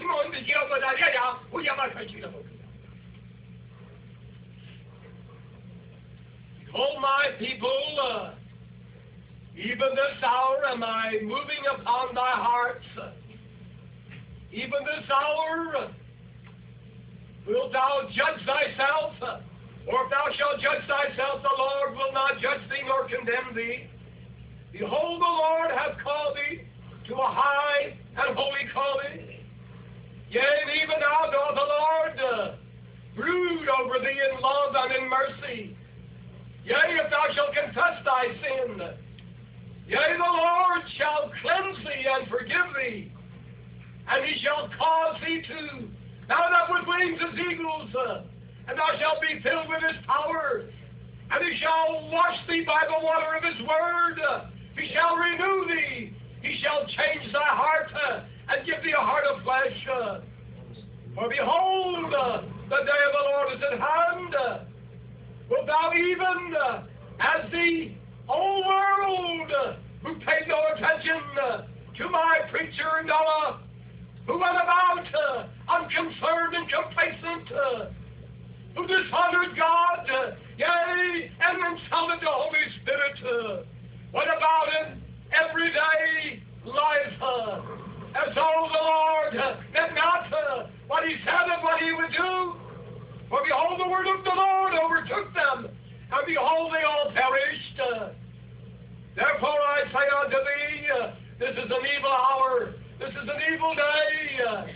Kama my people, uh, even this hour am I moving upon thy hearts. Even this hour uh, wilt thou judge thyself, uh, or if thou shalt judge thyself, the Lord will not judge thee nor condemn thee. Behold, the Lord hath called thee to a high and holy calling. Yea, even now doth the Lord uh, brood over thee in love and in mercy. Yea, if thou shalt confess thy sin, yea, the Lord shall cleanse thee and forgive thee, and he shall cause thee to mount up with wings as eagles, uh, and thou shalt be filled with his power, and he shall wash thee by the water of his word. He shall renew thee. He shall change thy heart. Uh, and give thee a heart of flesh. Uh, for behold, uh, the day of the Lord is at hand. Uh, wilt thou even uh, as the whole world who paid no attention to my preacher and dollar, who went about unconcerned and complacent, who dishonored God, yea, and insulted the Holy Spirit. What about in everyday life? As all the Lord. did not uh, what he said and what he would do. For behold, the word of the Lord overtook them, and behold, they all perished. Uh, therefore I say unto thee, uh, this is an evil hour, this is an evil day,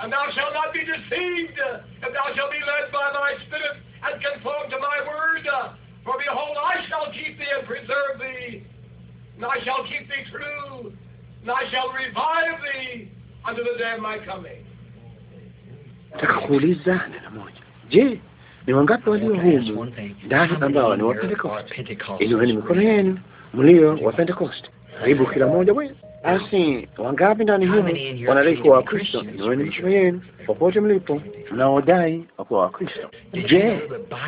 and thou shalt not be deceived, if thou shalt be led by my spirit and conform to my word. For behold, I shall keep thee and preserve thee, and I shall keep thee true Nataka kuuliza neno moja. Je, ni wangapi walio humu ndani ambao ni wa Pentekoste? Inueni mikono yenu mlio wa Pentekoste, karibu kila mmoja wetu basi wangapi ndani humu wanadai kuwa Wakristo? Niweni vichwa yenu popote mlipo mnaodai wakuwa Wakristo. Je,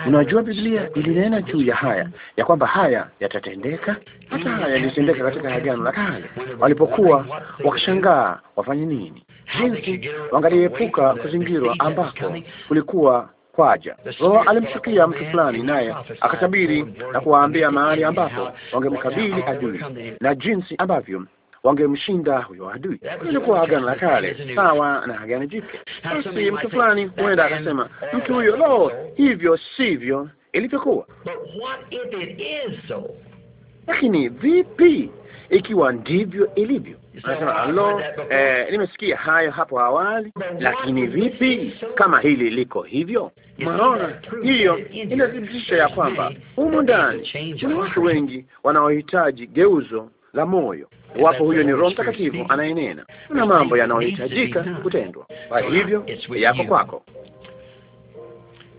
unajua Biblia ilinena juu ya haya ya kwamba haya yatatendeka? Hata haya yalitendeka katika Agano la Kale walipokuwa wakishangaa wafanye nini, jinsi wangaliepuka kuzingirwa ambako kulikuwa kwaja. Roho alimshukia mtu fulani, naye akatabiri na kuwaambia mahali ambapo wangemkabili adui na jinsi ambavyo wangemshinda huyo adui. Ilikuwa Agano la Kale sawa na Agano Jipya. Basi mtu fulani huenda akasema mtu huyo, lo, hivyo sivyo ilivyokuwa. Lakini vipi ikiwa ndivyo ilivyo? Anasema alo, eh, nimesikia hayo hapo awali, lakini vipi kama hili liko hivyo? Maona hiyo inathibitisha ya kwamba humu ndani kuna watu wengi wanaohitaji geuzo la moyo. Wapo, huyo ni Roho Mtakatifu anayenena, na mambo yanayohitajika kutendwa. Kwa hivyo yako kwako.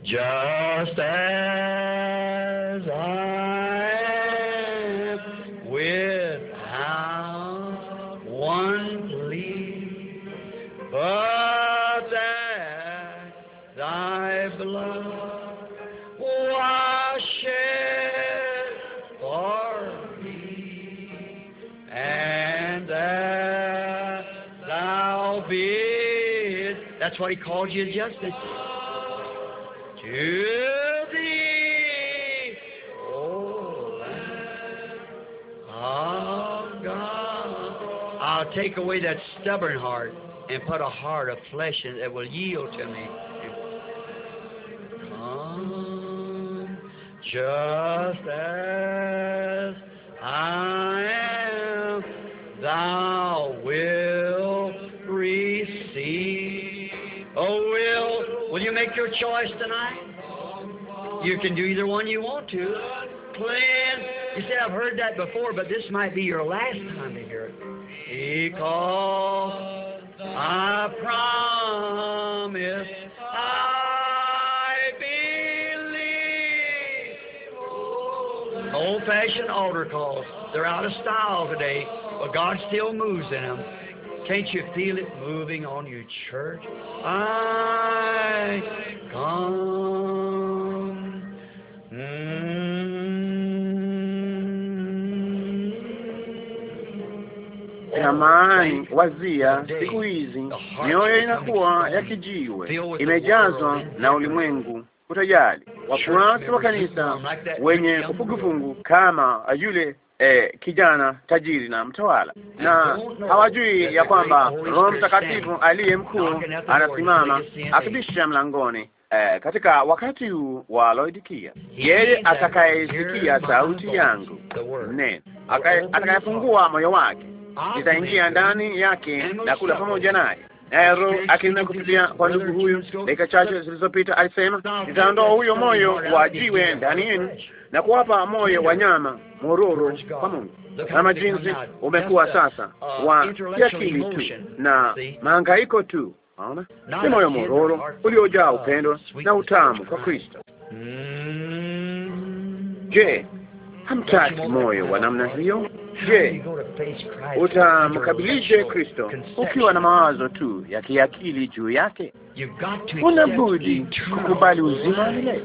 Just as I am without one plea, but that thy blood That's what he called you, justice. To thee, Lamb of God, I'll take away that stubborn heart and put a heart of flesh in that will yield to me. Come, just as I am, thou make your choice tonight? You can do either one you want to. Cleanse. You said I've heard that before, but this might be your last time to hear it. Because I promise I believe. Old-fashioned altar calls. They're out of style today, but God still moves in them. Can't you feel it moving on you, church? I come. Jamani, wazia siku hizi mioyo inakuwa ya kijiwe, imejazwa na ulimwengu utajali Wafuasi wa kanisa wenye kufungufungu kama yule eh, kijana tajiri na mtawala, na hawajui ya kwamba Roho Mtakatifu aliye mkuu anasimama akibisha mlangoni. Eh, katika wakati huu wa Laodikia, yeye atakayesikia sauti yangu ne atakayefungua moyo wake, nitaingia ndani yake na kula pamoja naye naye Roho akinena kupitia kwa ndugu huyu dakika chache zilizopita alisema, nitaondoa huyo moyo wa jiwe ndani yenu na kuwapa moyo wa nyama mororo kwa Mungu. Kama jinsi umekuwa sasa uh, wa kiakili tu na mahangaiko tu, unaona, ni moyo mororo uliojaa upendo na utamu kwa Kristo. Mm. Je, hamtaki moyo wa namna hiyo? Je, utamkabilije Kristo ukiwa na mawazo tu ya kiakili juu yake? Una budi kukubali uzima wa milele.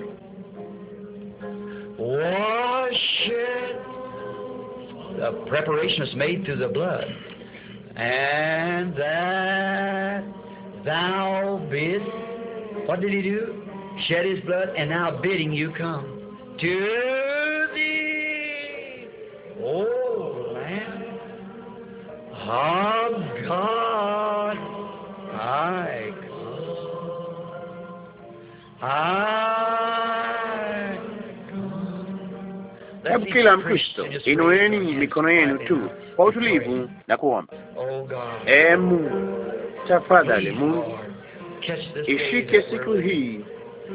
What did he do? Shed his blood and now bidding you come to God, Hebu kila Mkristo inueni mikono yenu tu kwa utulivu na kuomba. Ee Mungu, tafadhali Mungu, ishike siku hii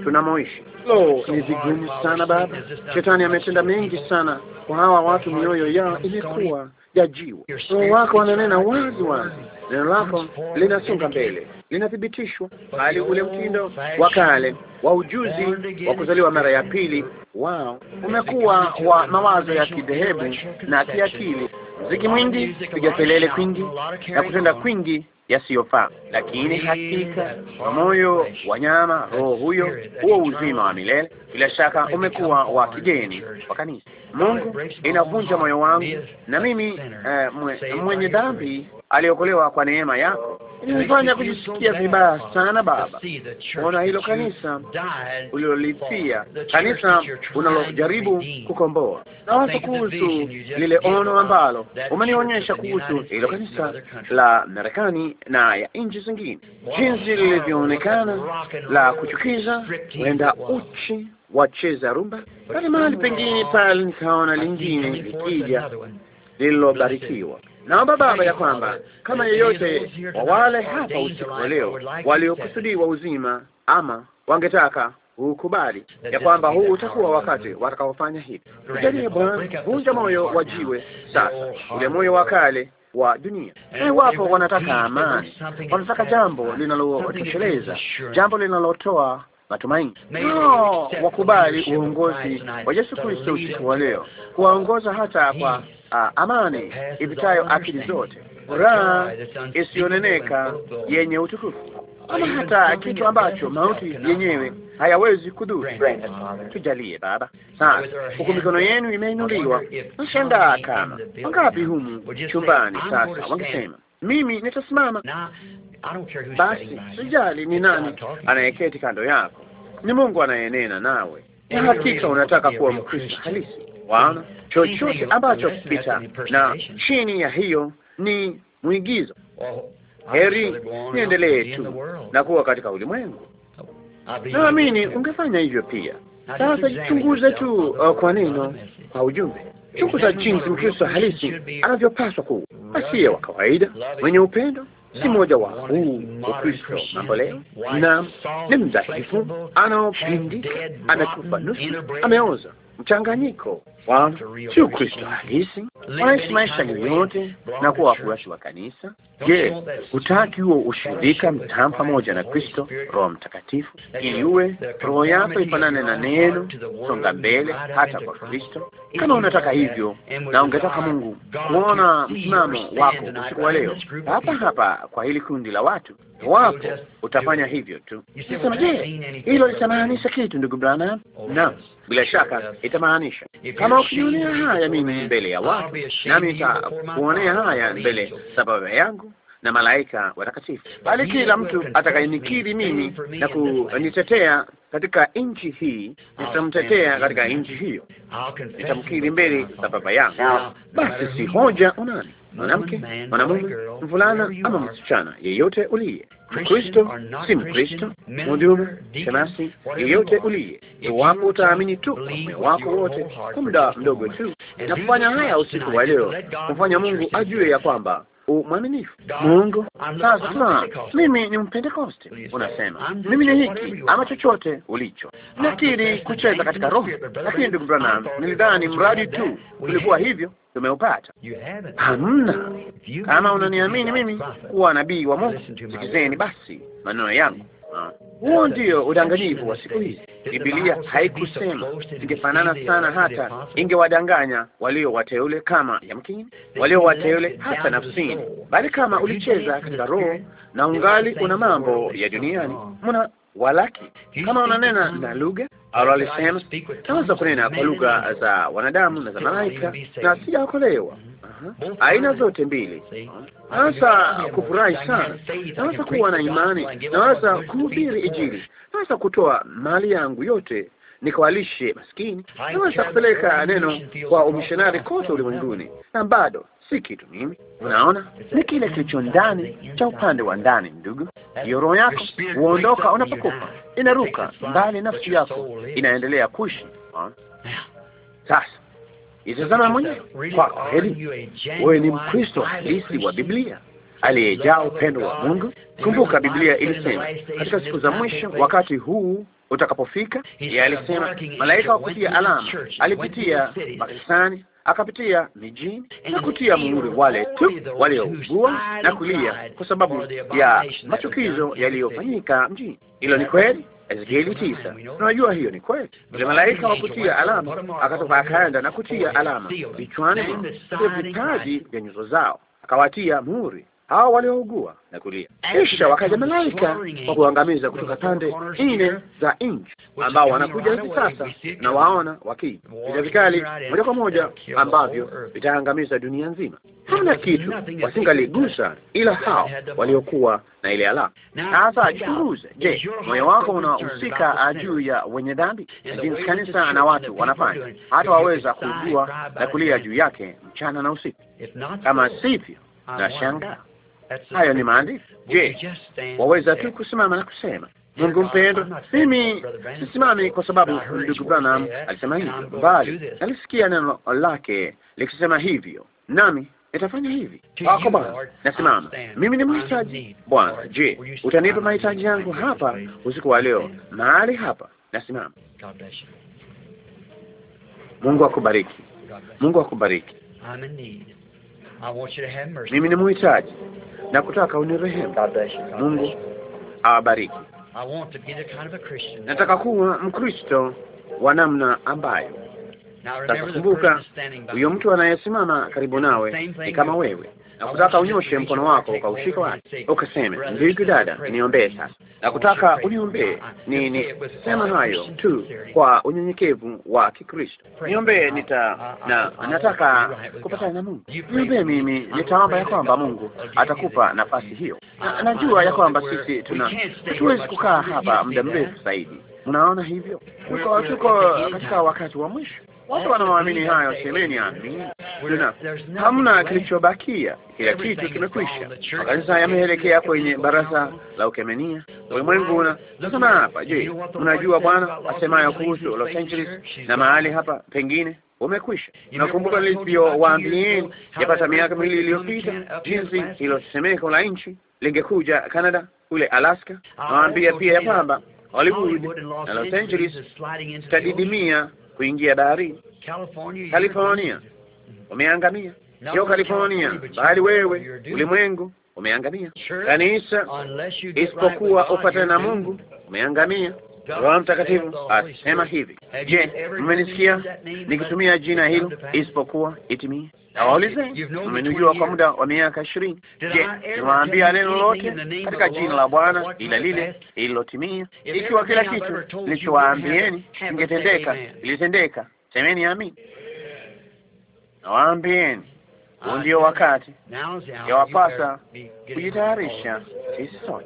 tunamoishi. Lo, ni vigumu sana Baba, shetani ametenda mengi sana kwa hawa watu mioyo yao ilikuwa ya jiwe. Roho wako wananena wazi wazi, neno lako linasonga mbele, linathibitishwa, bali ule mtindo wa kale wa ujuzi wa kuzaliwa mara ya pili wao umekuwa wa mawazo ya kidhehebu na kiakili, mziki mwingi, piga kelele kwingi na kutenda kwingi yasiyofaa, lakini hakika moyo wa nyama, roho huyo, huo uzima wa milele bila shaka umekuwa wa kigeni wa kanisa. Mungu inavunja moyo wangu, na mimi uh, mwenye dhambi aliokolewa kwa neema yako ilinifanya kujisikia vibaya sana Baba. Ona hilo kanisa ulilolipia, kanisa unalojaribu kukomboa. Nawaza kuhusu lile ono ambalo umenionyesha kuhusu hilo kanisa la Marekani na ya nchi zingine, jinsi lilivyoonekana la kuchukiza, kwenda uchi wacheza rumba. Bali mahali pengine pale nikaona lingine likija lililobarikiwa Naomba Baba ya kwamba kama yeyote wa wale hapa usiku wa leo waliokusudiwa uzima ama wangetaka hukubali ya kwamba huu utakuwa wakati watakaofanya hivi. Tujalie Bwana, vunja moyo wa jiwe sasa, ule moyo wa kale wa dunia. Na iwapo wanataka amani, wanataka jambo linalotosheleza, jambo linalotoa matumaini, no, wakubali uongozi wa Yesu Kristo usiku wa leo, kuwaongoza hata kwa uh, amani ipitayo akili zote, furaha isiyoneneka yenye utukufu ama hata kitu ambacho mauti yenyewe hayawezi kudhuru. Tujalie Baba na huku mikono yenu imeinuliwa, nashangaa kama wangapi humu chumbani sasa wangesema mimi nitasimama. Basi sijali ni nani anayeketi kando yako, ni Mungu anayenena nawe, na hakika unataka kuwa Mkristo halisi Bwana, chochote ambacho kupita na chini ya hiyo ni mwigizo. Heri niendelee tu na kuwa katika ulimwengu. Oh, Naamini ungefanya hivyo pia. Sasa jichunguze tu uh, kwa neno kwa ujumbe, chunguza jinsi Mkristo halisi anavyopaswa kuwa, asiye wa kawaida, mwenye upendo, si mmoja wa huu Ukristo mambo leo. na ni mdhaifu, anaopindika, amekufa nusu, ameoza, mchanganyiko Bwana si Ukristo halisi, wanaishi maisha yoyote na kuwa wafuasi wa kanisa. Je, hutaki huo ushirika mtamu pamoja na Kristo, Roho Mtakatifu, ili uwe roho yako ifanane na neno, songa mbele hata kwa Kristo. Kama unataka hivyo na ungetaka Mungu kuona msimamo wako usiku wa leo hapa hapa kwa hili kundi la watu wapo, utafanya hivyo tu. Sema, je, hilo litamaanisha kitu, ndugu Branham? Naam, bila shaka itamaanisha kama nitawakujulia haya mimi mbele ya watu, nami nitakuonea haya mbele za Baba yangu na malaika watakatifu, bali kila mtu atakayenikiri mimi na kunitetea katika nchi hii nitamtetea katika nchi hiyo, nitamkiri mbele za Baba yangu. Basi si hoja unani mwanamke, mwanamume, mvulana ama msichana, yeyote uliye Mkristo, si Mkristo, mhudumu, shemasi, yeyote uliye, iwapo utaamini tu moyo wako wote kwa muda mdogo tu na kufanya haya usiku wa leo, kufanya Mungu ajue ya kwamba umwaminifu Mungu. Sasa tuna mimi ni Mpentekoste, unasema mimi ni hiki ama chochote ulicho, nakiri kucheza katika roho, lakini ndugu Branham, nilidhani mradi tu ulikuwa hivyo tumeupata. Hamna. Kama unaniamini mimi kuwa nabii wa Mungu, sikizeni basi maneno yangu huo ndio udanganyifu wa siku hizi. Biblia haikusema, ingefanana sana hata ingewadanganya walio wateule, kama yamkini walio wateule hata nafsini, bali kama ulicheza katika roho na ungali una mambo ya duniani, mna walaki kama wananena na lugha. Paulo alisema naweza kunena kwa lugha za wanadamu na za malaika na sijaokolewa. Mm-hmm. Aina zote mbili. Naweza kufurahi sana, naweza kuwa na imani, naweza kuhubiri Injili, naweza kutoa mali yangu yote nikawalishe maskini, naweza kupeleka neno kwa umishonari kote ulimwenguni, na bado si kitu mimi. Unaona, ni kile kilicho ndani cha upande wa ndani, ndugu. Hiyo roho yako huondoka unapokufa, inaruka mbali, nafsi yako inaendelea kuishi. Sasa itazama mwenyewe kwa kweli, wewe ni Mkristo halisi wa Biblia aliyejaa upendo wa Mungu. Kumbuka Biblia ilisema katika siku za mwisho, wakati huu utakapofika, yeye alisema malaika wa kutia alama alipitia Pakistani akapitia mijini na kutia muhuri wale tu waliougua na kulia kwa sababu ya machukizo yaliyofanyika mjini. Hilo ni kweli, Ezekieli tisa. Unajua hiyo ni kweli. Yule malaika wa kutia alama akatoka akaenda na kutia alama vichwani vya nyuso zao, akawatia muhuri hao waliougua na kulia. Kisha wakaja malaika wa kuangamiza kutoka pande nne za nchi, ambao wanakuja hivi sasa na waona wakija vita vikali moja kwa moja ambavyo vitaangamiza dunia nzima. Hamna kitu wasingaligusa ila hao waliokuwa na ile alama. Sasa jichunguze, je, moyo wako unahusika juu ya wenye dhambi na jinsi kanisa na watu wanafanya? Hata waweza kujua na kulia juu yake mchana na usiku? Kama sivyo, na shangaa Hayo ni maandishi. Je, waweza tu kusimama na kusema Mungu mpendwa, mimi sisimami kwa sababu ndugu Branham alisema hivyo, bali nalisikia neno lake likisema hivyo, nami nitafanya hivi. Ah, Wako Bwana, nasimama mimi ni mhitaji Bwana. Je, utanipa mahitaji yangu hapa usiku wa leo, mahali hapa? Nasimama. Mungu akubariki, Mungu akubariki mimi ni muhitaji na kutaka unirehemu. Mungu awabariki. nataka kuwa Mkristo wa namna ambayo sasa. Kumbuka, huyo mtu anayesimama karibu nawe ni kama wewe na kutaka unyoshe mkono wako ukaushika wake, ukaseme ndugu dada, niombee sasa, na kutaka uniombee nini. Sema hayo tu kwa unyenyekevu wa Kikristo, niombee nita na nataka kupatana na Mungu, niombee mimi, nitaomba ya kwamba Mungu atakupa nafasi hiyo. Na, najua ya kwamba sisi tuna hatuwezi kukaa hapa muda mrefu zaidi. Mnaona hivyo, tuko tuko katika wakati wa mwisho watu wanaoamini hayo, semeni amini. Hamna kilichobakia, kila kitu kimekwisha. Makanisa yameelekea kwenye baraza la ukemenia. Ulimwengu na sasa hapa. Je, unajua Bwana asemayo kuhusu Los Angeles na mahali hapa pengine umekwisha. Nakumbuka nilivyowaambieni yapata miaka miwili iliyopita, jinsi hilo semeko la nchi lingekuja Canada kule Alaska. Nawaambia pia ya kwamba Hollywood na Los Angeles itadidimia kuingia dari California umeangamia, sio California bali wewe, ulimwengu umeangamia. Kanisa isipokuwa upatane na Mungu umeangamia. Roho Mtakatifu asema hivi. Je, mmenisikia nikitumia jina hilo isipokuwa itimie? na mmenijua kwa muda wa miaka ishirini. Je, niwaambia neno lolote katika jina la Bwana ila lile ililotimia? Ikiwa kila kitu nilichowaambieni kingetendeka, ilitendeka. Semeni amin. Nawaambieni huu ndio wakati, yawapasa kujitayarisha sisi sote.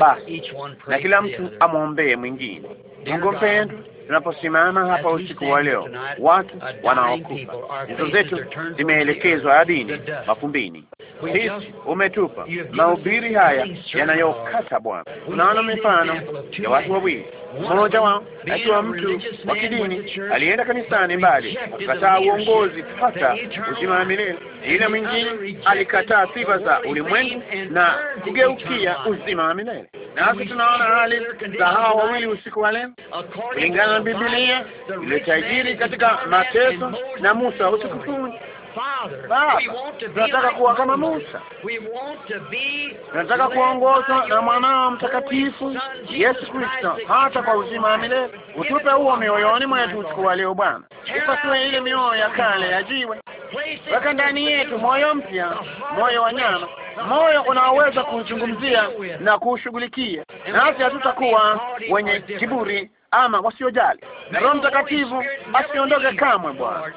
Basi na kila mtu amwombee mwingine. Mungu mpendwa tunaposimama hapa usiku wa leo, watu wanaokufa, nyuso zetu zimeelekezwa adini, mafumbini. Sisi umetupa mahubiri haya yanayokata Bwana. Tunaona mifano ya watu wawili, mmoja wao akiwa mtu wa kidini alienda kanisani mbali, akakataa uongozi hata uzima wa milele, ila mwingine alikataa sifa za ulimwengu na kugeukia uzima wa milele. Nasi tunaona hali za hawa wawili usiku wa leo kulingana na Biblia ilitajiri katika mateso na Musa usikufuni Baba, tunataka kuwa kama Musa, tunataka kuongozwa na mwanao mtakatifu Yesu Kristo hata kwa uzima wa milele. Utupe huo mioyoni mwetu usiku wa leo Bwana, ipasue ile mioyo ya kale ya jiwe, weka ndani yetu moyo mpya, moyo wa nyama, moyo unaoweza kuzungumzia na kuushughulikia, nasi hatutakuwa wenye kiburi ama wasiojali, na Roho Mtakatifu asiondoke kamwe, Bwana,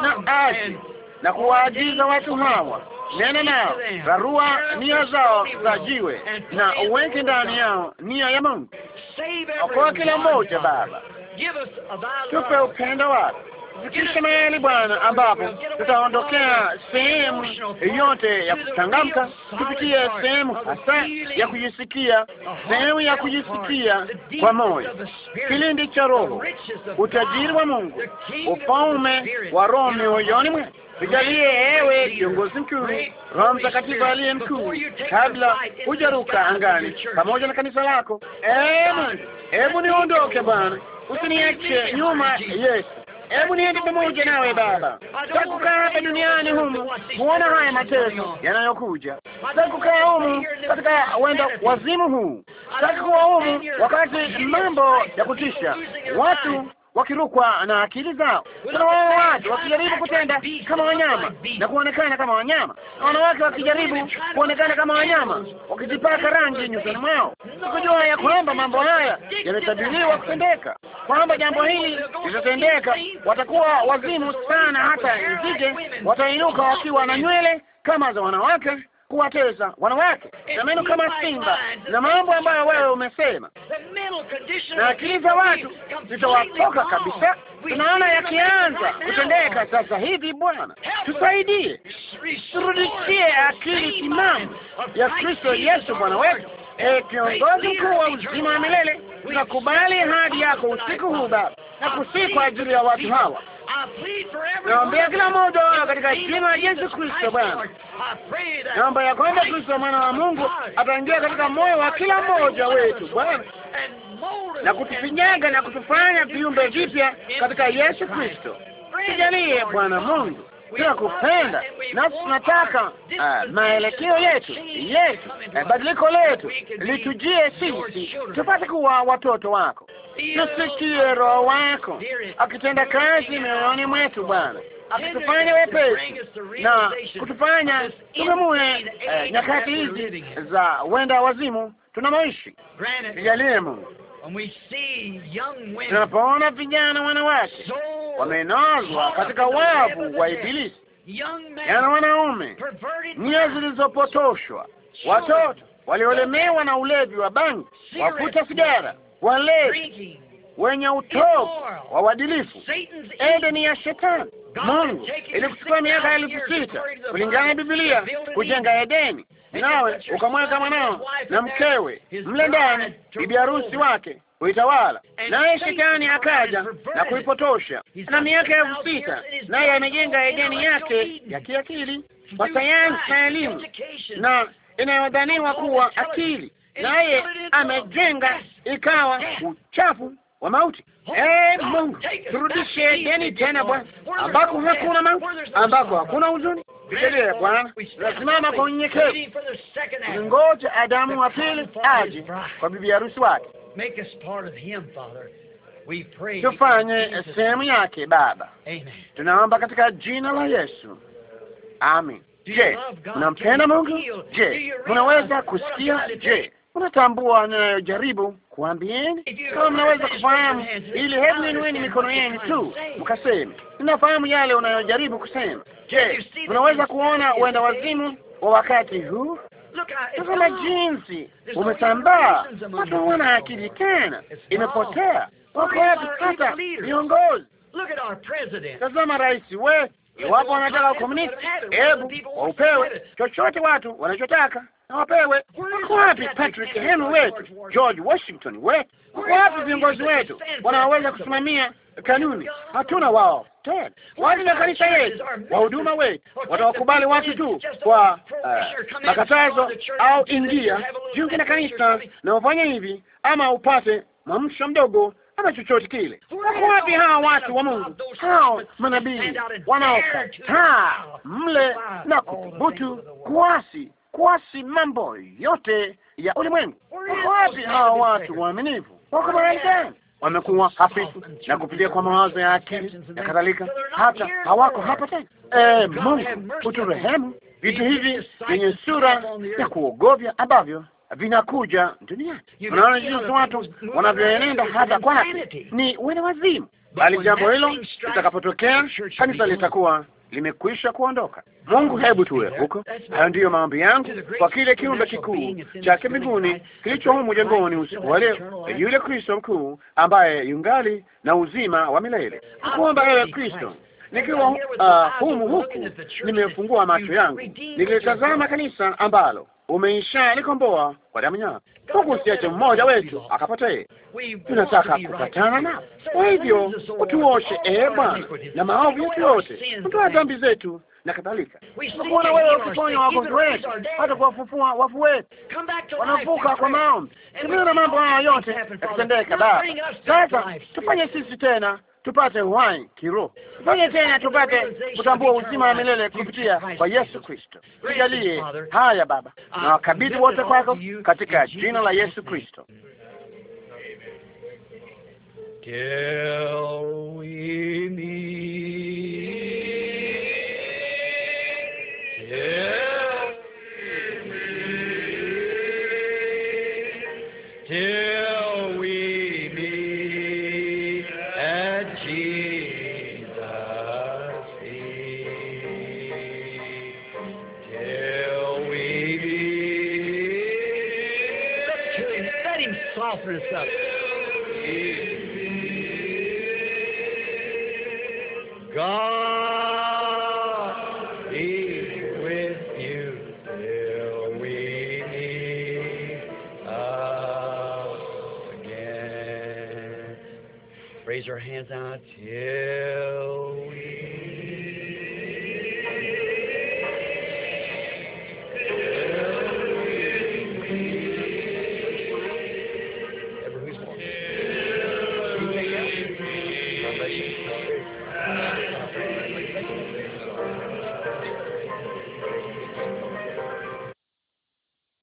na aje na kuwaagiza watu hawa, nena nao, rarua nia zao za jiwe, na uweke ndani yao nia ya Mungu. Okoa kila mmoja, Baba, tupe upendo wako tufikishe mahali Bwana, ambapo tutaondokea sehemu yote ya kuchangamka, tupitie sehemu hasa ya kujisikia, sehemu ya kujisikia kwa moyo. Kilindi cha Roho, utajiri wa Mungu, ufalme wa Roho mioyoni mwetu. Tujalie ewe kiongozi mkuu, Roho Mtakatifu aliye mkuu, kabla hujaruka angani pamoja na kanisa lako. Ee hebu niondoke Bwana, usiniache nyuma, Yesu hebu niende pamoja nawe Baba, takukaa hapa duniani humu kuona haya mateso yanayokuja, takukaa humu katika wenda wazimu huu, takuwa humu wakati mambo ya kutisha watu wakirukwa na akili zao. wao watu wakijaribu kutenda kama wanyama na kuonekana kama wanyama, na wanawake wakijaribu kuonekana kama wanyama, wakijipaka rangi nyusoni mwao, kujua ya kwamba mambo haya yametabiriwa kutendeka, kwamba jambo hili litatendeka. Watakuwa wazimu sana, hata nzige watainuka wakiwa na nywele kama za wanawake kuwateza wanawake na meno kama simba na mambo ambayo wewe umesema, na akili za watu zitawapoka kabisa. Tunaona yakianza kutendeka sasa hivi. Bwana tusaidie, turudishie akili timamu ya Kristo Yesu Bwana wetu. Eh, kiongozi mkuu wa uzima wa milele, tunakubali hadi yako usiku huu Baba, na kusihi kwa ajili ya watu hawa naombea kila mmoja wao katika jina la Yesu Kristo. Bwana, naomba ya kwamba Kristo mwana wa Mungu ataingia katika moyo wa kila mmoja wetu Bwana, na kutufinyaga na kutufanya viumbe vipya katika Yesu Kristo. Tujalie Bwana Mungu kupenda nasi tunataka uh, maelekeo yetu yetu, uh, badiliko letu litujie sisi, tupate kuwa watoto wako. Tusikie Roho wako akitenda kazi mioyoni mwetu, Bwana akitufanya wepesi na kutufanya tumemue uh, eh, nyakati hizi za wenda wazimu tunamaishi. Tujalie Mungu tunapoona vijana wanawake wamenozwa katika wavu wa Ibilisi, vijana wanaume, nia zilizopotoshwa, watoto waliolemewa na ulevi wa bangi, wakuta sigara, walevi wenye utovu wa uadilifu, Edeni ya Shetani. Mungu ilikuchukua miaka elfu sita kulingana na Biblia kujenga Edeni nawe ukamweka mwanao na mkewe mle ndani, bibi harusi wake kuitawala naye. Shetani akaja na kuipotosha na miaka elfu sita, naye amejenga egeni yake ya kiakili kwa sayansi na elimu na inayodhaniwa kuwa akili, naye amejenga ikawa uchafu wa mauti. Hey, Mungu, turudishe deni tena Bwana, ambako hakuna mauti, ambako hakuna huzuni, Bibilia ya Bwana lazimama kwa unyenyekevu, ngoja Adamu wa pili aje kwa bibi harusi wake. Tufanye sehemu yake Baba, tunaomba katika jina la Yesu, amin Je, unampenda Mungu? Je, unaweza kusikia? Je, unatambua ninayojaribu kuambieni? Kama mnaweza kufahamu, ili hebu inueni mikono yenu tu mkaseme, ninafahamu yale unayojaribu kusema. Je, unaweza kuona uenda wazimu wa wakati huu? Tazama jinsi umesambaa, watu hawana akili tena, imepotea. Wako watu hata viongozi. Tazama rais wetu iwapo wanataka ukomunisti, hebu waupewe chochote watu wanachotaka na wapewe. Wako wapi Patrick Henry wetu, George Washington wetu? Wako wapi viongozi wetu wanaoweza kusimamia kanuni, hatuna wao tena, wali na kanisa yetu, wahuduma wetu watawakubali watu tu kwa uh, makatazo au ingia jiunge na kanisa na ufanye hivi ama upate mamsho mdogo ama chochote kile. Wapi hawa watu wa Mungu, hao manabii wanaokataa mle na kuthubutu kuasi kuasi mambo yote ya ulimwengu? Wapi hawa watu waaminifu, wako mahali gani? wamekuwa hafifu na kupitia kwa mawazo ya akili na kadhalika, hata hawako hapa tena. Eh, Mungu uturehemu. Vitu hivi vyenye sura ya kuogovya ambavyo vinakuja duniani. Unaona jinsi watu wanavyoenenda hata kwake, ni wene wazimu, bali jambo hilo litakapotokea kanisa litakuwa limekwisha kuondoka. Mungu, hebu tuwe huko. Hayo ndiyo maombi yangu kwa kile kiumbe kikuu cha kimbinguni kilicho humu jengoni usiku wa leo, yule Kristo mkuu ambaye yungali na uzima wa milele. Kuomba ewe Kristo, nikiwa uh, humu huku, nimefungua macho yangu nikitazama kanisa ambalo umeishalikomboa kwa damu yako, huku usiache mmoja wetu akapotee. Tunataka kupatana na kwa hivyo utuoshe, ee Bwana, na maovu yetu yote, mtoa dhambi zetu na kadhalika. Tunakuona wewe ukiponya wagonjwa wetu, hata kuwafufua wafu wetu, wanavuka kwa maombi. Tumia mambo haya yote yakitendeka. Baba, sasa tufanye sisi tena tupate uhai kiroho, tufanye tena tupate kutambua uzima wa milele kupitia kwa Yesu Kristo. Tujalie haya Baba, na wakabidhi wote kwako katika jina la Yesu Kristo. Till this up. God be with you till we meet again. Raise your hands out